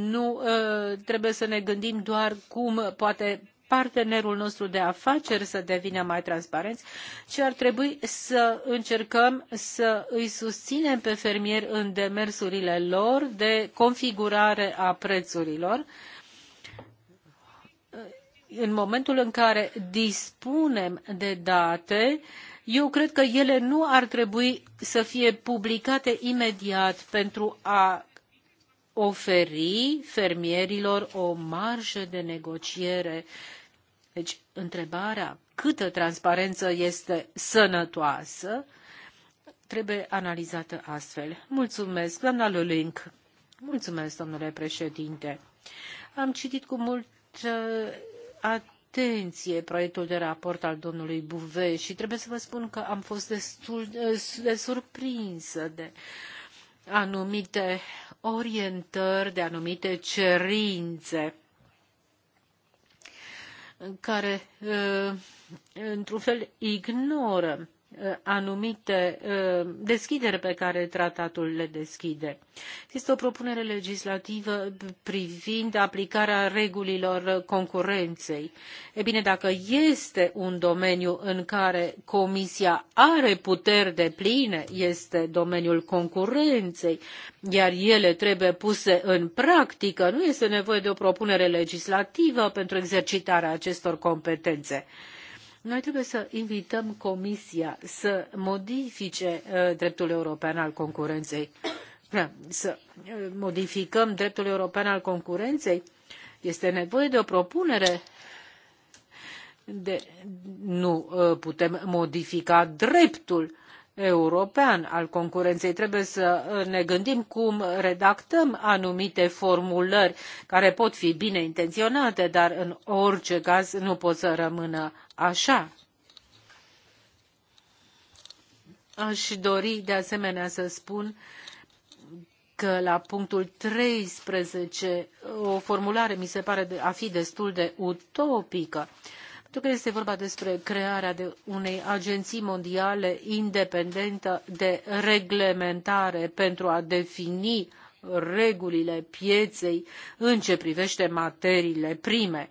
Nu trebuie să ne gândim doar cum poate partenerul nostru de afaceri să devină mai transparenți, ci ar trebui să încercăm să îi susținem pe fermieri în demersurile lor de configurare a prețurilor în momentul în care dispunem de date, eu cred că ele nu ar trebui să fie publicate imediat pentru a oferi fermierilor o marjă de negociere deci, întrebarea câtă transparență este sănătoasă trebuie analizată astfel. Mulțumesc, doamna Lulink. Mulțumesc, domnule președinte. Am citit cu mult atenție proiectul de raport al domnului Buve și trebuie să vă spun că am fost destul de surprinsă de anumite orientări, de anumite cerințe care, uh, într-un fel, ignoră Uh, anumite uh, deschideri pe care tratatul le deschide. Există o propunere legislativă privind aplicarea regulilor concurenței. E bine, dacă este un domeniu în care Comisia are puteri de pline, este domeniul concurenței, iar ele trebuie puse în practică. Nu este nevoie de o propunere legislativă pentru exercitarea acestor competențe. Noi trebuie să invităm Comisia să modifice uh, dreptul european al concurenței. Să uh, modificăm dreptul european al concurenței? Este nevoie de o propunere de, nu uh, putem modifica dreptul european al concurenței. Trebuie să ne gândim cum redactăm anumite formulări care pot fi bine intenționate, dar în orice caz nu pot să rămână așa. Aș dori de asemenea să spun că la punctul 13 o formulare mi se pare a fi destul de utopică crezi că este vorba despre crearea de unei agenții mondiale independentă de reglementare pentru a defini regulile pieței în ce privește materiile prime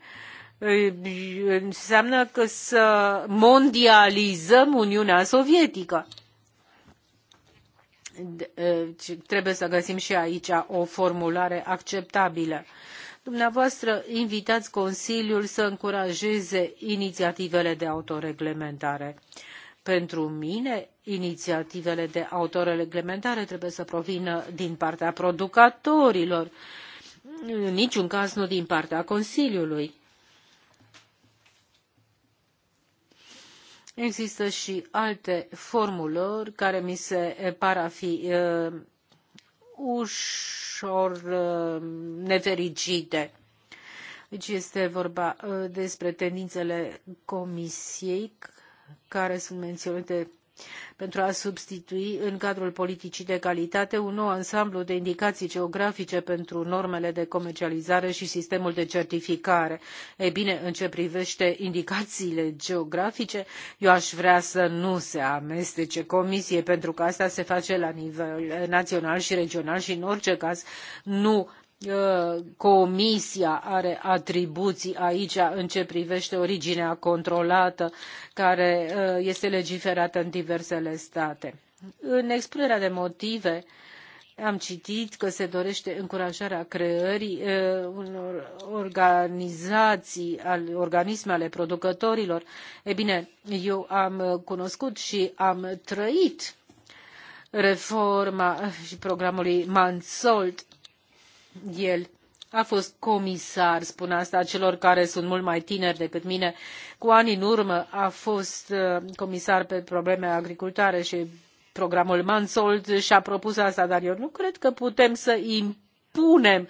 înseamnă că să mondializăm Uniunea Sovietică. Trebuie să găsim și aici o formulare acceptabilă. Dumneavoastră invitați Consiliul să încurajeze inițiativele de autoreglementare. Pentru mine, inițiativele de autoreglementare trebuie să provină din partea producătorilor, în niciun caz nu din partea Consiliului. Există și alte formulări care mi se par a fi uh, ușor uh, nefericite. Deci este vorba uh, despre tendințele Comisiei care sunt menționate pentru a substitui în cadrul politicii de calitate un nou ansamblu de indicații geografice pentru normele de comercializare și sistemul de certificare. Ei bine, în ce privește indicațiile geografice, eu aș vrea să nu se amestece comisie, pentru că asta se face la nivel național și regional și în orice caz nu Comisia are atribuții aici în ce privește originea controlată care uh, este legiferată în diversele state. În expunerea de motive am citit că se dorește încurajarea creării uh, unor organizații, organisme ale producătorilor. Ei bine, eu am cunoscut și am trăit reforma și programului Mansold el a fost comisar, spun asta celor care sunt mult mai tineri decât mine, cu ani în urmă a fost uh, comisar pe probleme agricultare și programul Mansold și a propus asta, dar eu nu cred că putem să impunem propunem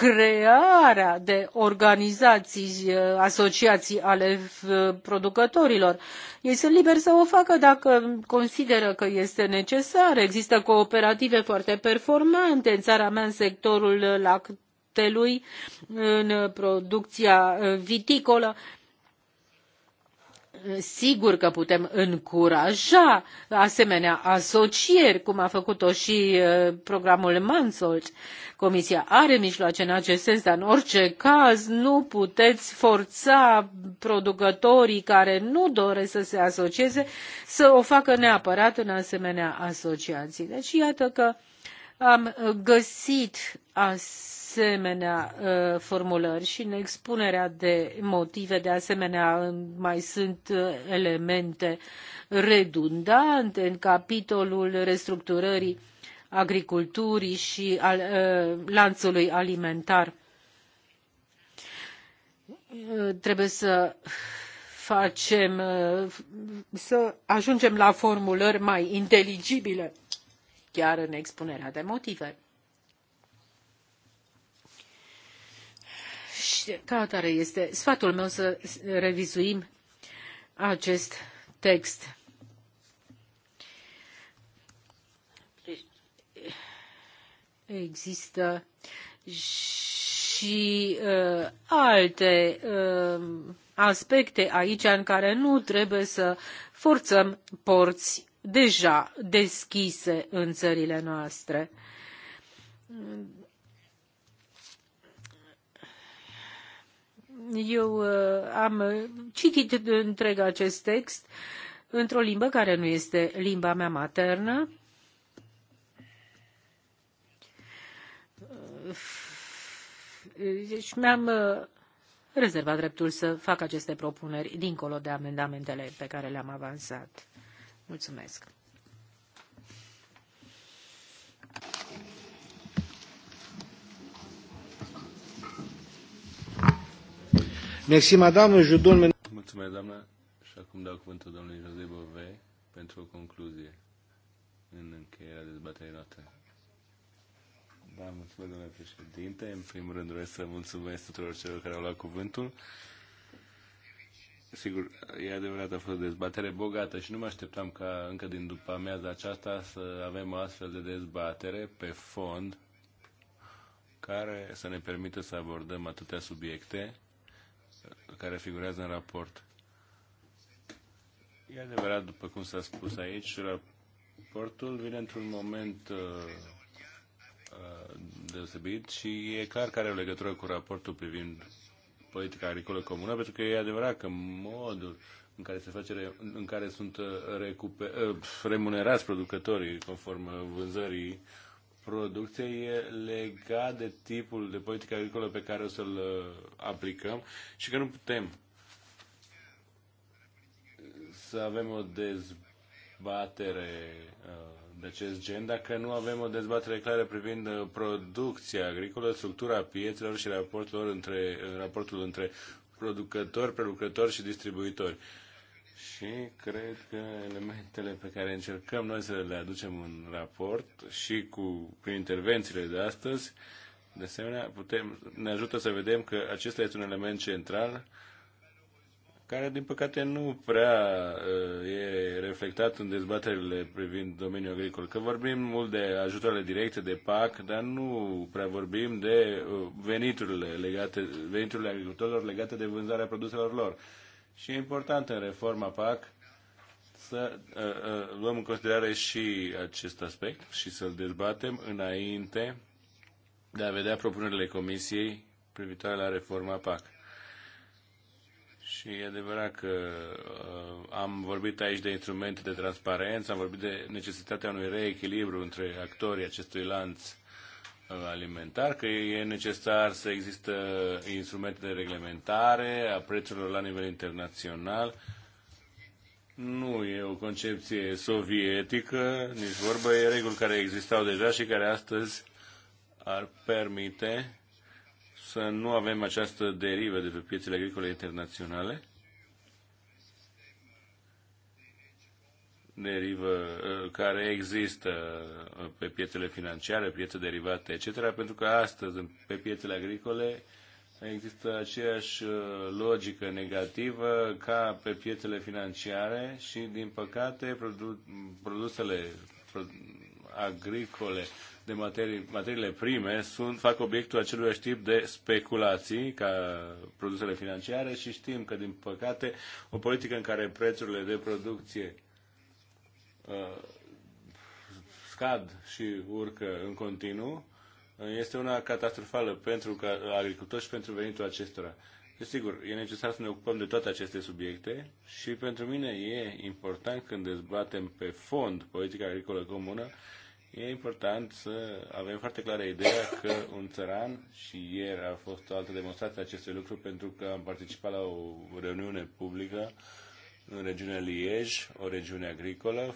crearea de organizații, eh, asociații ale eh, producătorilor. Ei sunt liberi să o facă dacă consideră că este necesar. Există cooperative foarte performante în țara mea în sectorul lactelui, în producția eh, viticolă sigur că putem încuraja asemenea asocieri, cum a făcut-o și uh, programul Mansolt. Comisia are mijloace în acest sens, dar în orice caz nu puteți forța producătorii care nu doresc să se asocieze să o facă neapărat în asemenea asociații. Deci iată că am găsit as asemenea uh, formulări și în expunerea de motive, de asemenea, mai sunt uh, elemente redundante în capitolul restructurării agriculturii și al uh, lanțului alimentar. Trebuie să facem, să ajungem la formulări mai inteligibile chiar în expunerea de motive. Deci, ca atare este sfatul meu să revizuim acest text. Există și uh, alte uh, aspecte aici în care nu trebuie să forțăm porți deja deschise în țările noastre Eu uh, am uh, citit întreg acest text într-o limbă care nu este limba mea maternă. Uh, deci mi-am rezervat dreptul să fac aceste propuneri dincolo de amendamentele pe care le-am avansat. Mulțumesc. Mulțumesc, doamnă. Și acum dau cuvântul domnului Jose Bove pentru o concluzie în încheierea dezbaterii noastre. Da, mulțumesc, domnule președinte. În primul rând vreau să mulțumesc tuturor celor care au luat cuvântul. Sigur, e adevărat, a fost o dezbatere bogată și nu mă așteptam ca încă din după amiaza aceasta să avem o astfel de dezbatere pe fond care să ne permită să abordăm atâtea subiecte care figurează în raport. E adevărat, după cum s-a spus aici, raportul vine într-un moment uh, uh, deosebit și e clar că are o legătură cu raportul privind politica agricolă comună, pentru că e adevărat că modul în care, se face, în care sunt uh, recuper, uh, remunerați producătorii conform vânzării producție e legat de tipul de politică agricolă pe care o să-l uh, aplicăm și că nu putem să avem o dezbatere uh, de acest gen dacă nu avem o dezbatere clară privind uh, producția agricolă, structura piețelor și raportul între, raportul între producători, prelucrători și distribuitori și cred că elementele pe care încercăm noi să le aducem în raport și cu, prin intervențiile de astăzi, de asemenea, putem, ne ajută să vedem că acesta este un element central care, din păcate, nu prea uh, e reflectat în dezbaterile privind domeniul agricol. Că vorbim mult de ajutoarele directe, de PAC, dar nu prea vorbim de uh, veniturile, legate, veniturile agricultorilor legate de vânzarea produselor lor. Și e important în reforma PAC să uh, uh, luăm în considerare și acest aspect și să-l dezbatem înainte de a vedea propunerile Comisiei privitoare la reforma PAC. Și e adevărat că uh, am vorbit aici de instrumente de transparență, am vorbit de necesitatea unui reechilibru între actorii acestui lanț alimentar, că e necesar să există instrumente de reglementare a prețurilor la nivel internațional. Nu e o concepție sovietică, nici vorbă, e reguli care existau deja și care astăzi ar permite să nu avem această derivă de pe piețele agricole internaționale derivă, uh, care există uh, pe piețele financiare, piețe derivate, etc., pentru că astăzi, pe piețele agricole, există aceeași uh, logică negativă ca pe piețele financiare și, din păcate, produ- produsele agricole de materii, materiile prime sunt, fac obiectul acelui tip de speculații ca produsele financiare și știm că, din păcate, o politică în care prețurile de producție Uh, scad și urcă în continuu, uh, este una catastrofală pentru uh, agricultori și pentru venitul acestora. Desigur, e necesar să ne ocupăm de toate aceste subiecte și pentru mine e important când dezbatem pe fond politica agricolă comună, e important să avem foarte clară ideea că un țăran, și ieri a fost o altă demonstrație acestui lucru pentru că am participat la o reuniune publică în regiunea Liege, o regiune agricolă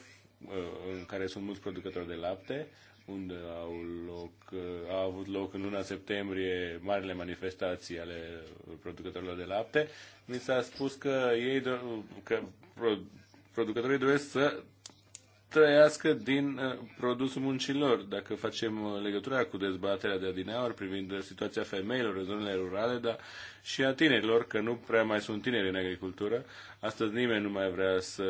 Uh, în care sunt mulți producători de lapte, unde au loc, uh, a avut loc în luna septembrie marile manifestații ale producătorilor de lapte, mi s-a spus că ei că producătorii doresc să trăiască din uh, produsul muncilor. Dacă facem uh, legătura cu dezbaterea de adineaur privind uh, situația femeilor în zonele rurale, dar și a tinerilor, că nu prea mai sunt tineri în agricultură, astăzi nimeni nu mai vrea să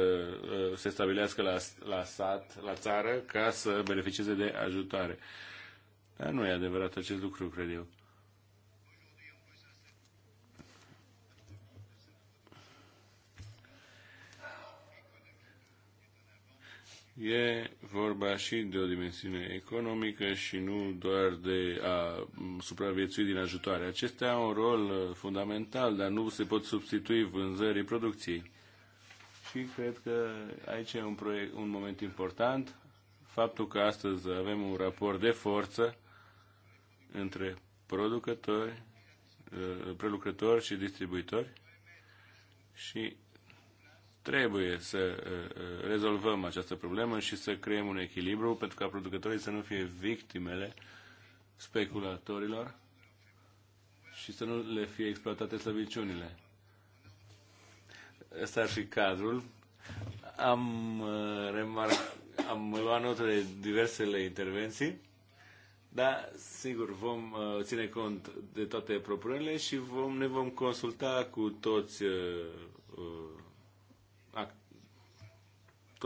se stabilească la, la sat, la țară, ca să beneficieze de ajutare. Dar nu e adevărat acest lucru, cred eu. E vorba și de o dimensiune economică și nu doar de a supraviețui din ajutoare. Acestea au un rol uh, fundamental, dar nu se pot substitui vânzării producției. Și cred că aici e un, proiect, un moment important. Faptul că astăzi avem un raport de forță între producători, uh, prelucrători și distribuitori și Trebuie să uh, uh, rezolvăm această problemă și să creăm un echilibru pentru ca producătorii să nu fie victimele speculatorilor și să nu le fie exploatate slăbiciunile. Ăsta ar fi cadrul. Am, uh, remarc, am luat notă de diversele intervenții. dar sigur, vom ține cont de toate propunerile și vom, ne vom consulta cu toți uh, uh,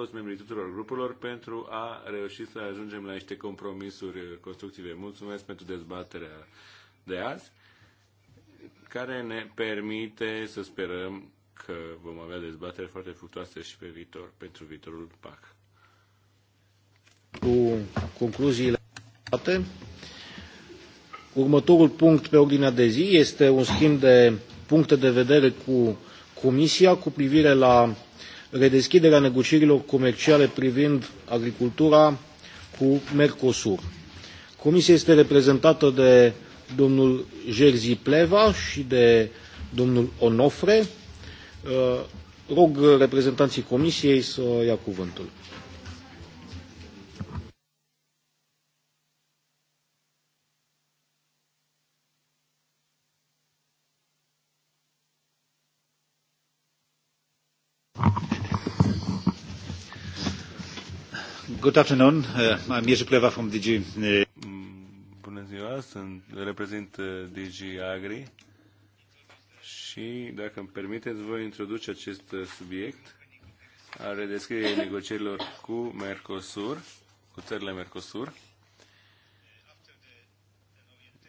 toți membrii tuturor grupurilor pentru a reuși să ajungem la niște compromisuri uh, constructive. Mulțumesc pentru dezbaterea de azi, care ne permite să sperăm că vom avea dezbateri foarte fructoase și pe viitor, pentru viitorul PAC. Cu concluziile date, următorul punct pe ordinea de zi este un schimb de puncte de vedere cu Comisia cu privire la redeschiderea negocierilor comerciale privind agricultura cu Mercosur. Comisia este reprezentată de domnul Jerzy Pleva și de domnul Onofre. Uh, rog reprezentanții Comisiei să ia cuvântul. Good afternoon. Uh, I'm Jerzy Pleva from DG. Mm, bună ziua, sunt, reprezint uh, DG Agri și, dacă îmi permiteți, voi introduce acest uh, subiect a redescrierii negocierilor cu Mercosur, cu țările Mercosur.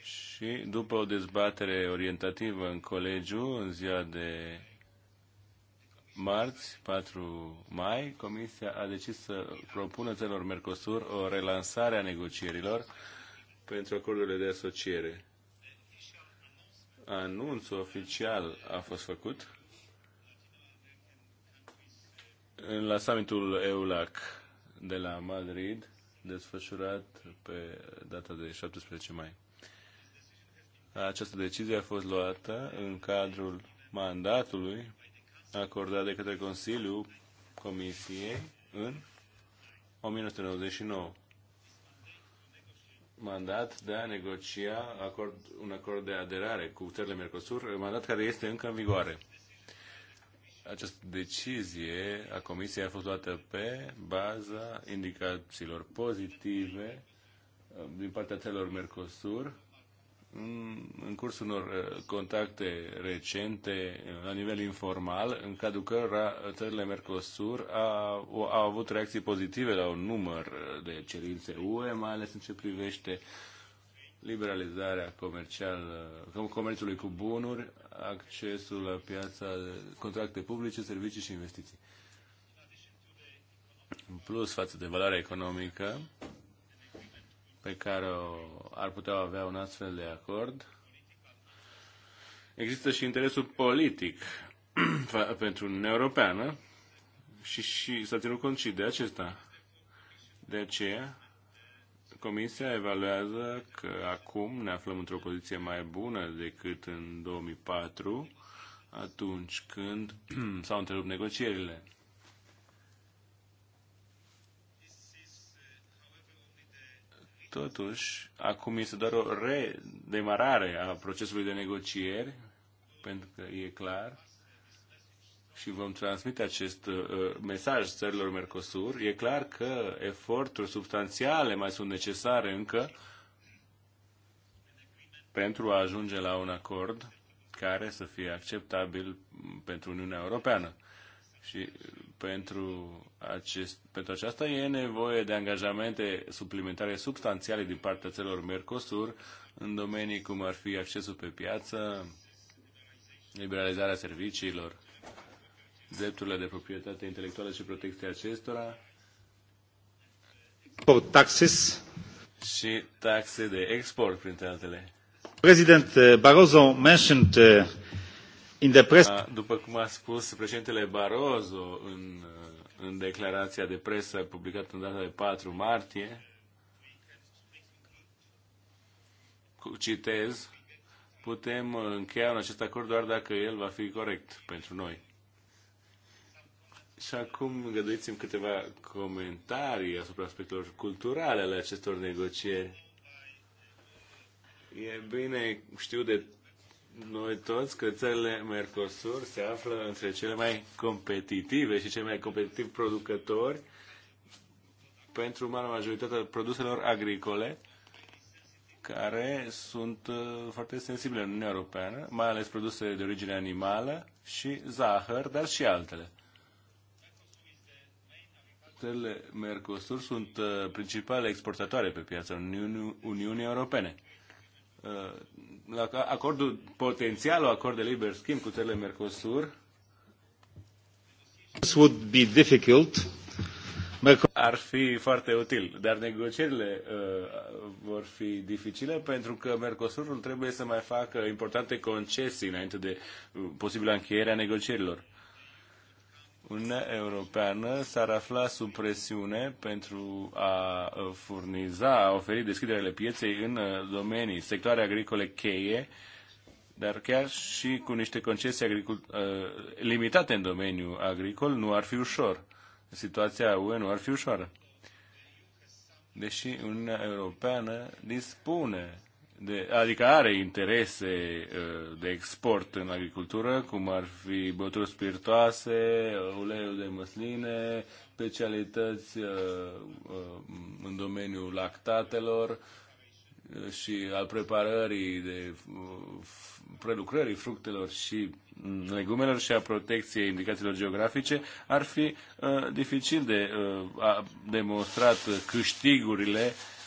Și după o dezbatere orientativă în colegiu, în ziua de marți, 4 mai, Comisia a decis să propună țărilor Mercosur o relansare a negocierilor pentru acordurile de asociere. Anunțul oficial a fost făcut la summitul EULAC de la Madrid, desfășurat pe data de 17 mai. Această decizie a fost luată în cadrul mandatului acordat de către Consiliu Comisiei în 1999 mandat de a negocia acord, un acord de aderare cu țările Mercosur, mandat care este încă în vigoare. Această decizie a Comisiei a fost luată pe baza indicațiilor pozitive uh, din partea țărilor Mercosur Mm, în cursul unor uh, contacte recente uh, la nivel informal, în cadrul cărora țările Mercosur au, au avut reacții pozitive la un număr uh, de cerințe UE, mai ales în ce privește liberalizarea comercială, comerțului cu bunuri, accesul la piața, contracte publice, servicii și investiții. În plus, față de valoarea economică, pe care o ar putea avea un astfel de acord. Există și interesul politic <clears throat> pentru Uniunea Europeană și, și s-a ținut cont și de acesta. De aceea, Comisia evaluează că acum ne aflăm într-o poziție mai bună decât în 2004, atunci când <clears throat> s-au întrerupt negocierile. Totuși, acum este doar o redemarare a procesului de negocieri, pentru că e clar, și vom transmite acest uh, mesaj țărilor Mercosur, e clar că eforturi substanțiale mai sunt necesare încă pentru a ajunge la un acord care să fie acceptabil pentru Uniunea Europeană. Și pentru, acest, pentru aceasta e nevoie de angajamente suplimentare substanțiale din partea țărilor Mercosur în domenii cum ar fi accesul pe piață, liberalizarea serviciilor, drepturile de proprietate intelectuală și protecția acestora, taxes și taxe de export, printre altele. President Barroso mentioned uh, In the press... Da, după cum a spus președintele Barroso în, în declarația de presă publicată în data de 4 martie, citez, putem încheia în acest acord doar dacă el va fi corect pentru noi. Și acum îngăduiți-mi câteva comentarii asupra aspectelor culturale ale acestor negocieri. E bine știu de noi toți că țările Mercosur se află între cele mai competitive și cele mai competitivi producători pentru marea majoritate a produselor agricole care sunt uh, foarte sensibile în Uniunea Europeană, mai ales produse de origine animală și zahăr, dar și altele. Țările Mercosur sunt uh, principale exportatoare pe piața Uniunii Europene uh, la acordul, potențialul acord de liber schimb cu țările Mercosur. This would be difficult. Ar fi foarte util, dar negocierile uh, vor fi dificile pentru că Mercosurul trebuie să mai facă importante concesii înainte de uh, posibilă încheierea negocierilor. Uniunea Europeană s-ar afla sub presiune pentru a uh, furniza, a oferi deschiderele pieței în uh, domenii, sectoare agricole cheie, dar chiar și cu niște concesii agricul, uh, limitate în domeniul agricol, nu ar fi ușor. Situația UE nu ar fi ușoară. Deși Uniunea Europeană dispune de, adică are interese uh, de export în agricultură, cum ar fi băuturi spiritoase, uleiul de măsline, specialități uh, uh, în domeniul lactatelor și al preparării de prelucrării fructelor și mm, legumelor și a protecției indicațiilor geografice, ar fi dificil de demonstrat câștigurile uh,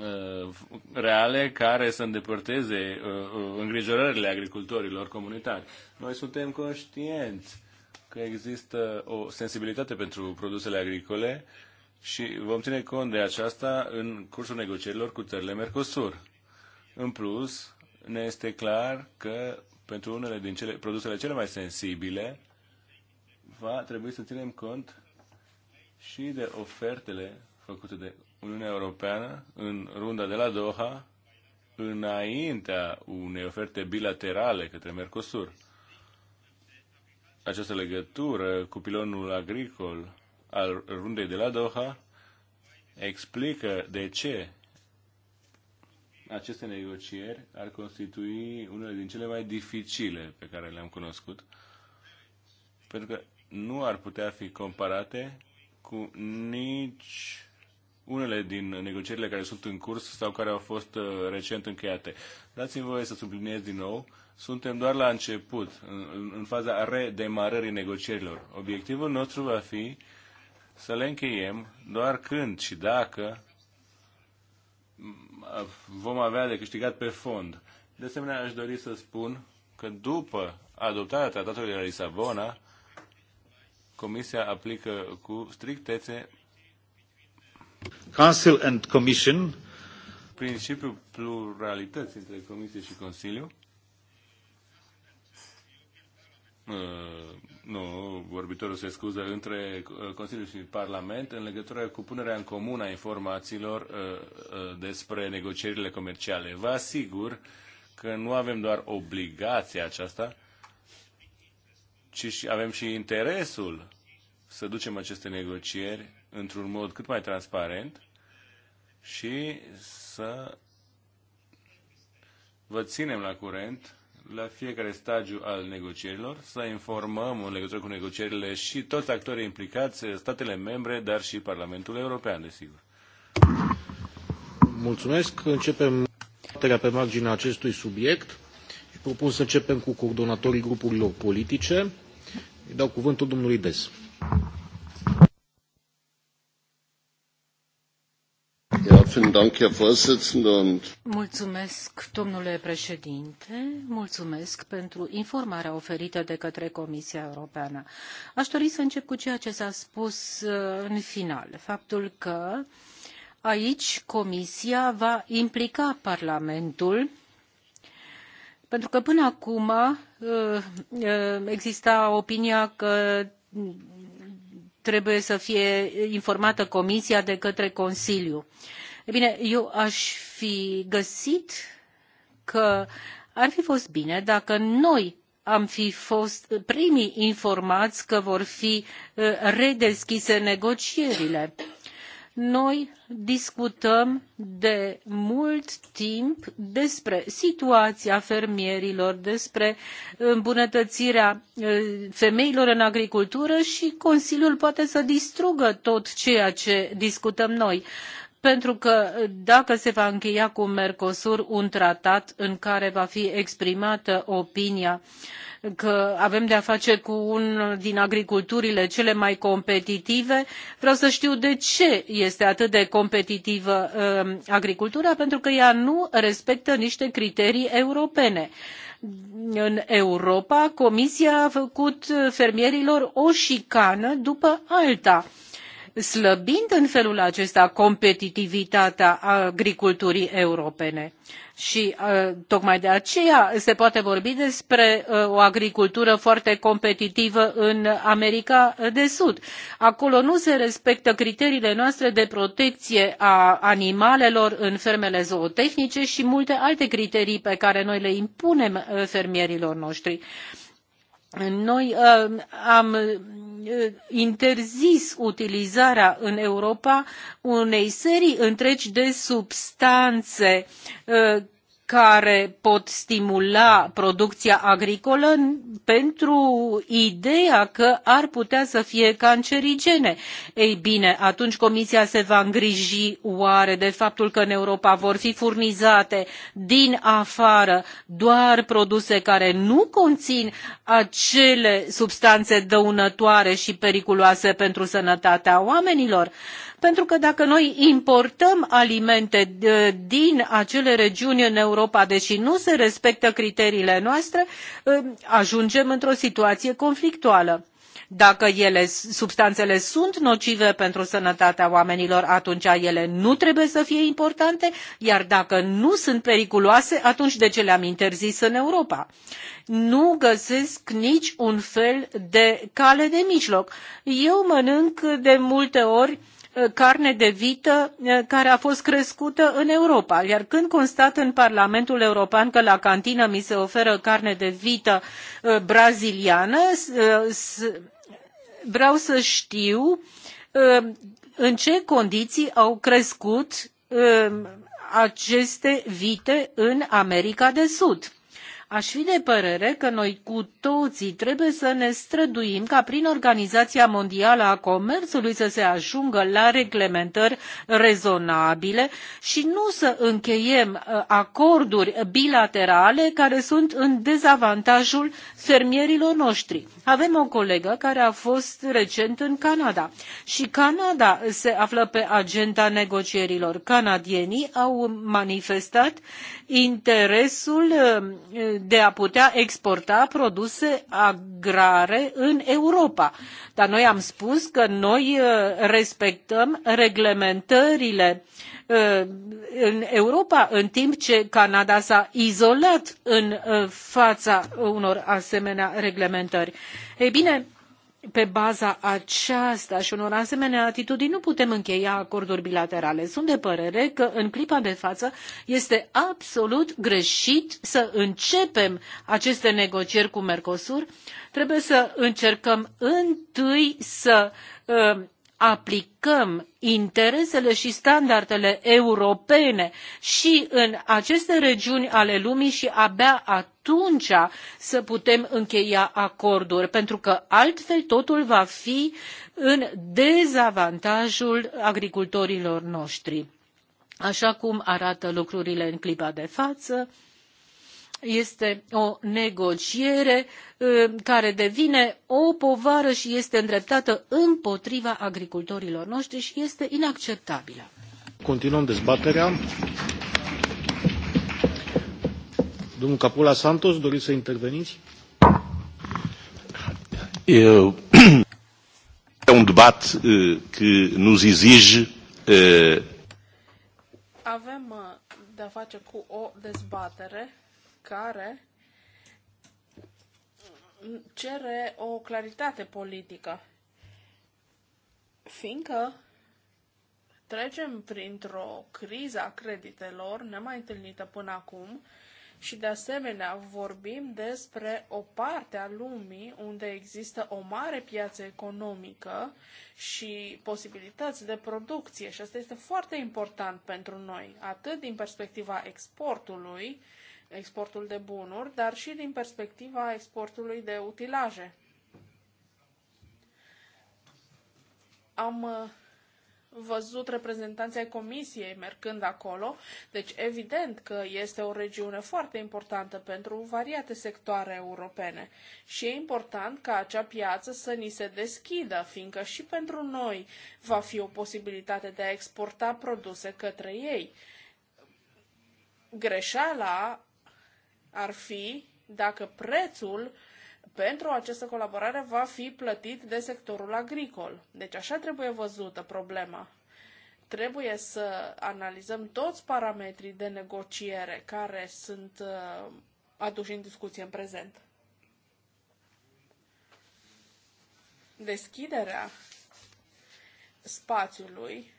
Uh, reale care să îndepărteze uh, uh, îngrijorările agricultorilor comunitari. Noi suntem conștienți că există o sensibilitate pentru produsele agricole și vom ține cont de aceasta în cursul negocierilor cu țările Mercosur. În plus, ne este clar că pentru unele din cele, produsele cele mai sensibile va trebui să ținem cont și de ofertele făcute de Uniunea Europeană în runda de la Doha înaintea unei oferte bilaterale către Mercosur. Această legătură cu pilonul agricol al rundei de la Doha explică de ce aceste negocieri ar constitui unele din cele mai dificile pe care le-am cunoscut, pentru că nu ar putea fi comparate cu nici unele din negocierile care sunt în curs sau care au fost uh, recent încheiate. Dați-mi voie să subliniez din nou, suntem doar la început, în, în faza redemarării negocierilor. Obiectivul nostru va fi să le încheiem doar când și dacă vom avea de câștigat pe fond. De asemenea, aș dori să spun că după adoptarea tratatului de la Lisabona, Comisia aplică cu strictețe Council and Commission. Principiul pluralității între Comisie și Consiliu. Uh, nu, vorbitorul se scuză între uh, Consiliu și Parlament în legătură cu punerea în comun a informațiilor uh, uh, despre negocierile comerciale. Vă asigur că nu avem doar obligația aceasta, ci și avem și interesul să ducem aceste negocieri într-un mod cât mai transparent și să vă ținem la curent la fiecare stagiu al negocierilor, să informăm în legătură cu negocierile și toți actorii implicați, statele membre, dar și Parlamentul European, desigur. Mulțumesc. Începem dezbaterea pe marginea acestui subiect și propun să începem cu coordonatorii grupurilor politice. Îi dau cuvântul domnului Des. Mulțumesc, domnule președinte, mulțumesc pentru informarea oferită de către Comisia Europeană. Aș dori să încep cu ceea ce s-a spus uh, în final, faptul că aici Comisia va implica Parlamentul pentru că până acum uh, uh, exista opinia că trebuie să fie informată comisia de către consiliu bine, eu aș fi găsit că ar fi fost bine dacă noi am fi fost primii informați că vor fi uh, redeschise negocierile. Noi discutăm de mult timp despre situația fermierilor, despre îmbunătățirea uh, femeilor în agricultură și Consiliul poate să distrugă tot ceea ce discutăm noi pentru că dacă se va încheia cu mercosur un tratat în care va fi exprimată opinia că avem de a face cu una din agriculturile cele mai competitive vreau să știu de ce este atât de competitivă um, agricultura pentru că ea nu respectă niște criterii europene în europa comisia a făcut fermierilor o șicană după alta slăbind în felul acesta competitivitatea agriculturii europene. Și uh, tocmai de aceea se poate vorbi despre uh, o agricultură foarte competitivă în America de Sud. Acolo nu se respectă criteriile noastre de protecție a animalelor în fermele zootehnice și multe alte criterii pe care noi le impunem uh, fermierilor noștri noi uh, am uh, interzis utilizarea în europa unei serii întregi de substanțe care uh, care pot stimula producția agricolă pentru ideea că ar putea să fie cancerigene. Ei bine, atunci Comisia se va îngriji oare de faptul că în Europa vor fi furnizate din afară doar produse care nu conțin acele substanțe dăunătoare și periculoase pentru sănătatea oamenilor? Pentru că dacă noi importăm alimente din acele regiuni în Europa, deși nu se respectă criteriile noastre, um, ajungem într-o situație conflictuală dacă ele, substanțele sunt nocive pentru sănătatea oamenilor, atunci ele nu trebuie să fie importante, iar dacă nu sunt periculoase, atunci de ce le-am interzis în Europa? Nu găsesc nici un fel de cale de mijloc. Eu mănânc de multe ori uh, Uh, carne de vită uh, care a fost crescută în Europa. Iar când constat în Parlamentul European că la cantină mi se oferă carne de vită uh, braziliană, vreau să știu în ce condiții au crescut aceste vite în America de Sud Aș fi de părere că noi cu toții trebuie să ne străduim ca prin Organizația Mondială a Comerțului să se ajungă la reglementări rezonabile și nu să încheiem uh, acorduri bilaterale care sunt în dezavantajul fermierilor noștri. Avem o colegă care a fost recent în Canada și Canada se află pe agenda negocierilor. Canadienii au manifestat interesul uh, de a putea exporta produse agrare în Europa. Dar noi am spus că noi uh, respectăm reglementările uh, în Europa, în timp ce Canada s-a izolat în fața unor asemenea reglementări. Ei bine, pe baza aceasta și unor asemenea atitudini nu putem încheia acorduri bilaterale. Sunt de părere că în clipa de față este absolut greșit să începem aceste negocieri cu Mercosur. Trebuie să încercăm întâi să uh, aplicăm interesele și standardele europene și în aceste regiuni ale lumii și abia atunci să putem încheia acorduri, pentru că altfel totul va fi în dezavantajul agricultorilor noștri. Așa cum arată lucrurile în clipa de față, este o negociere ă, care devine o povară și este îndreptată împotriva agricultorilor noștri și este inacceptabilă. Continuăm dezbaterea. Domnul Capula Santos, doriți să interveniți? Eu... É um debate uh, ă, que nos exige. Uh... Avem de-a face cu o dezbatere care cere o claritate politică, fiindcă trecem printr-o criză a creditelor nemai întâlnită până acum și de asemenea vorbim despre o parte a lumii unde există o mare piață economică și posibilități de producție și asta este foarte important pentru noi, atât din perspectiva exportului, exportul de bunuri, dar și din perspectiva exportului de utilaje. Am uh, văzut reprezentanții ai Comisiei mergând acolo, deci evident că este o regiune foarte importantă pentru variate sectoare europene și e important ca acea piață să ni se deschidă, fiindcă și pentru noi va fi o posibilitate de a exporta produse către ei. Greșeala ar fi dacă prețul pentru această colaborare va fi plătit de sectorul agricol. Deci așa trebuie văzută problema. Trebuie să analizăm toți parametrii de negociere care sunt uh, aduși în discuție în prezent. Deschiderea spațiului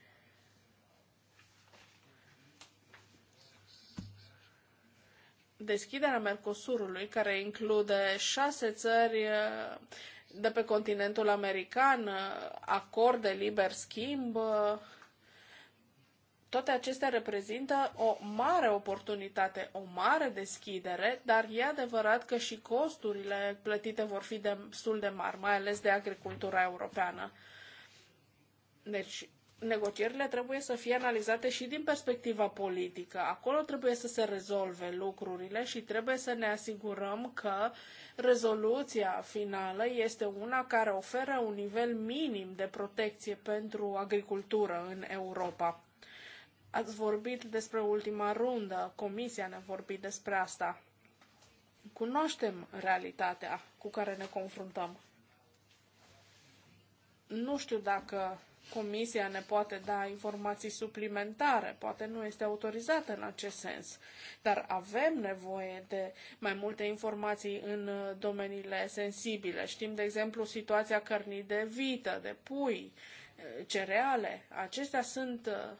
deschiderea Mercosurului, care include șase țări eh, de pe continentul american, eh, acord de liber schimb, eh, toate acestea reprezintă o mare oportunitate, o mare deschidere, dar e adevărat că și costurile plătite vor fi destul de mari, mai ales de agricultura europeană. Deci, negocierile trebuie să fie analizate și din perspectiva politică. Acolo trebuie să se rezolve lucrurile și trebuie să ne asigurăm că rezoluția finală este una care oferă un nivel minim de protecție pentru agricultură în Europa. Ați vorbit despre ultima rundă, Comisia ne-a vorbit despre asta. Cunoaștem realitatea cu care ne confruntăm. Nu știu dacă Comisia ne poate da informații suplimentare, poate nu este autorizată în acest sens, dar avem nevoie de mai multe informații în uh, domeniile sensibile. Știm, de exemplu, situația cărnii de vită, de pui, uh, cereale. Acestea sunt uh,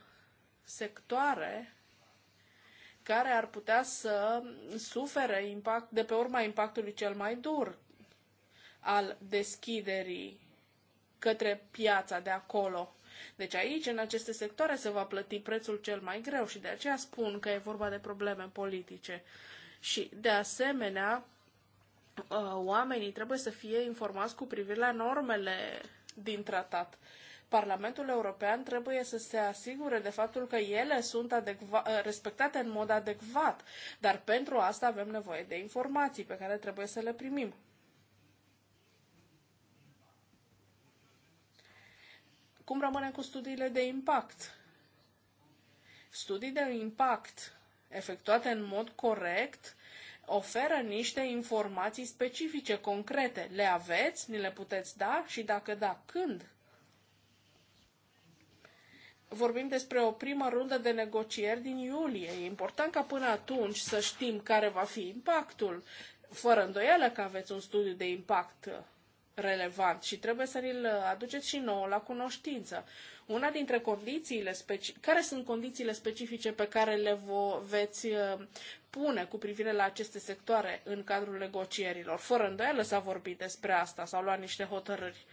sectoare care ar putea să sufere impact, de pe urma impactului cel mai dur al deschiderii către piața de acolo. Deci aici, în aceste sectoare, se va plăti prețul cel mai greu și de aceea spun că e vorba de probleme politice. Și, de asemenea, uh, oamenii trebuie să fie informați cu privire la normele din tratat. Parlamentul European trebuie să se asigure de faptul că ele sunt uh, respectate în mod adecvat, dar pentru asta avem nevoie de informații pe care trebuie să le primim. Cum rămânem cu studiile de impact? Studii de impact efectuate în mod corect oferă niște informații specifice, concrete. Le aveți? Ni le puteți da? Și dacă da, când? Vorbim despre o primă rundă de negocieri din iulie. E important ca până atunci să știm care va fi impactul. Fără îndoială că aveți un studiu de impact relevant și trebuie să ni-l uh, aduceți și nouă la cunoștință. Una dintre condițiile care sunt condițiile specifice pe care le vo- veți uh, pune cu privire la aceste sectoare în cadrul negocierilor? Fără îndoială s-a vorbit despre asta, s-au luat niște hotărâri.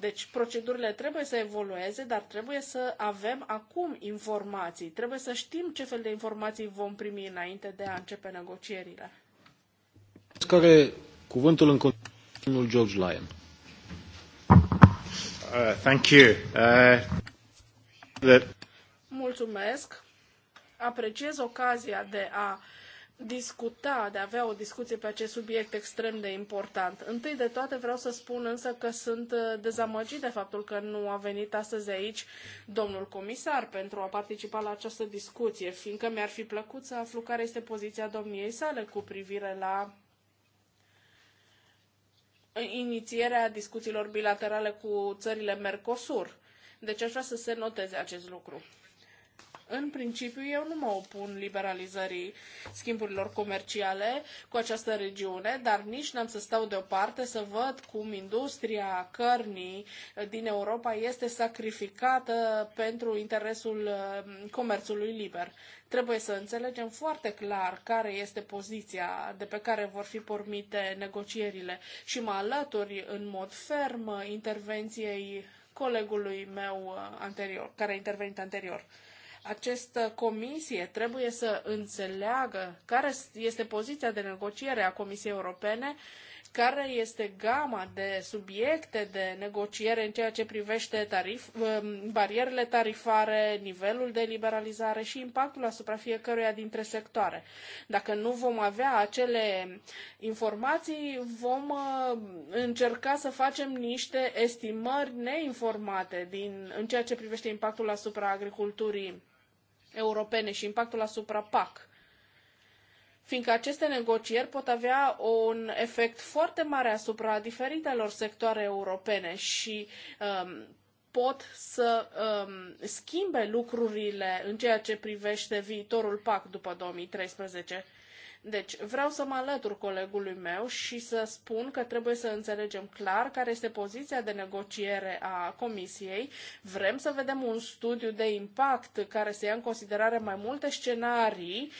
Deci procedurile trebuie să evolueze, dar trebuie să avem acum informații. Trebuie să știm ce fel de informații vom primi înainte de a începe negocierile. Care cuvântul în Domnul George Lyon. Uh, thank you. Uh, that... Mulțumesc. Apreciez ocazia de a discuta, de a avea o discuție pe acest subiect extrem de important. Întâi de toate vreau să spun însă că sunt uh, dezamăgit de faptul că nu a venit astăzi aici domnul comisar pentru a participa la această discuție, fiindcă mi-ar fi plăcut să aflu care este poziția domniei sale cu privire la inițierea discuțiilor bilaterale cu țările Mercosur. Deci aș vrea să se noteze acest lucru. În principiu, eu nu mă opun liberalizării schimburilor comerciale cu această regiune, dar nici n-am să stau deoparte să văd cum industria cărnii din Europa este sacrificată pentru interesul uh, comerțului liber. Trebuie să înțelegem foarte clar care este poziția de pe care vor fi pornite negocierile și mă alături în mod ferm intervenției colegului meu uh, anterior, care a intervenit anterior această comisie trebuie să înțeleagă care este poziția de negociere a Comisiei Europene, care este gama de subiecte de negociere în ceea ce privește tarif, um, barierele tarifare, nivelul de liberalizare și impactul asupra fiecăruia dintre sectoare. Dacă nu vom avea acele informații, vom uh, încerca să facem niște estimări neinformate din, în ceea ce privește impactul asupra agriculturii europene și impactul asupra PAC fiindcă aceste negocieri pot avea un efect foarte mare asupra diferitelor sectoare europene și um, pot să um, schimbe lucrurile în ceea ce privește viitorul PAC după 2013. Deci, vreau să mă alătur colegului meu și să spun că trebuie să înțelegem clar care este poziția de negociere a Comisiei. Vrem să vedem un studiu de impact care să ia în considerare mai multe scenarii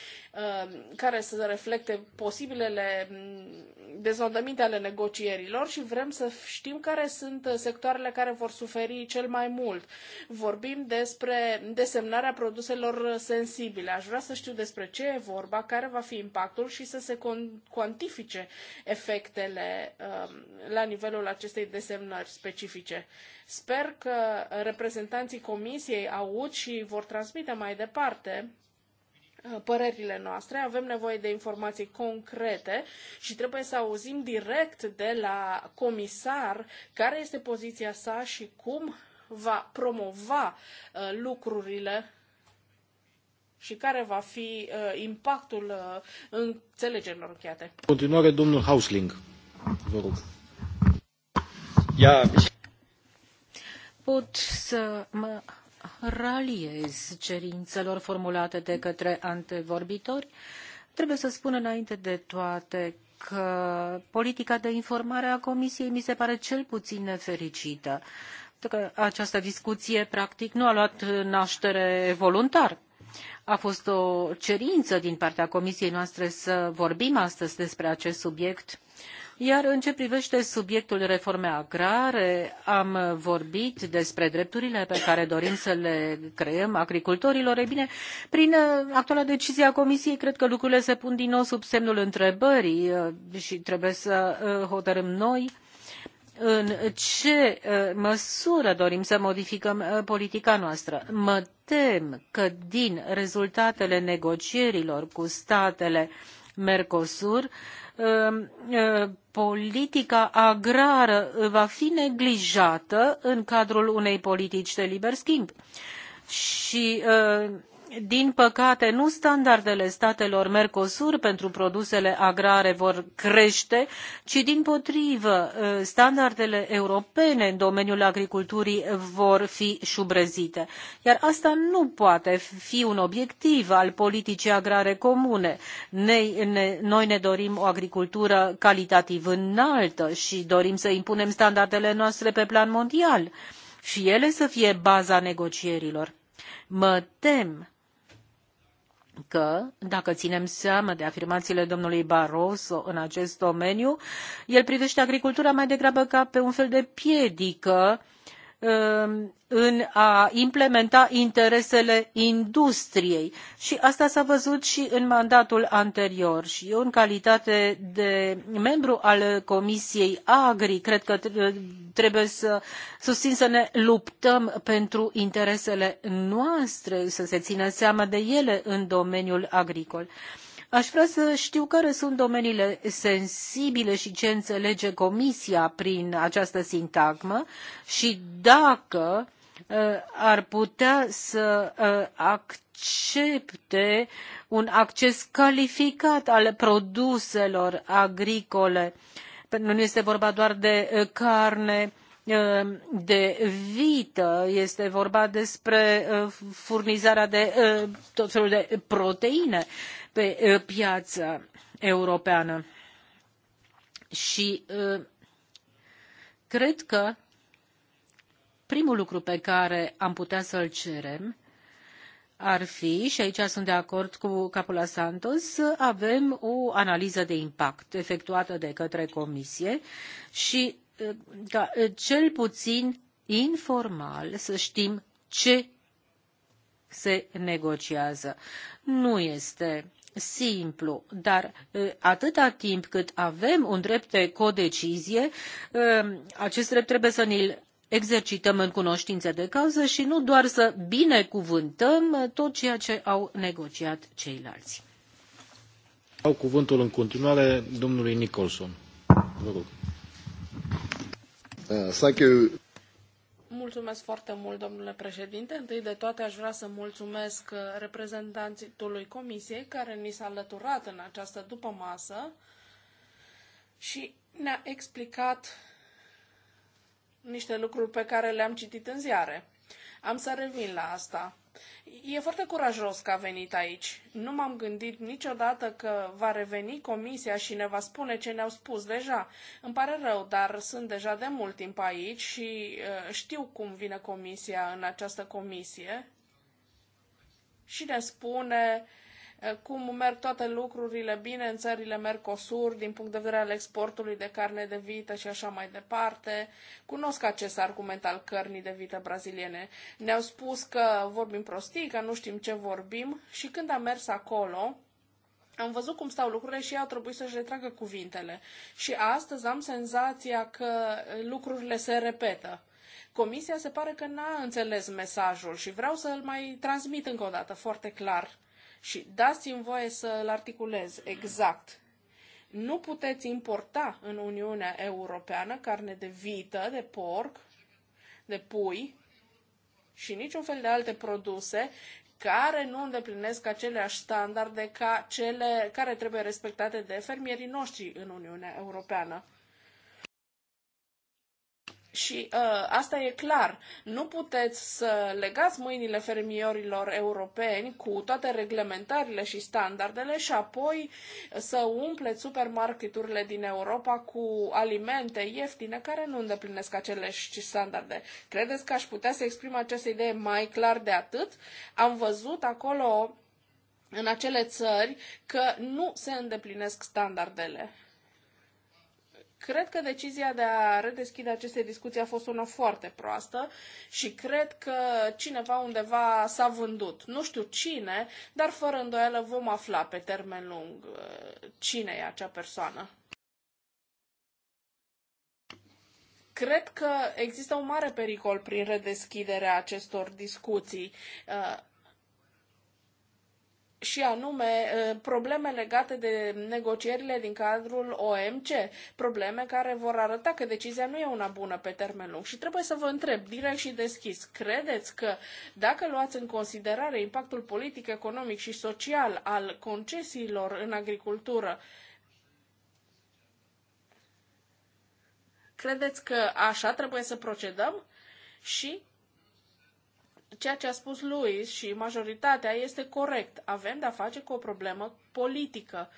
um, care să reflecte posibilele mm, dezodăminte ale negocierilor și vrem să știm care sunt sectoarele care vor suferi cel mai mult. Vorbim despre desemnarea produselor sensibile. Aș vrea să știu despre ce e vorba, care va fi impactul impactul și să se cuantifice efectele um, la nivelul acestei desemnări specifice. Sper că reprezentanții comisiei aud și vor transmite mai departe uh, părerile noastre, avem nevoie de informații concrete și trebuie să auzim direct de la comisar care este poziția sa și cum va promova uh, lucrurile și care va fi uh, impactul uh, înțelegerilor încheiate. Continuare, domnul Hausling. Vă rog. Ia... Pot să mă raliez cerințelor formulate de către antevorbitori. Trebuie să spun înainte de toate că politica de informare a Comisiei mi se pare cel puțin nefericită. Că această discuție, practic, nu a luat naștere voluntar a fost o cerință din partea comisiei noastre să vorbim astăzi despre acest subiect. Iar în ce privește subiectul reformei agrare, am vorbit despre drepturile pe care dorim să le creăm agricultorilor. Ei bine, prin uh, actuala decizie a Comisiei, cred că lucrurile se pun din nou sub semnul întrebării uh, și trebuie să uh, hotărâm noi în ce uh, măsură dorim să modificăm uh, politica noastră. Mă tem că din rezultatele negocierilor cu statele mercosur uh, politica agrară va fi neglijată în cadrul unei politici de liber schimb și din păcate, nu standardele statelor Mercosur pentru produsele agrare vor crește, ci din eh, standardele europene în domeniul agriculturii vor fi șubrezite. Iar asta nu poate fi un obiectiv al politicii agrare comune. Noi ne dorim o agricultură calitativ înaltă și dorim să impunem standardele noastre pe plan mondial și ele să fie baza negocierilor. Mă tem că, dacă ținem seama de afirmațiile domnului Barroso în acest domeniu, el privește agricultura mai degrabă ca pe un fel de piedică uh, Um, în a implementa interesele industriei și asta s-a văzut și în mandatul anterior și eu în calitate de membru al Comisiei Agri cred că trebuie să susțin să ne luptăm pentru interesele noastre, să se țină seama de ele în domeniul agricol. Aș vrea să știu care sunt domeniile sensibile și ce înțelege Comisia prin această sintagmă și dacă uh, ar putea să uh, accepte un acces calificat al produselor agricole. Nu este vorba doar de uh, carne, de vită, este vorba despre furnizarea de tot felul de proteine pe piața europeană. Și cred că primul lucru pe care am putea să-l cerem ar fi, și aici sunt de acord cu Capula Santos, să avem o analiză de impact efectuată de către Comisie și ca cel puțin informal să știm ce se negociază. Nu este simplu, dar atâta timp cât avem un drept de codecizie, acest drept trebuie să ne-l exercităm în cunoștință de cauză și nu doar să binecuvântăm tot ceea ce au negociat ceilalți. Au cuvântul în continuare domnului Nicholson. Vă rog. Uh, thank you. Mulțumesc foarte mult, domnule președinte. Întâi de toate aș vrea să mulțumesc uh, reprezentantului comisiei care ni s-a alăturat în această dupămasă și ne-a explicat niște lucruri pe care le-am citit în ziare. Am să revin la asta. E foarte curajos că a venit aici. Nu m-am gândit niciodată că va reveni comisia și ne va spune ce ne-au spus deja. Îmi pare rău, dar sunt deja de mult timp aici și uh, știu cum vine comisia în această comisie și ne spune uh, Eh, cum merg toate lucrurile bine în țările Mercosur din punct de vedere al exportului de carne de vită și așa mai departe. Cunosc acest argument al cărnii de vită braziliene. Ne-au spus că vorbim prostii, că nu știm ce vorbim și când am mers acolo, am văzut cum stau lucrurile și ei au trebuit să-și retragă cuvintele. Și astăzi am senzația că lucrurile se repetă. Comisia se pare că n-a înțeles mesajul și vreau să l mai transmit încă o dată foarte clar. Și dați-mi voie să-l articulez exact. Nu puteți importa în Uniunea Europeană carne de vită, de porc, de pui și niciun fel de alte produse care nu îndeplinesc aceleași standarde ca cele care trebuie respectate de fermierii noștri în Uniunea Europeană. Și uh, asta e clar. Nu puteți să legați mâinile fermierilor europeni cu toate reglementările și standardele și apoi să umpleți supermarketurile din Europa cu alimente ieftine care nu îndeplinesc aceleși standarde. Credeți că aș putea să exprim această idee mai clar de atât? Am văzut acolo în acele țări că nu se îndeplinesc standardele. Cred că decizia de a redeschide aceste discuții a fost una foarte proastă și cred că cineva undeva s-a vândut. Nu știu cine, dar fără îndoială vom afla pe termen lung uh, cine e acea persoană. Cred că există un mare pericol prin redeschiderea acestor discuții. Uh, și anume probleme legate de negocierile din cadrul OMC, probleme care vor arăta că decizia nu e una bună pe termen lung. Și trebuie să vă întreb direct și deschis, credeți că dacă luați în considerare impactul politic, economic și social al concesiilor în agricultură, credeți că așa trebuie să procedăm? Și ceea ce a spus Louis și majoritatea este corect. Avem de-a face cu o problemă politică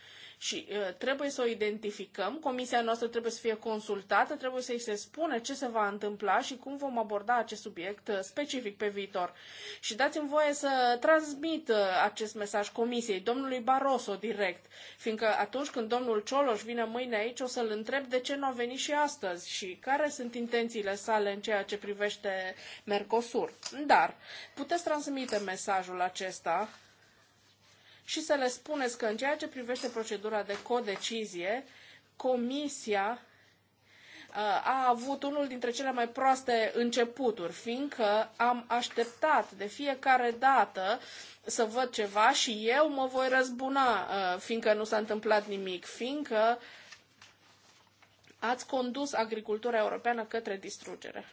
și uh, trebuie să o identificăm, comisia noastră trebuie să fie consultată, trebuie să-i se spună ce se va întâmpla și cum vom aborda acest subiect uh, specific pe viitor. Și dați-mi voie să transmit uh, acest mesaj comisiei, domnului Barroso direct, fiindcă atunci când domnul Cioloș vine mâine aici, o să-l întreb de ce nu a venit și astăzi și care sunt intențiile sale în ceea ce privește Mercosur. Dar puteți transmite mesajul acesta și să le spuneți că în ceea ce privește procedura de codecizie, Comisia uh, a avut unul dintre cele mai proaste începuturi, fiindcă am așteptat de fiecare dată să văd ceva și eu mă voi răzbuna, uh, fiindcă nu s-a întâmplat nimic, fiindcă ați condus agricultura europeană către distrugere.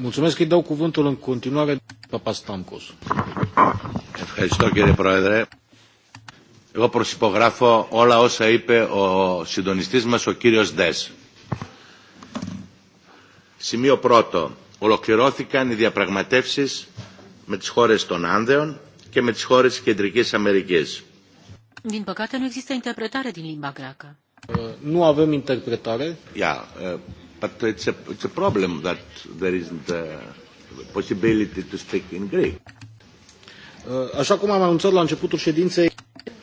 Mulțumesc, îi dau cuvântul în continuare Papastamcos. Ευχαριστώ κύριε Πρόεδρε. Εγώ προσυπογράφω όλα όσα είπε ο συντονιστής μας ο κύριος Ντες. Σημείο πρώτο. Ολοκληρώθηκαν οι διαπραγματεύσεις με τις χώρες των Άνδεων και με τις χώρες της Κεντρικής Αμερικής. Din păcate nu există interpretare din limba greacă. Nu avem interpretare. Ia, But it's a, it's a problem that there isn't a possibility to speak in Greek. Uh, așa cum am anunțat la începutul ședinței,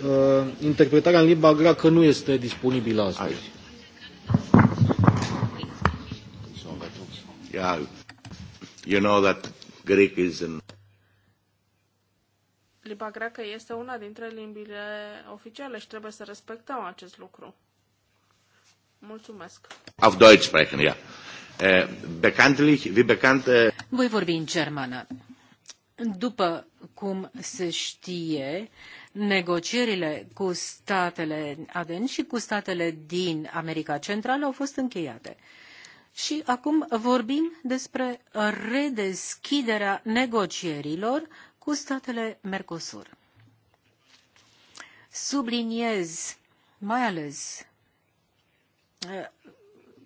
uh, interpretarea în limba greacă nu este disponibilă astăzi. Yeah, you know that Greek is Limba greacă este una dintre limbile oficiale și trebuie să respectăm acest lucru. Mulțumesc. Auf Deutsch sprechen, ja. Äh, bekanntlich, wie bekannt... Äh, Voi vorbi în germană. După cum se știe, negocierile cu statele ADN și cu statele din America Centrală au fost încheiate. Și acum vorbim despre redeschiderea negocierilor cu statele Mercosur. Subliniez mai ales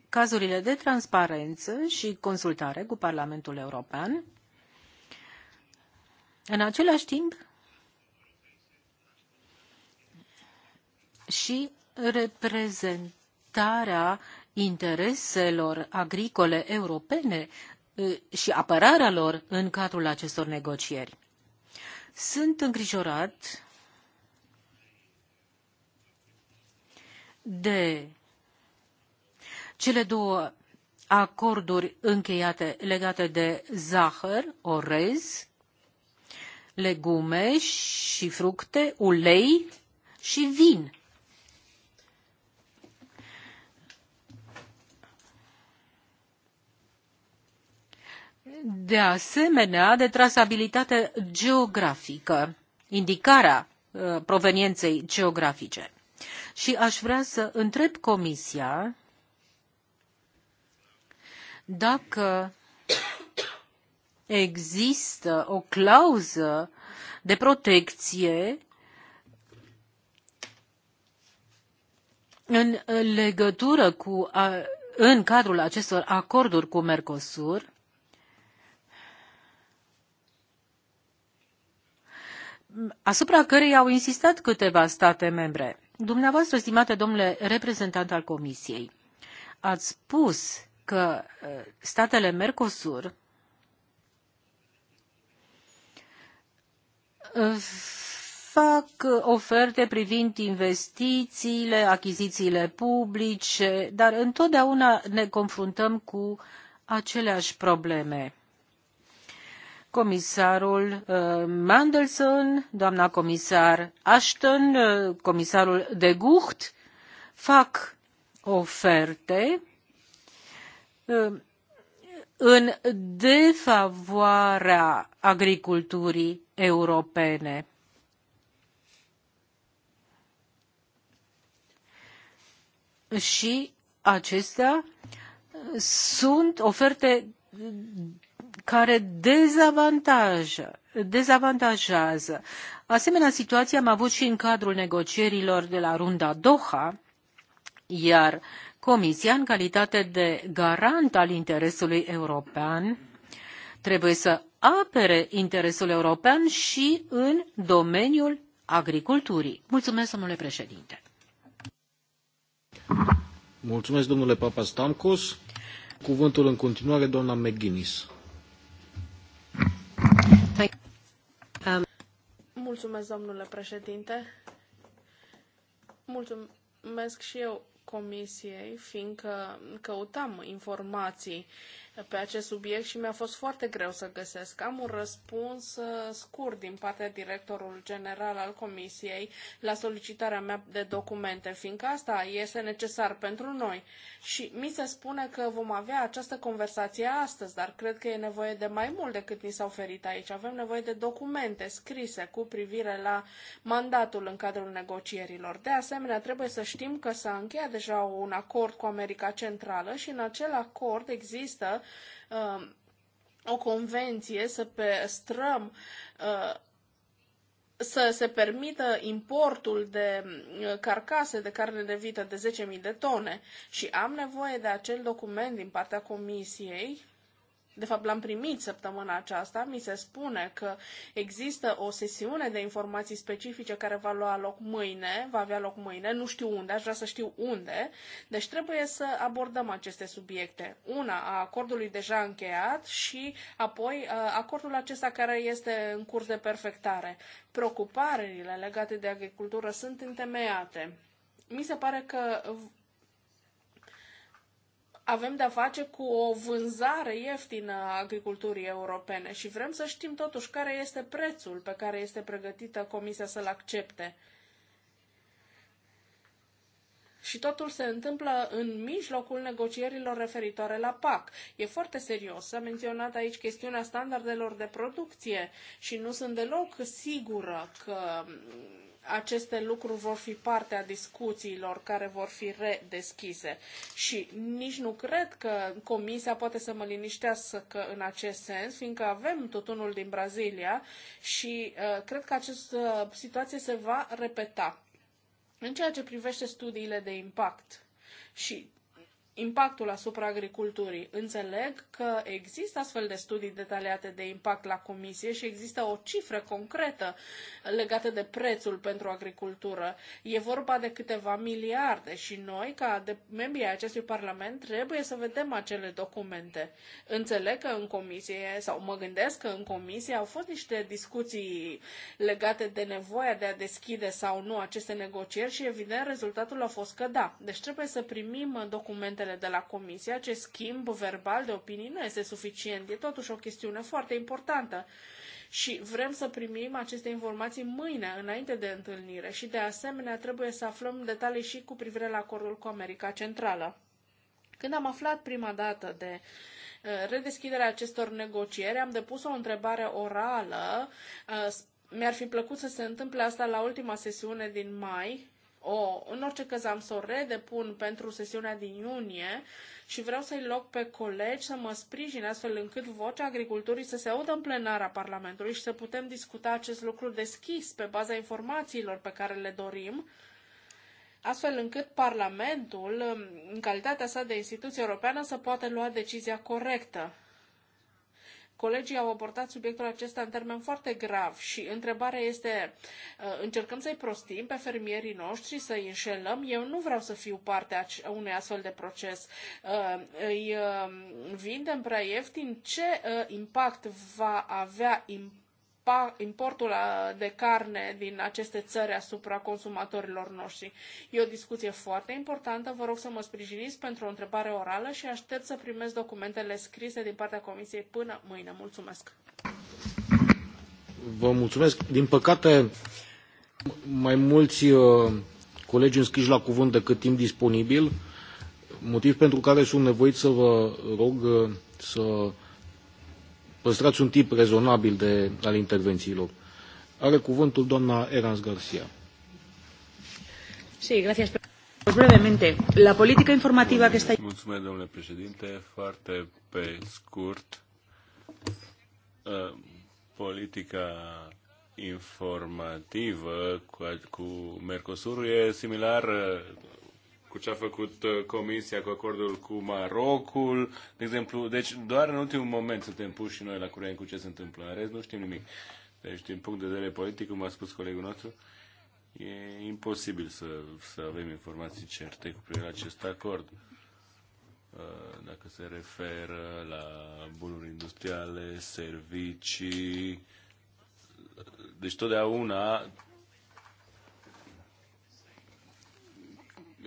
cazurile de transparență și consultare cu Parlamentul European. În același timp, și reprezentarea intereselor agricole europene și apărarea lor în cadrul acestor negocieri. Sunt îngrijorat de cele două acorduri încheiate legate de zahăr, orez, legume și fructe, ulei și vin. De asemenea, de trasabilitate geografică, indicarea uh, provenienței geografice. Și aș vrea să întreb Comisia dacă există o clauză de protecție în legătură cu în cadrul acestor acorduri cu Mercosur asupra cărei au insistat câteva state membre. Dumneavoastră, stimate domnule reprezentant al Comisiei, ați spus că uh, statele Mercosur uh, fac uh, oferte privind investițiile, achizițiile publice, dar întotdeauna ne confruntăm cu aceleași probleme. Comisarul Mandelson, doamna comisar Ashton, comisarul de Gucht fac oferte în defavoarea agriculturii europene. Și acestea sunt oferte care dezavantajează, dezavantajează. Asemenea situație am avut și în cadrul negocierilor de la runda Doha, iar uh, Comisia, în calitate de garant al interesului european, trebuie să apere interesul european și în domeniul agriculturii. Mulțumesc, domnule președinte. Mulțumesc, domnule Papa Papastamkos. Cuvântul în continuare, doamna McGuinness. Mulțumesc, domnule președinte. Mulțumesc și eu comisiei, fiindcă căutam informații pe acest subiect și mi-a fost foarte greu să găsesc. Am un răspuns uh, scurt din partea directorul general al Comisiei la solicitarea mea de documente, fiindcă asta este necesar pentru noi. Și mi se spune că vom avea această conversație astăzi, dar cred că e nevoie de mai mult decât ni s-a oferit aici. Avem nevoie de documente scrise cu privire la mandatul în cadrul negocierilor. De asemenea, trebuie să știm că s-a încheiat deja un acord cu America Centrală și în acel acord există uh, o convenție, să păstrăm uh, să se permită importul de uh, carcase de carne de vită de 10.000 de tone și am nevoie de acel document din partea Comisiei de fapt l-am primit săptămâna aceasta, mi se spune că există o sesiune de informații specifice care va lua loc mâine, va avea loc mâine, nu știu unde, aș vrea să știu unde, deci trebuie să abordăm aceste subiecte. Una a acordului deja încheiat și apoi uh, acordul acesta care este în curs de perfectare. Preocupările legate de agricultură sunt întemeiate mi se pare că avem de-a face cu o vânzare ieftină a agriculturii europene și vrem să știm totuși care este prețul pe care este pregătită Comisia să-l accepte. Și totul se întâmplă în mijlocul negocierilor referitoare la PAC. E foarte serios. S-a menționat aici chestiunea standardelor de producție și nu sunt deloc sigură că aceste lucruri vor fi parte a discuțiilor care vor fi redeschise. Și nici nu cred că Comisia poate să mă liniștească în acest sens, fiindcă avem tutunul din Brazilia și uh, cred că această situație se va repeta. În ceea ce privește studiile de impact și impactul asupra agriculturii. Înțeleg că există astfel de studii detaliate de impact la comisie și există o cifră concretă legată de prețul pentru agricultură. E vorba de câteva miliarde și noi, ca de membrii acestui parlament, trebuie să vedem acele documente. Înțeleg că în comisie, sau mă gândesc că în comisie au fost niște discuții legate de nevoia de a deschide sau nu aceste negocieri și evident rezultatul a fost că da. Deci trebuie să primim documentele cuvintele de la comisie, acest schimb verbal de opinii nu este suficient. E totuși o chestiune foarte importantă și vrem să primim aceste informații mâine, înainte de întâlnire și de asemenea trebuie să aflăm detalii și cu privire la acordul cu America Centrală. Când am aflat prima dată de uh, redeschiderea acestor negocieri, am depus o întrebare orală uh, mi-ar fi plăcut să se întâmple asta la ultima sesiune din mai, o, în orice caz am să o redepun pentru sesiunea din iunie și vreau să-i loc pe colegi să mă sprijin astfel încât vocea agriculturii să se audă în plenara Parlamentului și să putem discuta acest lucru deschis pe baza informațiilor pe care le dorim astfel încât Parlamentul, în calitatea sa de instituție europeană, să poată lua decizia corectă Colegii au abordat subiectul acesta în termen foarte grav și întrebarea este, uh, încercăm să-i prostim pe fermierii noștri, să-i înșelăm? Eu nu vreau să fiu parte a unui astfel de proces. Uh, îi uh, vindem prea ieftin? Ce impact va avea impact importul de carne din aceste țări asupra consumatorilor noștri. E o discuție foarte importantă. Vă rog să mă sprijiniți pentru o întrebare orală și aștept să primesc documentele scrise din partea Comisiei până mâine. Mulțumesc! Vă mulțumesc. Din păcate, mai mulți uh, colegi înscriși la cuvânt decât timp disponibil, motiv pentru care sunt nevoit să vă rog uh, să Păstrați un tip rezonabil de, al intervențiilor. Are cuvântul doamna Erans Garcia. Sí, gracias. Brevemente, la política informativa que está... Mulțumesc, domnule președinte. Foarte pe scurt, uh, politica informativă cu, cu Mercosur e similar uh, cu ce a făcut uh, Comisia cu acordul cu Marocul, de exemplu. Deci doar în ultimul moment suntem puși noi la curent cu ce se întâmplă. În rest nu știm nimic. Deci din punct de vedere politic, cum a spus colegul nostru, e imposibil să, să avem informații certe cu privire la acest acord uh, dacă se referă la bunuri industriale, servicii. Deci totdeauna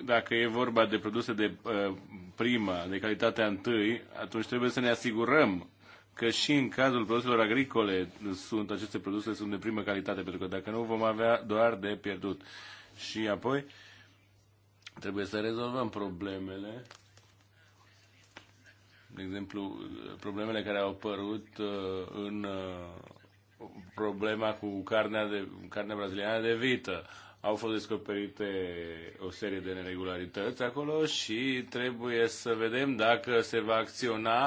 dacă e vorba de produse de uh, prima, de calitatea întâi, atunci trebuie să ne asigurăm că și în cazul produselor agricole sunt aceste produse sunt de primă calitate, pentru că dacă nu vom avea doar de pierdut. Și apoi trebuie să rezolvăm problemele, de exemplu, problemele care au apărut uh, în uh, problema cu carnea, de, carnea braziliană de vită au fost descoperite o serie de neregularități acolo și trebuie să vedem dacă se va acționa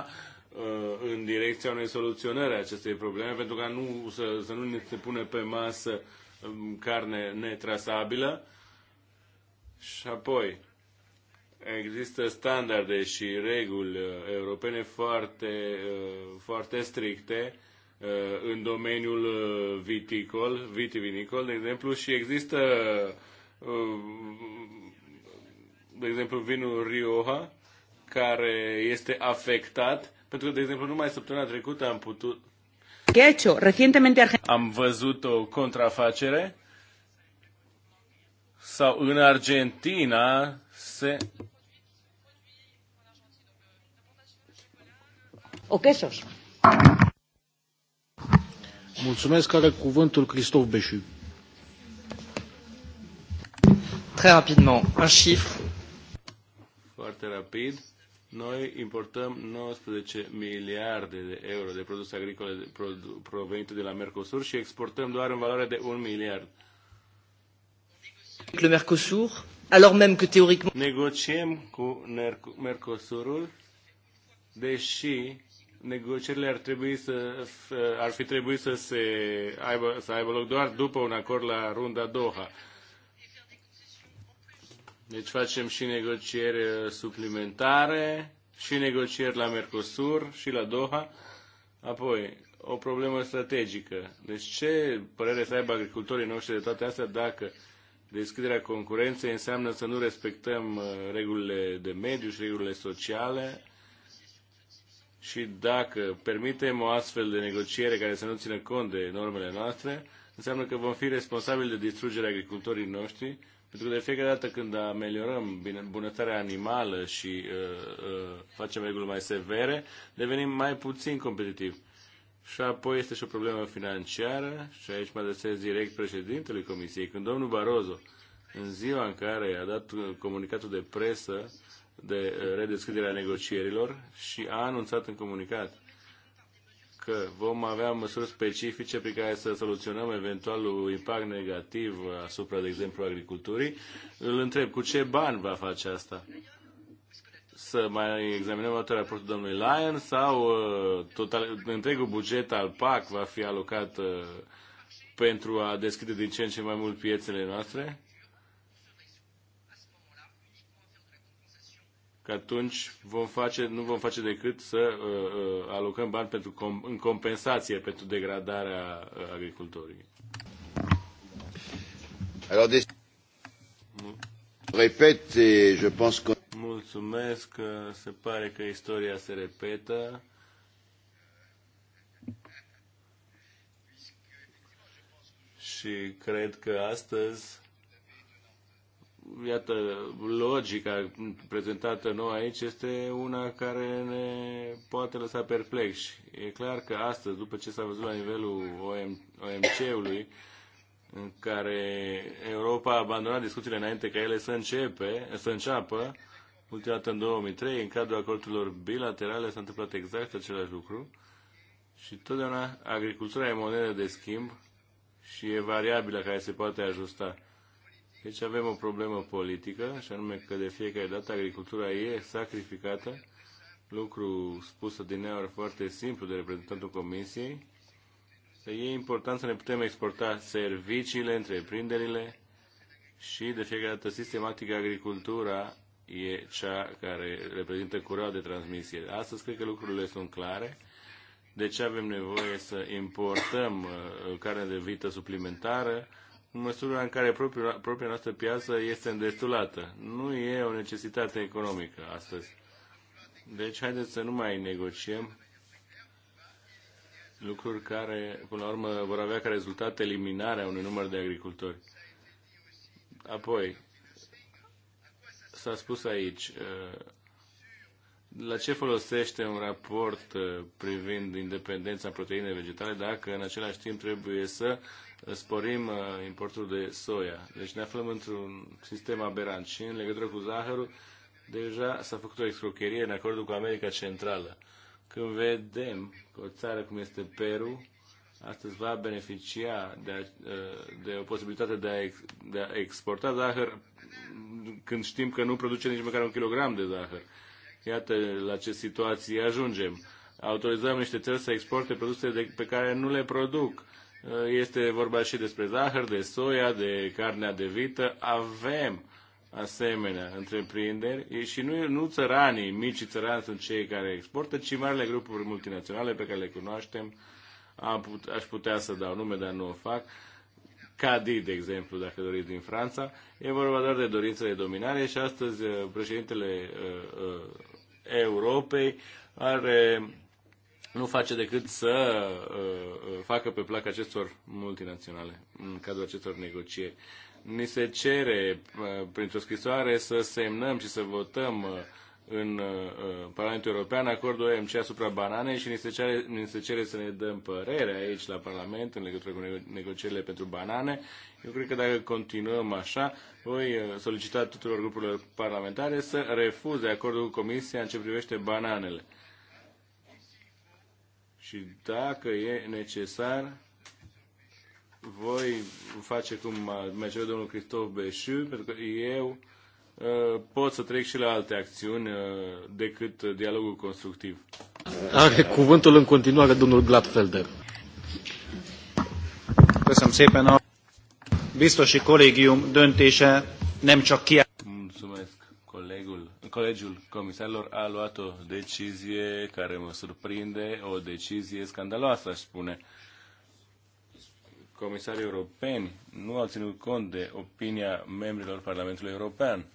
uh, în direcția unei soluționări a acestei probleme, pentru ca nu, să, să nu ne se pune pe masă um, carne netrasabilă. Și apoi, există standarde și reguli uh, europene foarte, uh, foarte stricte Uh, în domeniul uh, viticol, vitivinicol, de exemplu, și există, uh, de exemplu, vinul Rioja, care este afectat, pentru că, de exemplu, numai săptămâna trecută am putut... Am văzut o contrafacere sau în Argentina se... O quesos. Mulțumesc. Are cuvântul Cristof Beșu. Très rapidement, un chiffre. Foarte rapid. Noi importăm 19 miliarde de euro de produse agricole provenite de la Mercosur și exportăm doar în valoare de 1 miliard. Le Mercosur, alors même que théoriquement... Negociem cu Mercosurul, deși negocierile ar, trebui să, ar fi trebuit să, se aibă, să aibă loc doar după un acord la runda Doha. Deci facem și negocieri uh, suplimentare, și negocieri la Mercosur și la Doha. Apoi, o problemă strategică. Deci ce părere să aibă agricultorii noștri de toate astea dacă deschiderea concurenței înseamnă să nu respectăm uh, regulile de mediu și regulile sociale, și dacă permitem o astfel de negociere care să nu țină cont de normele noastre, înseamnă că vom fi responsabili de distrugerea agricultorii noștri, pentru că de fiecare dată când ameliorăm bunăstarea animală și uh, uh, facem reguli mai severe, devenim mai puțin competitivi. Și apoi este și o problemă financiară, și aici mă adresez direct președintelui Comisiei, când domnul Barozo, în ziua în care a dat comunicatul de presă de redeschiderea negocierilor și a anunțat în comunicat că vom avea măsuri specifice prin care să soluționăm eventualul impact negativ asupra, de exemplu, agriculturii. Îl întreb, cu ce bani va face asta? Să mai examinăm o raportul domnului Lyon sau uh, total, întregul buget al PAC va fi alocat uh, pentru a deschide din ce în ce mai mult piețele noastre? că atunci vom face, nu vom face decât să uh, uh, alocăm bani pentru com, în compensație pentru degradarea uh, agricultorii. Alors, des... Repet, je pense que... Mulțumesc, se pare că istoria se repetă. Și cred că astăzi iată, logica prezentată nouă aici este una care ne poate lăsa perplexi. E clar că astăzi, după ce s-a văzut la nivelul OM, OMC-ului, în care Europa a abandonat discuțiile înainte ca ele să, începe, să înceapă, ultima dată în 2003, în cadrul acordurilor bilaterale s-a întâmplat exact același lucru și totdeauna agricultura e monedă de schimb și e variabilă care se poate ajusta. Deci avem o problemă politică, și anume că de fiecare dată agricultura e sacrificată, lucru spus adineaori foarte simplu de reprezentantul Comisiei, e important să ne putem exporta serviciile, întreprinderile și de fiecare dată sistematică agricultura e cea care reprezintă curat de transmisie. Astăzi cred că lucrurile sunt clare. De ce avem nevoie să importăm uh, carne de vită suplimentară? în măsura în care propria, propria noastră piață este îndestulată. Nu e o necesitate economică astăzi. Deci haideți să nu mai negociem lucruri care, până la urmă, vor avea ca rezultat eliminarea unui număr de agricultori. Apoi, s-a spus aici, uh, la ce folosește un raport uh, privind independența proteinei vegetale dacă în același timp trebuie să sporim uh, importul de soia. Deci ne aflăm într-un sistem aberant și în legătură cu zahărul, deja s-a făcut o excrocherie în acordul cu America Centrală. Când vedem că o țară cum este Peru, astăzi va beneficia de, a, uh, de o posibilitate de a, ex, de a exporta zahăr când știm că nu produce nici măcar un kilogram de zahăr. Iată la ce situație ajungem. Autorizăm niște țări să exporte produse de, pe care nu le produc Eh, este vorba și despre zahăr, de soia, de carnea de vită. Avem asemenea întreprinderi și nu, nu țăranii, micii țărani sunt cei care exportă, ci marile grupuri multinaționale pe care le cunoaștem, aș putea să dau nume, dar nu o fac, Cadi, de exemplu, dacă doriți, din Franța. E vorba doar de dorință de dominare și astăzi eh, președintele eh, Europei are nu face decât să uh, uh, facă pe plac acestor multinaționale în cadrul acestor negocieri. Ni se cere uh, printr-o scrisoare să semnăm și să votăm uh, în uh, uh Parlamentul European acordul OMC asupra bananei și ni se, cere, ni se cere să ne dăm părere aici la Parlament în legătură cu nego- negocierile pentru banane. Eu cred că dacă continuăm așa, voi uh, solicita tuturor grupurilor parlamentare să refuze acordul cu Comisia în ce privește bananele și dacă e necesar, voi face cum a cerut domnul Cristof Beșu, pentru că eu uh, pot să trec și la alte acțiuni uh, decât dialogul constructiv. Are cuvântul în continuare domnul Gladfelder. Köszönöm szépen a biztosi kollégium döntése nem csak ki Colegiul Comisarilor a luat o decizie care mă surprinde, o decizie scandaloasă, aș spune. Comisarii europeni nu au ținut cont de opinia membrilor Parlamentului European.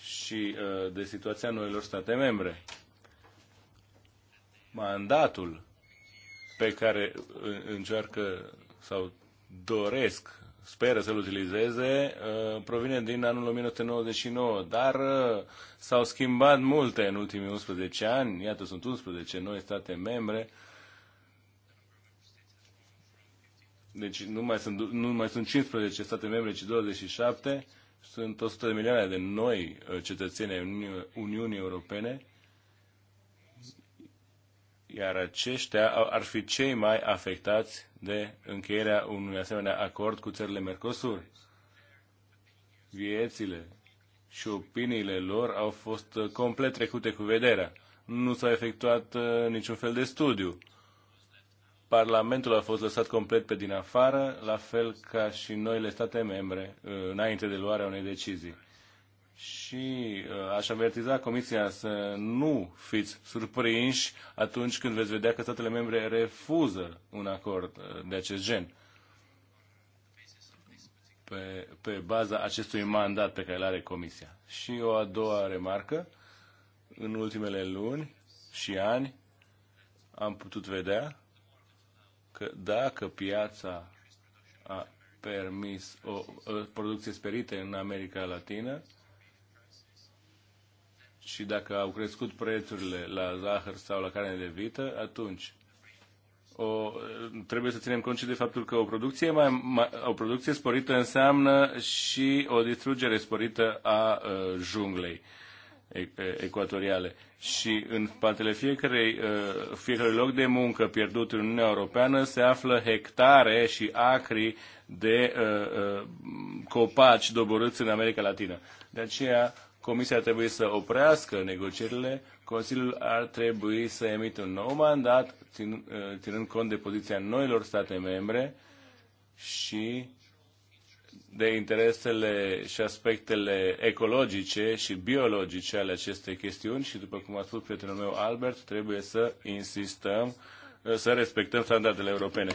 și uh, de situația noilor state membre. Mandatul pe care uh, încearcă sau doresc speră să-l utilizeze uh, provine din anul 1999, dar uh, s-au schimbat multe în ultimii 11 ani, iată sunt 11 noi state membre, deci nu mai sunt, nu mai sunt 15 state membre, ci 27, sunt 100 de milioane de noi uh, cetățeni ai Uniunii Europene iar aceștia ar fi cei mai afectați de încheierea unui asemenea acord cu țările Mercosur. Viețile și opiniile lor au fost uh, complet trecute cu vederea. Nu s-a efectuat uh, niciun fel de studiu. Parlamentul a fost lăsat complet pe din afară, la fel ca și noile state membre, uh, înainte de luarea unei decizii și uh, aș avertiza Comisia să nu fiți surprinși atunci când veți vedea că statele membre refuză un acord uh, de acest gen. Pe, pe baza acestui mandat pe care îl are Comisia. Și o a doua remarcă, în ultimele luni și ani am putut vedea că dacă piața a permis o, o producție sperită în America Latină, și dacă au crescut prețurile la zahăr sau la carne de vită, atunci o, trebuie să ținem cont și de faptul că o producție, mai, mai, o producție sporită înseamnă și o distrugere sporită a uh, junglei ecuatoriale. Și în spatele fiecarei, uh, fiecărui loc de muncă pierdut în Uniunea Europeană se află hectare și acri de uh, uh, copaci doborâți în America Latină. De aceea Comisia trebuie să oprească negocierile, Consiliul ar trebui să emită un nou mandat, țin, uh, ținând cont de poziția noilor state membre și de interesele și aspectele ecologice și biologice ale acestei chestiuni și, după cum a spus prietenul meu Albert, trebuie să insistăm uh, să respectăm standardele europene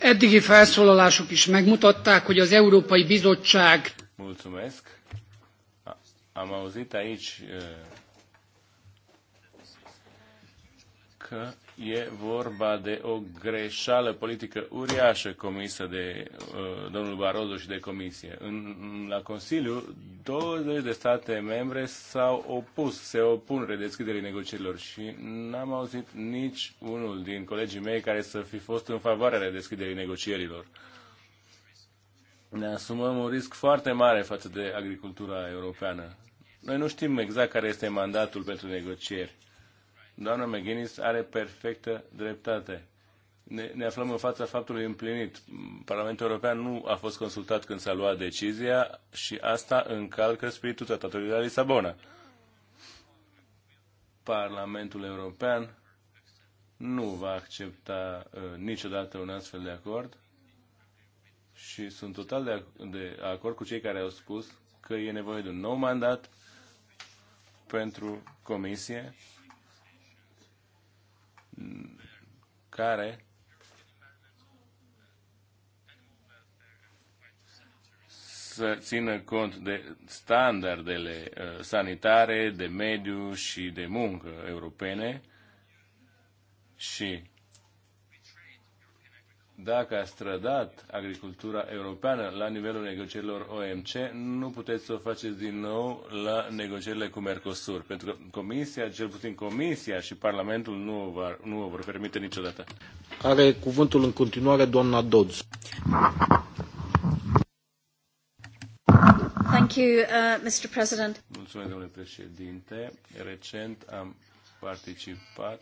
eddigi felszólalások is megmutatták, hogy az Európai Bizottság... Mulțumesc. Am auzit aici că e vorba de o greșeală politică uriașă comisă de uh, domnul Barroso și de comisie. În, la Consiliu, 20 de state membre s-au opus, se opun redeschiderii negocierilor și n-am auzit nici unul din colegii mei care să fi fost în favoarea redeschiderii negocierilor. Ne asumăm un risc foarte mare față de agricultura europeană. Noi nu știm exact care este mandatul pentru negocieri Doamna McGuinness are perfectă dreptate. Ne, ne aflăm în fața faptului împlinit. Parlamentul European nu a fost consultat când s-a luat decizia și asta încalcă spiritul tratatului de la Lisabona. Parlamentul European nu va accepta uh, niciodată un astfel de acord și sunt total de, de acord cu cei care au spus că e nevoie de un nou mandat pentru Comisie care să țină cont de standardele uh, sanitare, de mediu și de muncă europene și dacă a strădat agricultura europeană la nivelul negocierilor OMC, nu puteți să o faceți din nou la negocierile cu Mercosur, pentru că Comisia, cel puțin Comisia și Parlamentul nu o, va, nu o vor permite niciodată. Are cuvântul în continuare doamna Dodds. Thank you, uh, Mr. President. Mulțumesc, domnule președinte. Recent am participat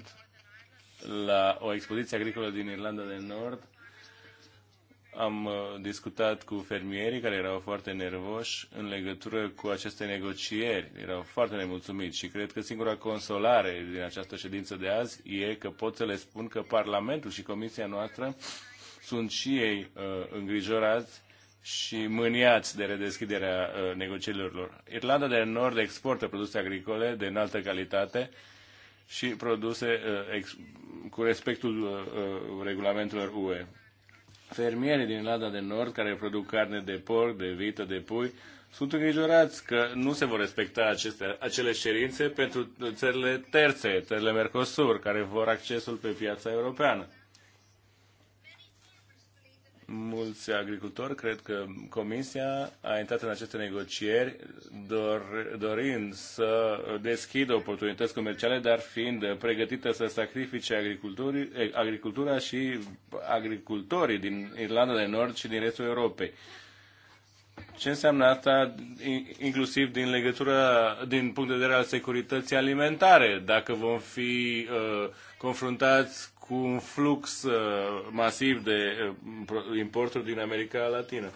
la o expoziție agricolă din Irlanda de Nord am uh, discutat cu fermierii care erau foarte nervoși în legătură cu aceste negocieri. Erau foarte nemulțumiți și cred că singura consolare din această ședință de azi e că pot să le spun că Parlamentul și Comisia noastră sunt și ei uh, îngrijorați și mâniați de redeschiderea uh, negocierilor lor. Irlanda de Nord exportă produse agricole de înaltă calitate și produse uh, ex- cu respectul uh, uh, regulamentelor UE. Fermierii din Lada de Nord care produc carne de porc, de vită, de pui, sunt îngrijorați că nu se vor respecta aceste, acele cerințe pentru țările terțe, țările Mercosur, care vor accesul pe piața europeană mulți agricultori cred că Comisia a intrat în aceste negocieri dor, dorind să deschidă oportunități comerciale, dar fiind pregătită să sacrifice agricultura și agricultorii din Irlanda de Nord și din restul Europei. Ce înseamnă asta inclusiv din legătură, din punct de vedere al securității alimentare? Dacă vom fi uh, confruntați cu un flux uh, masiv de uh, importuri din America Latină.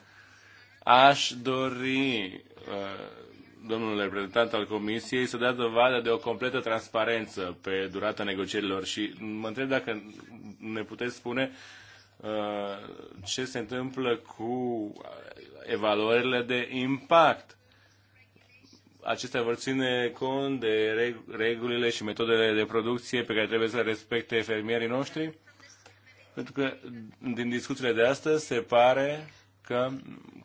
Aș dori, uh, domnul reprezentant al Comisiei, să dea dovadă de o completă transparență pe durata negocierilor și mă întreb dacă ne puteți spune ce se întâmplă cu evaluările de impact acestea vor ține cont de regulile și metodele de producție pe care trebuie să le respecte fermierii noștri? Pentru că din discuțiile de astăzi se pare că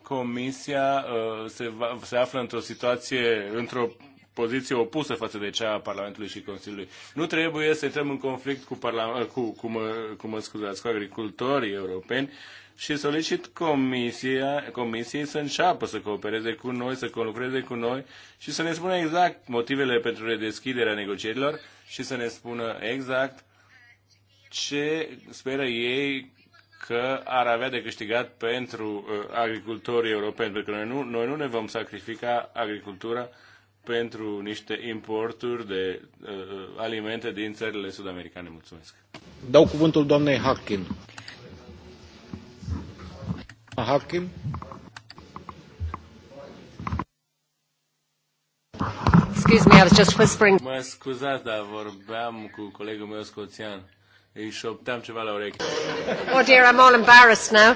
Comisia uh, se, va, se află într-o situație, într-o poziție opusă față de cea a Parlamentului și Consiliului. Nu trebuie să intrăm în conflict cu, parla- cu, cu, mă, cu, mă scuzați, cu agricultorii europeni și solicit comisia, comisiei să înceapă să coopereze cu noi, să conlucreze cu noi și să ne spună exact motivele pentru redeschiderea negocierilor și să ne spună exact ce speră ei că ar avea de câștigat pentru uh, agricultorii europeni, pentru că noi nu, noi nu ne vom sacrifica agricultura pentru niște importuri de uh, uh alimente din țările sud-americane. Mulțumesc. Dau cuvântul doamnei Harkin. Harkin. Excuse me, I was just whispering. Mă scuzați, dar vorbeam cu colegul meu scoțian. Îi șopteam ceva la ureche. Oh dear, I'm all embarrassed now.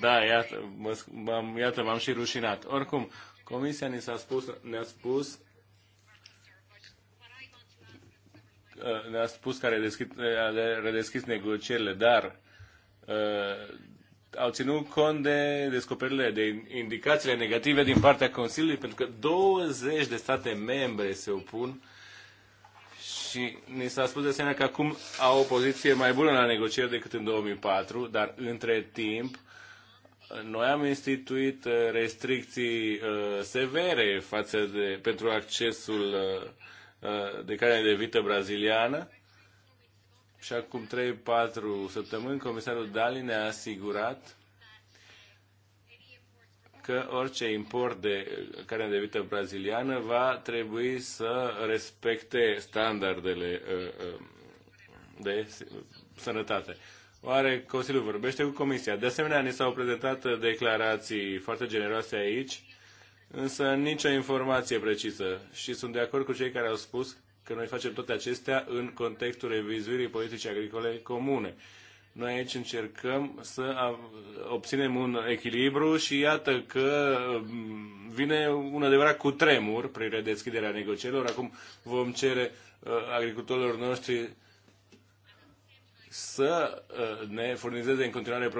Da, iată, m-am, iată, m-am și rușinat. Oricum, comisia ne a spus, ne-a spus ne-a spus că a redeschis, a redeschis negocierile, dar uh, au ținut cont de descoperirile, de indicațiile negative din partea Consiliului, pentru că 20 de state membre se opun și ni s-a spus de asemenea că acum au o poziție mai bună la negocieri decât în 2004, dar între timp noi am instituit uh, restricții uh, severe față de, pentru accesul uh, de carne de vită braziliană și acum 3-4 săptămâni, comisarul Dali ne-a asigurat că orice import de carne de vită braziliană va trebui să respecte standardele uh, uh, de sănătate. Oare Consiliul vorbește cu Comisia? De asemenea, ni s-au prezentat declarații foarte generoase aici, însă nicio informație precisă. Și sunt de acord cu cei care au spus că noi facem toate acestea în contextul revizuirii politicii agricole comune. Noi aici încercăm să obținem un echilibru și iată că mm, vine un adevărat cutremur prin redeschiderea negocierilor. Acum vom cere uh, agricultorilor noștri să uh, ne furnizeze în continuare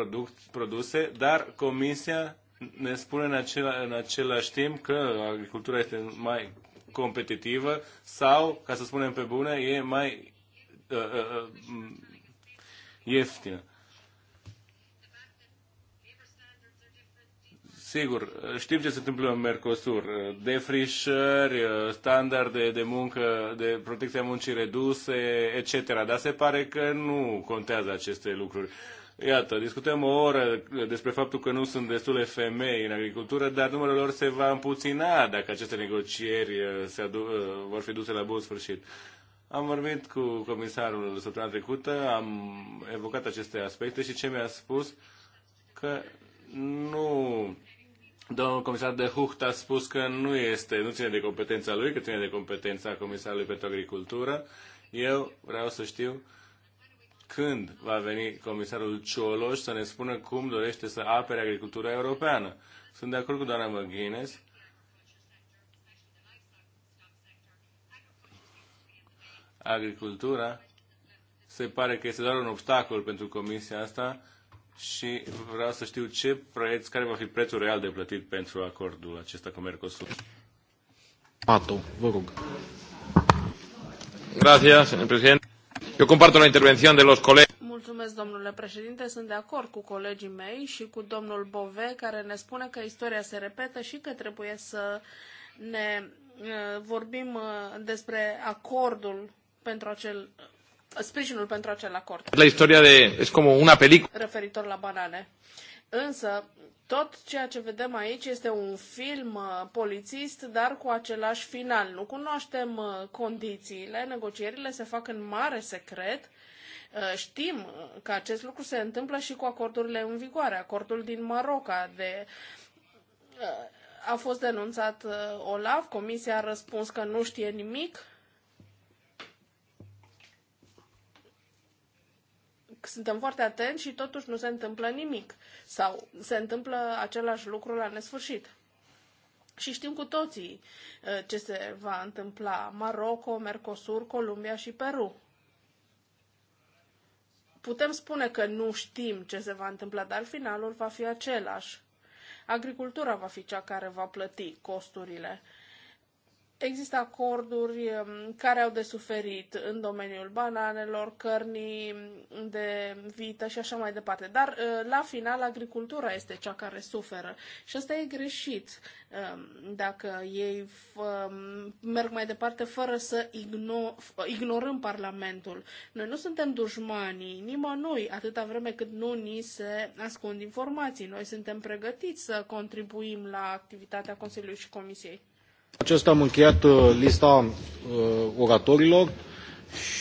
produse, dar Comisia ne spune în, acela, în același timp că agricultura este mai competitivă sau, ca să spunem pe bune, e mai uh, uh, uh ieftină. Sigur, știm ce se întâmplă în Mercosur. Defrișări, standarde de muncă, de protecția muncii reduse, etc. Dar se pare că nu contează aceste lucruri. Uh, Iată, discutăm o oră despre faptul că nu sunt destule femei în agricultură, dar numărul lor se va împuțina dacă aceste negocieri uh, se uh, vor fi duse la bun sfârșit. Am vorbit cu comisarul săptămâna trecută, am evocat aceste aspecte și ce mi-a spus că nu Domnul comisar de Hucht a spus că nu este, nu ține de competența lui, că ține de competența Comisarului pentru Agricultură. Eu vreau să știu când va veni comisarul Cioloș să ne spună cum dorește să apere agricultura europeană. Sunt de acord cu doamna McGuinness. Agricultura se pare că este doar un obstacol pentru comisia asta și vreau să știu ce preț, care va fi prețul real de plătit pentru acordul acesta cu Mercosur. Pato, vă rog. Gracias, señor presidente. Eu comparto la intervenție de los colegi. Mulțumesc, domnule președinte. Sunt de acord cu colegii mei și cu domnul Bove, care ne spune că istoria se repetă și că trebuie să ne uh, vorbim uh, despre acordul pentru acel uh, sprijinul pentru acel acord. La istoria de... es como una película. Referitor la banane. Însă, tot ceea ce vedem aici este un film uh, polițist, dar cu același final. Nu cunoaștem uh, condițiile, negocierile se fac în mare secret. Uh, știm că acest lucru se întâmplă și cu acordurile în vigoare. Acordul din Maroca de a fost denunțat Olaf, comisia a răspuns că nu știe nimic, suntem foarte atenți și totuși nu se întâmplă nimic sau se întâmplă același lucru la nesfârșit. Și știm cu toții uh, ce se va întâmpla. Maroco, Mercosur, Columbia și Peru. Putem spune că nu știm ce se va întâmpla, dar finalul va fi același. Agricultura va fi cea care va plăti costurile Există acorduri um, care au de suferit în domeniul bananelor, cărnii de vită și așa mai departe. Dar, uh, la final, agricultura este cea care suferă. Și asta e greșit um, dacă ei um, merg mai departe fără să igno- ignorăm Parlamentul. Noi nu suntem dușmanii nimănui atâta vreme cât nu ni se ascund informații. Noi suntem pregătiți să contribuim la activitatea Consiliului și Comisiei. Aceasta am încheiat uh, lista uh, oratorilor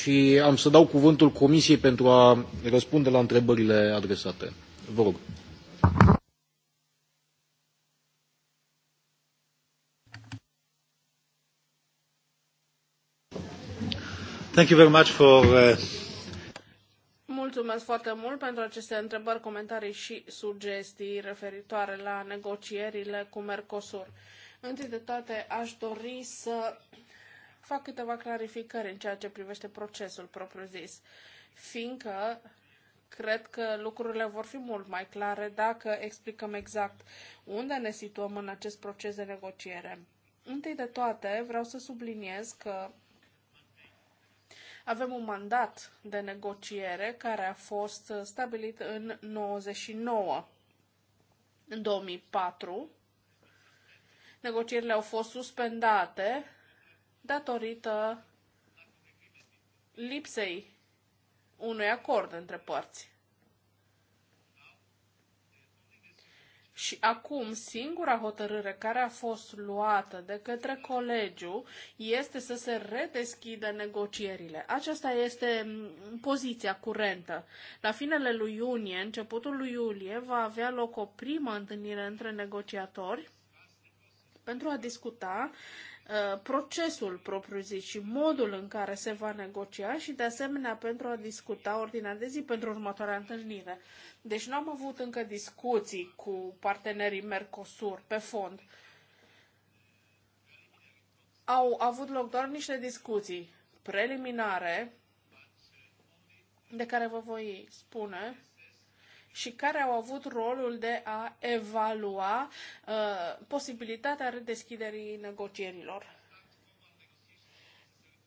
și am să dau cuvântul Comisiei pentru a răspunde la întrebările adresate. Vă rog. Thank you very much for, uh... Mulțumesc foarte mult pentru aceste întrebări, comentarii și sugestii referitoare la negocierile cu Mercosur. Întâi de toate, aș dori să fac câteva clarificări în ceea ce privește procesul propriu-zis, fiindcă cred că lucrurile vor fi mult mai clare dacă explicăm exact unde ne situăm în acest proces de negociere. Întâi de toate, vreau să subliniez că avem un mandat de negociere care a fost stabilit în 99. În 2004, Negocierile au fost suspendate datorită lipsei unui acord între părți. Și acum singura hotărâre care a fost luată de către colegiu este să se redeschidă negocierile. Aceasta este poziția curentă. La finele lui iunie, începutul lui iulie, va avea loc o primă întâlnire între negociatori pentru a discuta uh, procesul propriu-zis și modul în care se va negocia și de asemenea pentru a discuta ordinea de zi pentru următoarea întâlnire. Deci nu am avut încă discuții cu partenerii Mercosur pe fond. Au avut loc doar niște discuții preliminare de care vă voi spune și care au avut rolul de a evalua uh, posibilitatea redeschiderii negocierilor.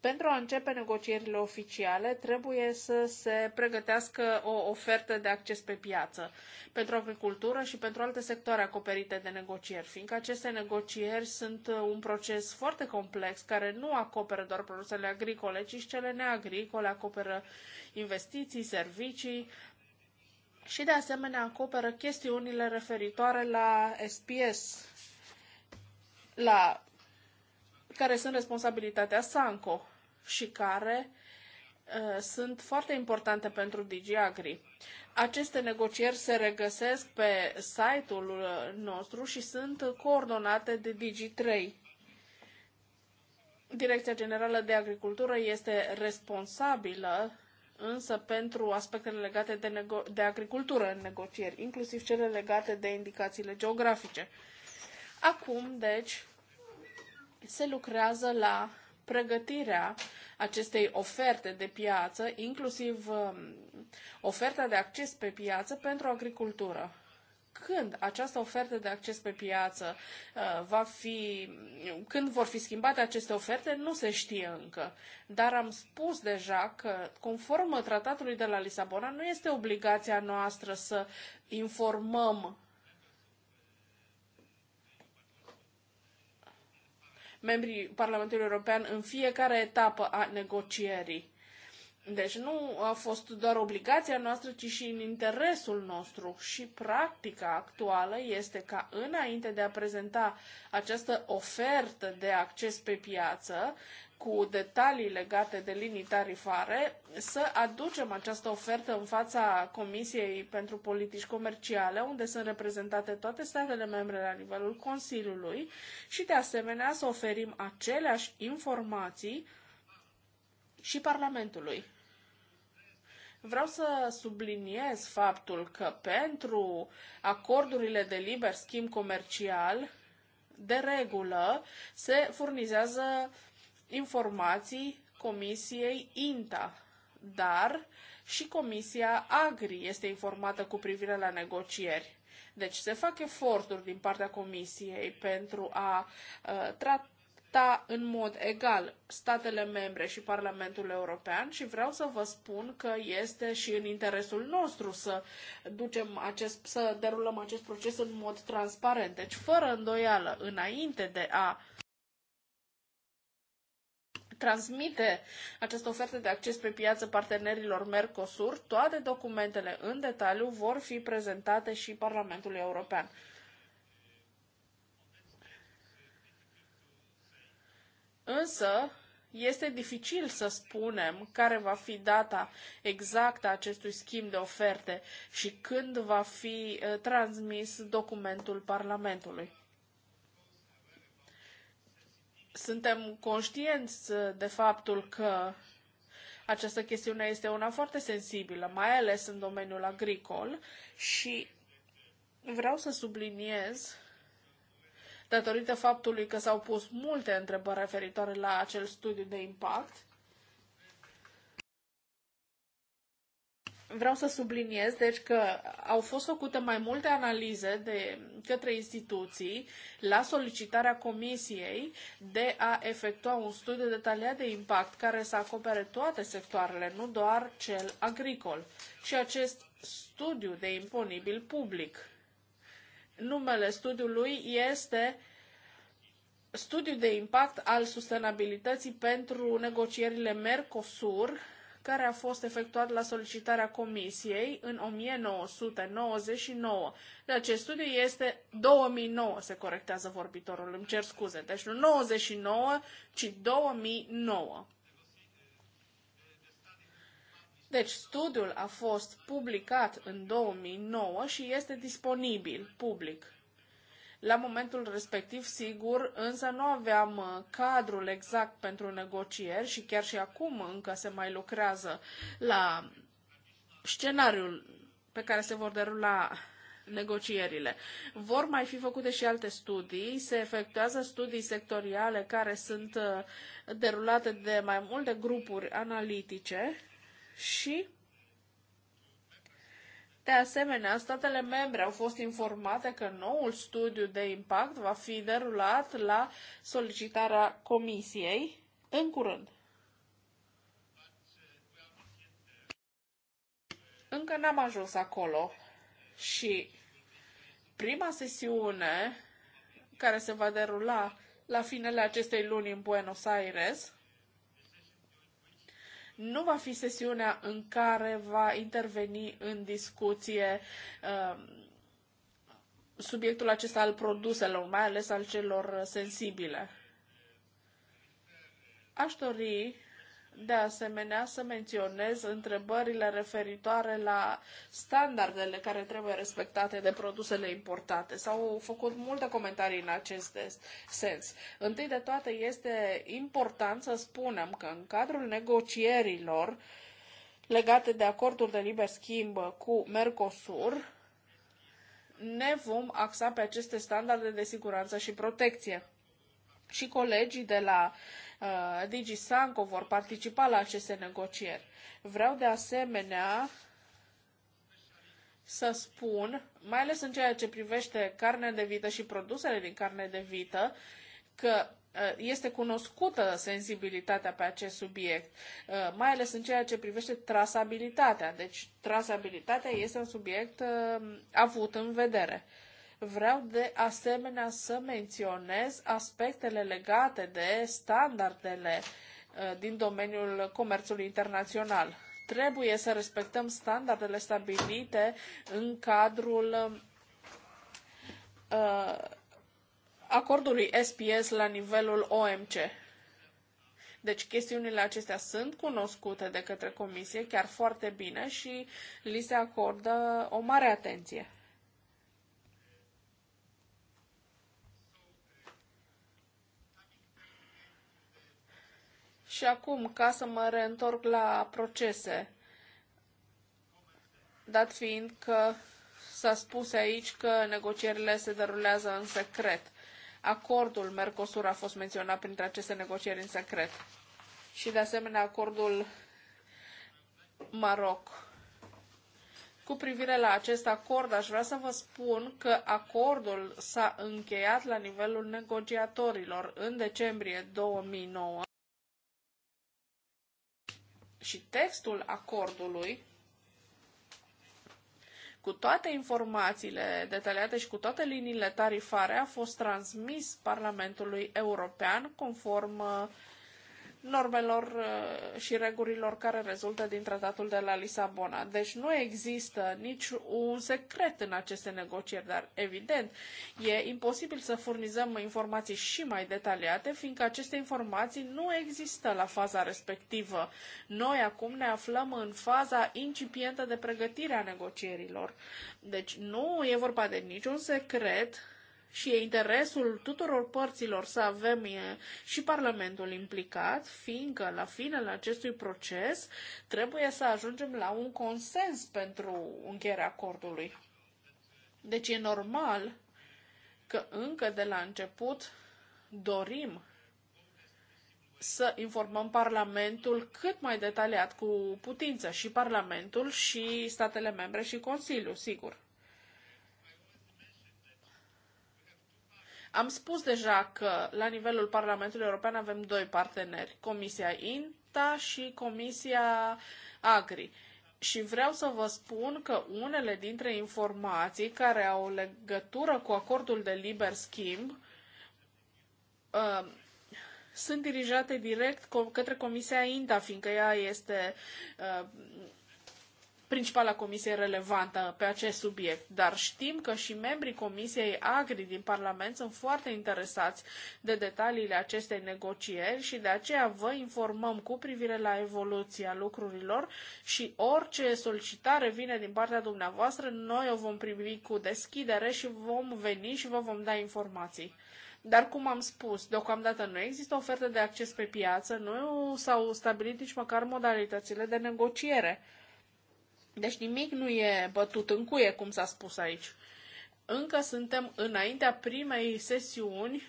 Pentru a începe negocierile oficiale, trebuie să se pregătească o ofertă de acces pe piață pentru agricultură și pentru alte sectoare acoperite de negocieri, fiindcă aceste negocieri sunt un proces foarte complex care nu acoperă doar produsele agricole, ci și cele neagricole, acoperă investiții, servicii, și de asemenea acoperă chestiunile referitoare la SPS, la care sunt responsabilitatea Sanco și care uh, sunt foarte importante pentru DigiAgri. Aceste negocieri se regăsesc pe site-ul uh, nostru și sunt coordonate de Digi3. Direcția Generală de Agricultură este responsabilă însă pentru aspectele legate de, de agricultură în negocieri, inclusiv cele legate de indicațiile geografice. Acum, deci, se lucrează la pregătirea acestei oferte de piață, inclusiv um, oferta de acces pe piață pentru agricultură când această ofertă de acces pe piață uh, va fi, când vor fi schimbate aceste oferte, nu se știe încă. Dar am spus deja că, conform tratatului de la Lisabona, nu este obligația noastră să informăm membrii Parlamentului European în fiecare etapă a negocierii. Deci nu a fost doar obligația noastră, ci și în interesul nostru. Și practica actuală este ca înainte de a prezenta această ofertă de acces pe piață, cu detalii legate de linii tarifare, să aducem această ofertă în fața Comisiei pentru Politici Comerciale, unde sunt reprezentate toate statele membre la nivelul Consiliului și, de asemenea, să oferim aceleași informații și Parlamentului. Vreau să subliniez faptul că pentru acordurile de liber schimb comercial, de regulă, se furnizează informații Comisiei INTA, dar și Comisia Agri este informată cu privire la negocieri. Deci se fac eforturi din partea Comisiei pentru a uh, trata afecta în mod egal statele membre și Parlamentul European și vreau să vă spun că este și în interesul nostru să ducem acest, să derulăm acest proces în mod transparent. Deci, fără îndoială, înainte de a transmite această ofertă de acces pe piață partenerilor Mercosur, toate documentele în detaliu vor fi prezentate și Parlamentului European. Însă, este dificil să spunem care va fi data exactă a acestui schimb de oferte și când va fi uh, transmis documentul Parlamentului. Suntem conștienți uh, de faptul că această chestiune este una foarte sensibilă, mai ales în domeniul agricol și vreau să subliniez datorită faptului că s-au pus multe întrebări referitoare la acel studiu de impact. Vreau să subliniez, deci, că au fost făcute mai multe analize de către instituții la solicitarea Comisiei de a efectua un studiu detaliat de impact care să acopere toate sectoarele, nu doar cel agricol, și acest studiu de imponibil public numele studiului este Studiu de impact al sustenabilității pentru negocierile Mercosur, care a fost efectuat la solicitarea Comisiei în 1999. De deci acest studiu este 2009, se corectează vorbitorul, îmi cer scuze. Deci nu 99, ci 2009. Deci studiul a fost publicat în 2009 și este disponibil public. La momentul respectiv, sigur, însă nu aveam uh, cadrul exact pentru negocieri și chiar și acum încă se mai lucrează la scenariul pe care se vor derula negocierile. Vor mai fi făcute și alte studii, se efectuează studii sectoriale care sunt uh, derulate de mai multe grupuri analitice și de asemenea, statele membre au fost informate că noul studiu de impact va fi derulat la solicitarea Comisiei în curând. Încă n-am ajuns acolo și prima sesiune care se va derula la finele acestei luni în Buenos Aires nu va fi sesiunea în care va interveni în discuție um, subiectul acesta al produselor, mai ales al celor sensibile. Aș dori de asemenea să menționez întrebările referitoare la standardele care trebuie respectate de produsele importate. S-au făcut multe comentarii în acest sens. Întâi de toate este important să spunem că în cadrul negocierilor legate de acordul de liber schimb cu Mercosur, ne vom axa pe aceste standarde de siguranță și protecție. Și colegii de la uh, uh, Digi Sanco vor participa la aceste negocieri. Vreau de asemenea să spun, mai ales în ceea ce privește carnea de vită și produsele din carne de vită, că uh, este cunoscută sensibilitatea pe acest subiect, uh, mai ales în ceea ce privește trasabilitatea. Deci, trasabilitatea este un subiect uh, avut în vedere. Vreau de asemenea să menționez aspectele legate de standardele uh, din domeniul comerțului internațional. Trebuie să respectăm standardele stabilite în cadrul uh, acordului SPS la nivelul OMC. Deci chestiunile acestea sunt cunoscute de către comisie chiar foarte bine și li se acordă o mare atenție. Și acum, ca să mă reîntorc la procese, dat fiind că s-a spus aici că negocierile se derulează în secret. Acordul Mercosur a fost menționat printre aceste negocieri în secret. Și de asemenea acordul Maroc. Cu privire la acest acord, aș vrea să vă spun că acordul s-a încheiat la nivelul negociatorilor în decembrie 2009 și textul acordului cu toate informațiile detaliate și cu toate liniile tarifare a fost transmis Parlamentului European conform uh, normelor uh, și regulilor care rezultă din tratatul de la Lisabona. Deci nu există nici un secret în aceste negocieri, dar evident e imposibil să furnizăm informații și mai detaliate, fiindcă aceste informații nu există la faza respectivă. Noi acum ne aflăm în faza incipientă de pregătire a negocierilor. Deci nu e vorba de niciun secret, și e interesul tuturor părților să avem și Parlamentul implicat, fiindcă la finele acestui proces trebuie să ajungem la un consens pentru încheierea acordului. Deci e normal că încă de la început dorim să informăm Parlamentul cât mai detaliat cu putință și Parlamentul și statele membre și Consiliul, sigur. Am spus deja că la nivelul Parlamentului European avem doi parteneri, Comisia INTA și Comisia Agri. Și vreau să vă spun că unele dintre informații care au legătură cu acordul de liber schimb uh, sunt dirijate direct către Comisia INTA, fiindcă ea este uh, principala comisie relevantă pe acest subiect, dar știm că și membrii Comisiei Agri din Parlament sunt foarte interesați de detaliile acestei negocieri și de aceea vă informăm cu privire la evoluția lucrurilor și orice solicitare vine din partea dumneavoastră, noi o vom primi cu deschidere și vom veni și vă vom da informații. Dar, cum am spus, deocamdată nu există ofertă de acces pe piață, nu s-au stabilit nici măcar modalitățile de negociere. Deci nimic nu e bătut în cuie, cum s-a spus aici. Încă suntem înaintea primei sesiuni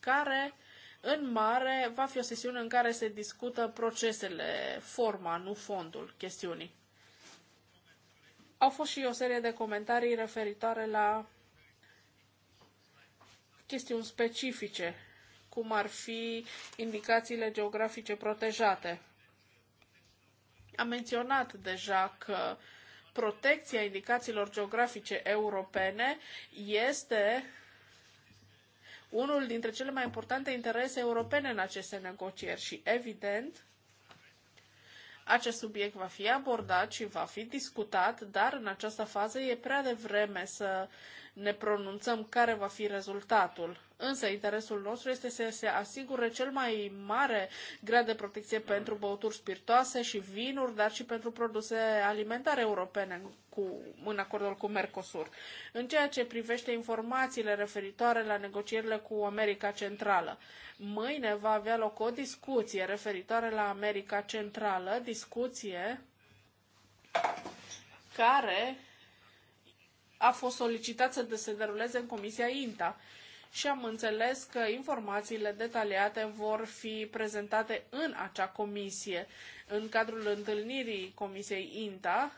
care în mare va fi o sesiune în care se discută procesele, forma, nu fondul chestiunii. Au fost și o serie de comentarii referitoare la chestiuni specifice, cum ar fi indicațiile geografice protejate. Am menționat deja că protecția indicațiilor geografice europene este unul dintre cele mai importante interese europene în aceste negocieri și, evident, acest subiect va fi abordat și va fi discutat, dar în această fază e prea devreme să ne pronunțăm care va fi rezultatul. Însă interesul nostru este să se asigure cel mai mare grad de protecție pentru băuturi spiritoase și vinuri, dar și pentru produse alimentare europene cu, în acordul cu Mercosur. În ceea ce privește informațiile referitoare la negocierile cu America Centrală, mâine va avea loc o discuție referitoare la America Centrală, discuție care a fost solicitată să se deruleze în Comisia INTA și am înțeles că informațiile detaliate vor fi prezentate în acea comisie, în cadrul întâlnirii Comisiei INTA.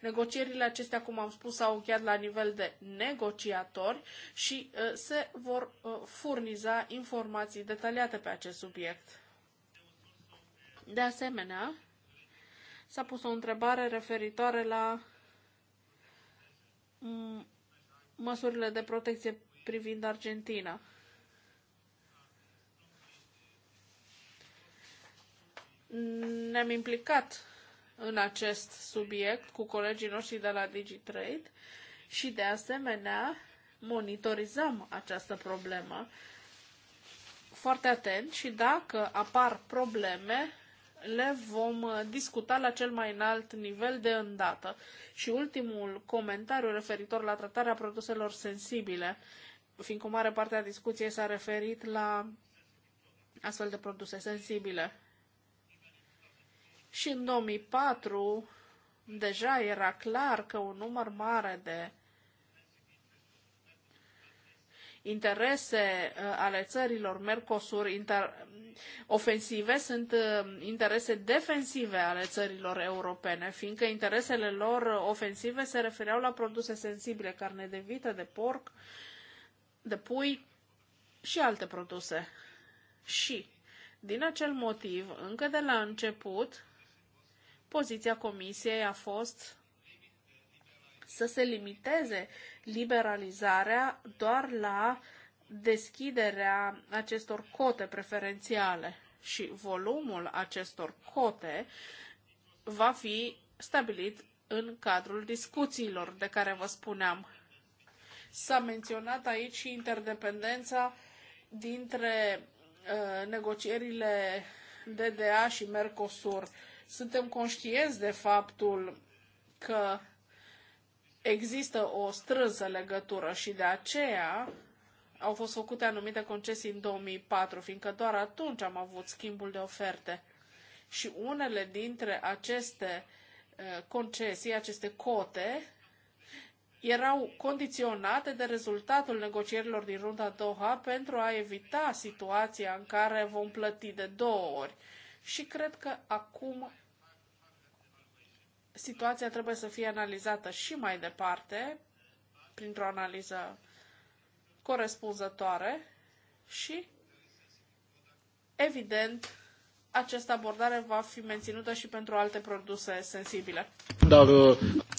Negocierile acestea, cum am spus, au încheiat la nivel de negociatori și uh, se vor uh, furniza informații detaliate pe acest subiect. De asemenea, s-a pus o întrebare referitoare la mm, măsurile de protecție privind Argentina. Ne-am implicat în acest subiect cu colegii noștri de la DigiTrade și, de asemenea, monitorizăm această problemă foarte atent și dacă apar probleme, le vom discuta la cel mai înalt nivel de îndată. Și ultimul comentariu referitor la tratarea produselor sensibile fiindcă o mare parte a discuției s-a referit la astfel de produse sensibile. Și în 2004 deja era clar că un număr mare de interese uh, ale țărilor Mercosur inter- ofensive sunt uh, interese defensive ale țărilor europene, fiindcă interesele lor ofensive se refereau la produse sensibile, carne de vită, de porc, uh, de pui și alte produse. Și, din acel motiv, încă de la început, poziția Comisiei a fost să se limiteze liberalizarea doar la deschiderea acestor cote preferențiale și volumul acestor cote va fi stabilit în cadrul discuțiilor de care vă spuneam S-a menționat aici și interdependența dintre uh, negocierile DDA și Mercosur. Suntem conștienți de faptul că există o strânsă legătură și de aceea au fost făcute anumite concesii în 2004, fiindcă doar atunci am avut schimbul de oferte. Și unele dintre aceste uh, concesii, aceste cote, erau condiționate de rezultatul negocierilor din runda Doha pentru a evita situația în care vom plăti de două ori. Și cred că acum situația trebuie să fie analizată și mai departe, printr-o analiză corespunzătoare și, evident, această abordare va fi menținută și pentru alte produse sensibile. Dar uh,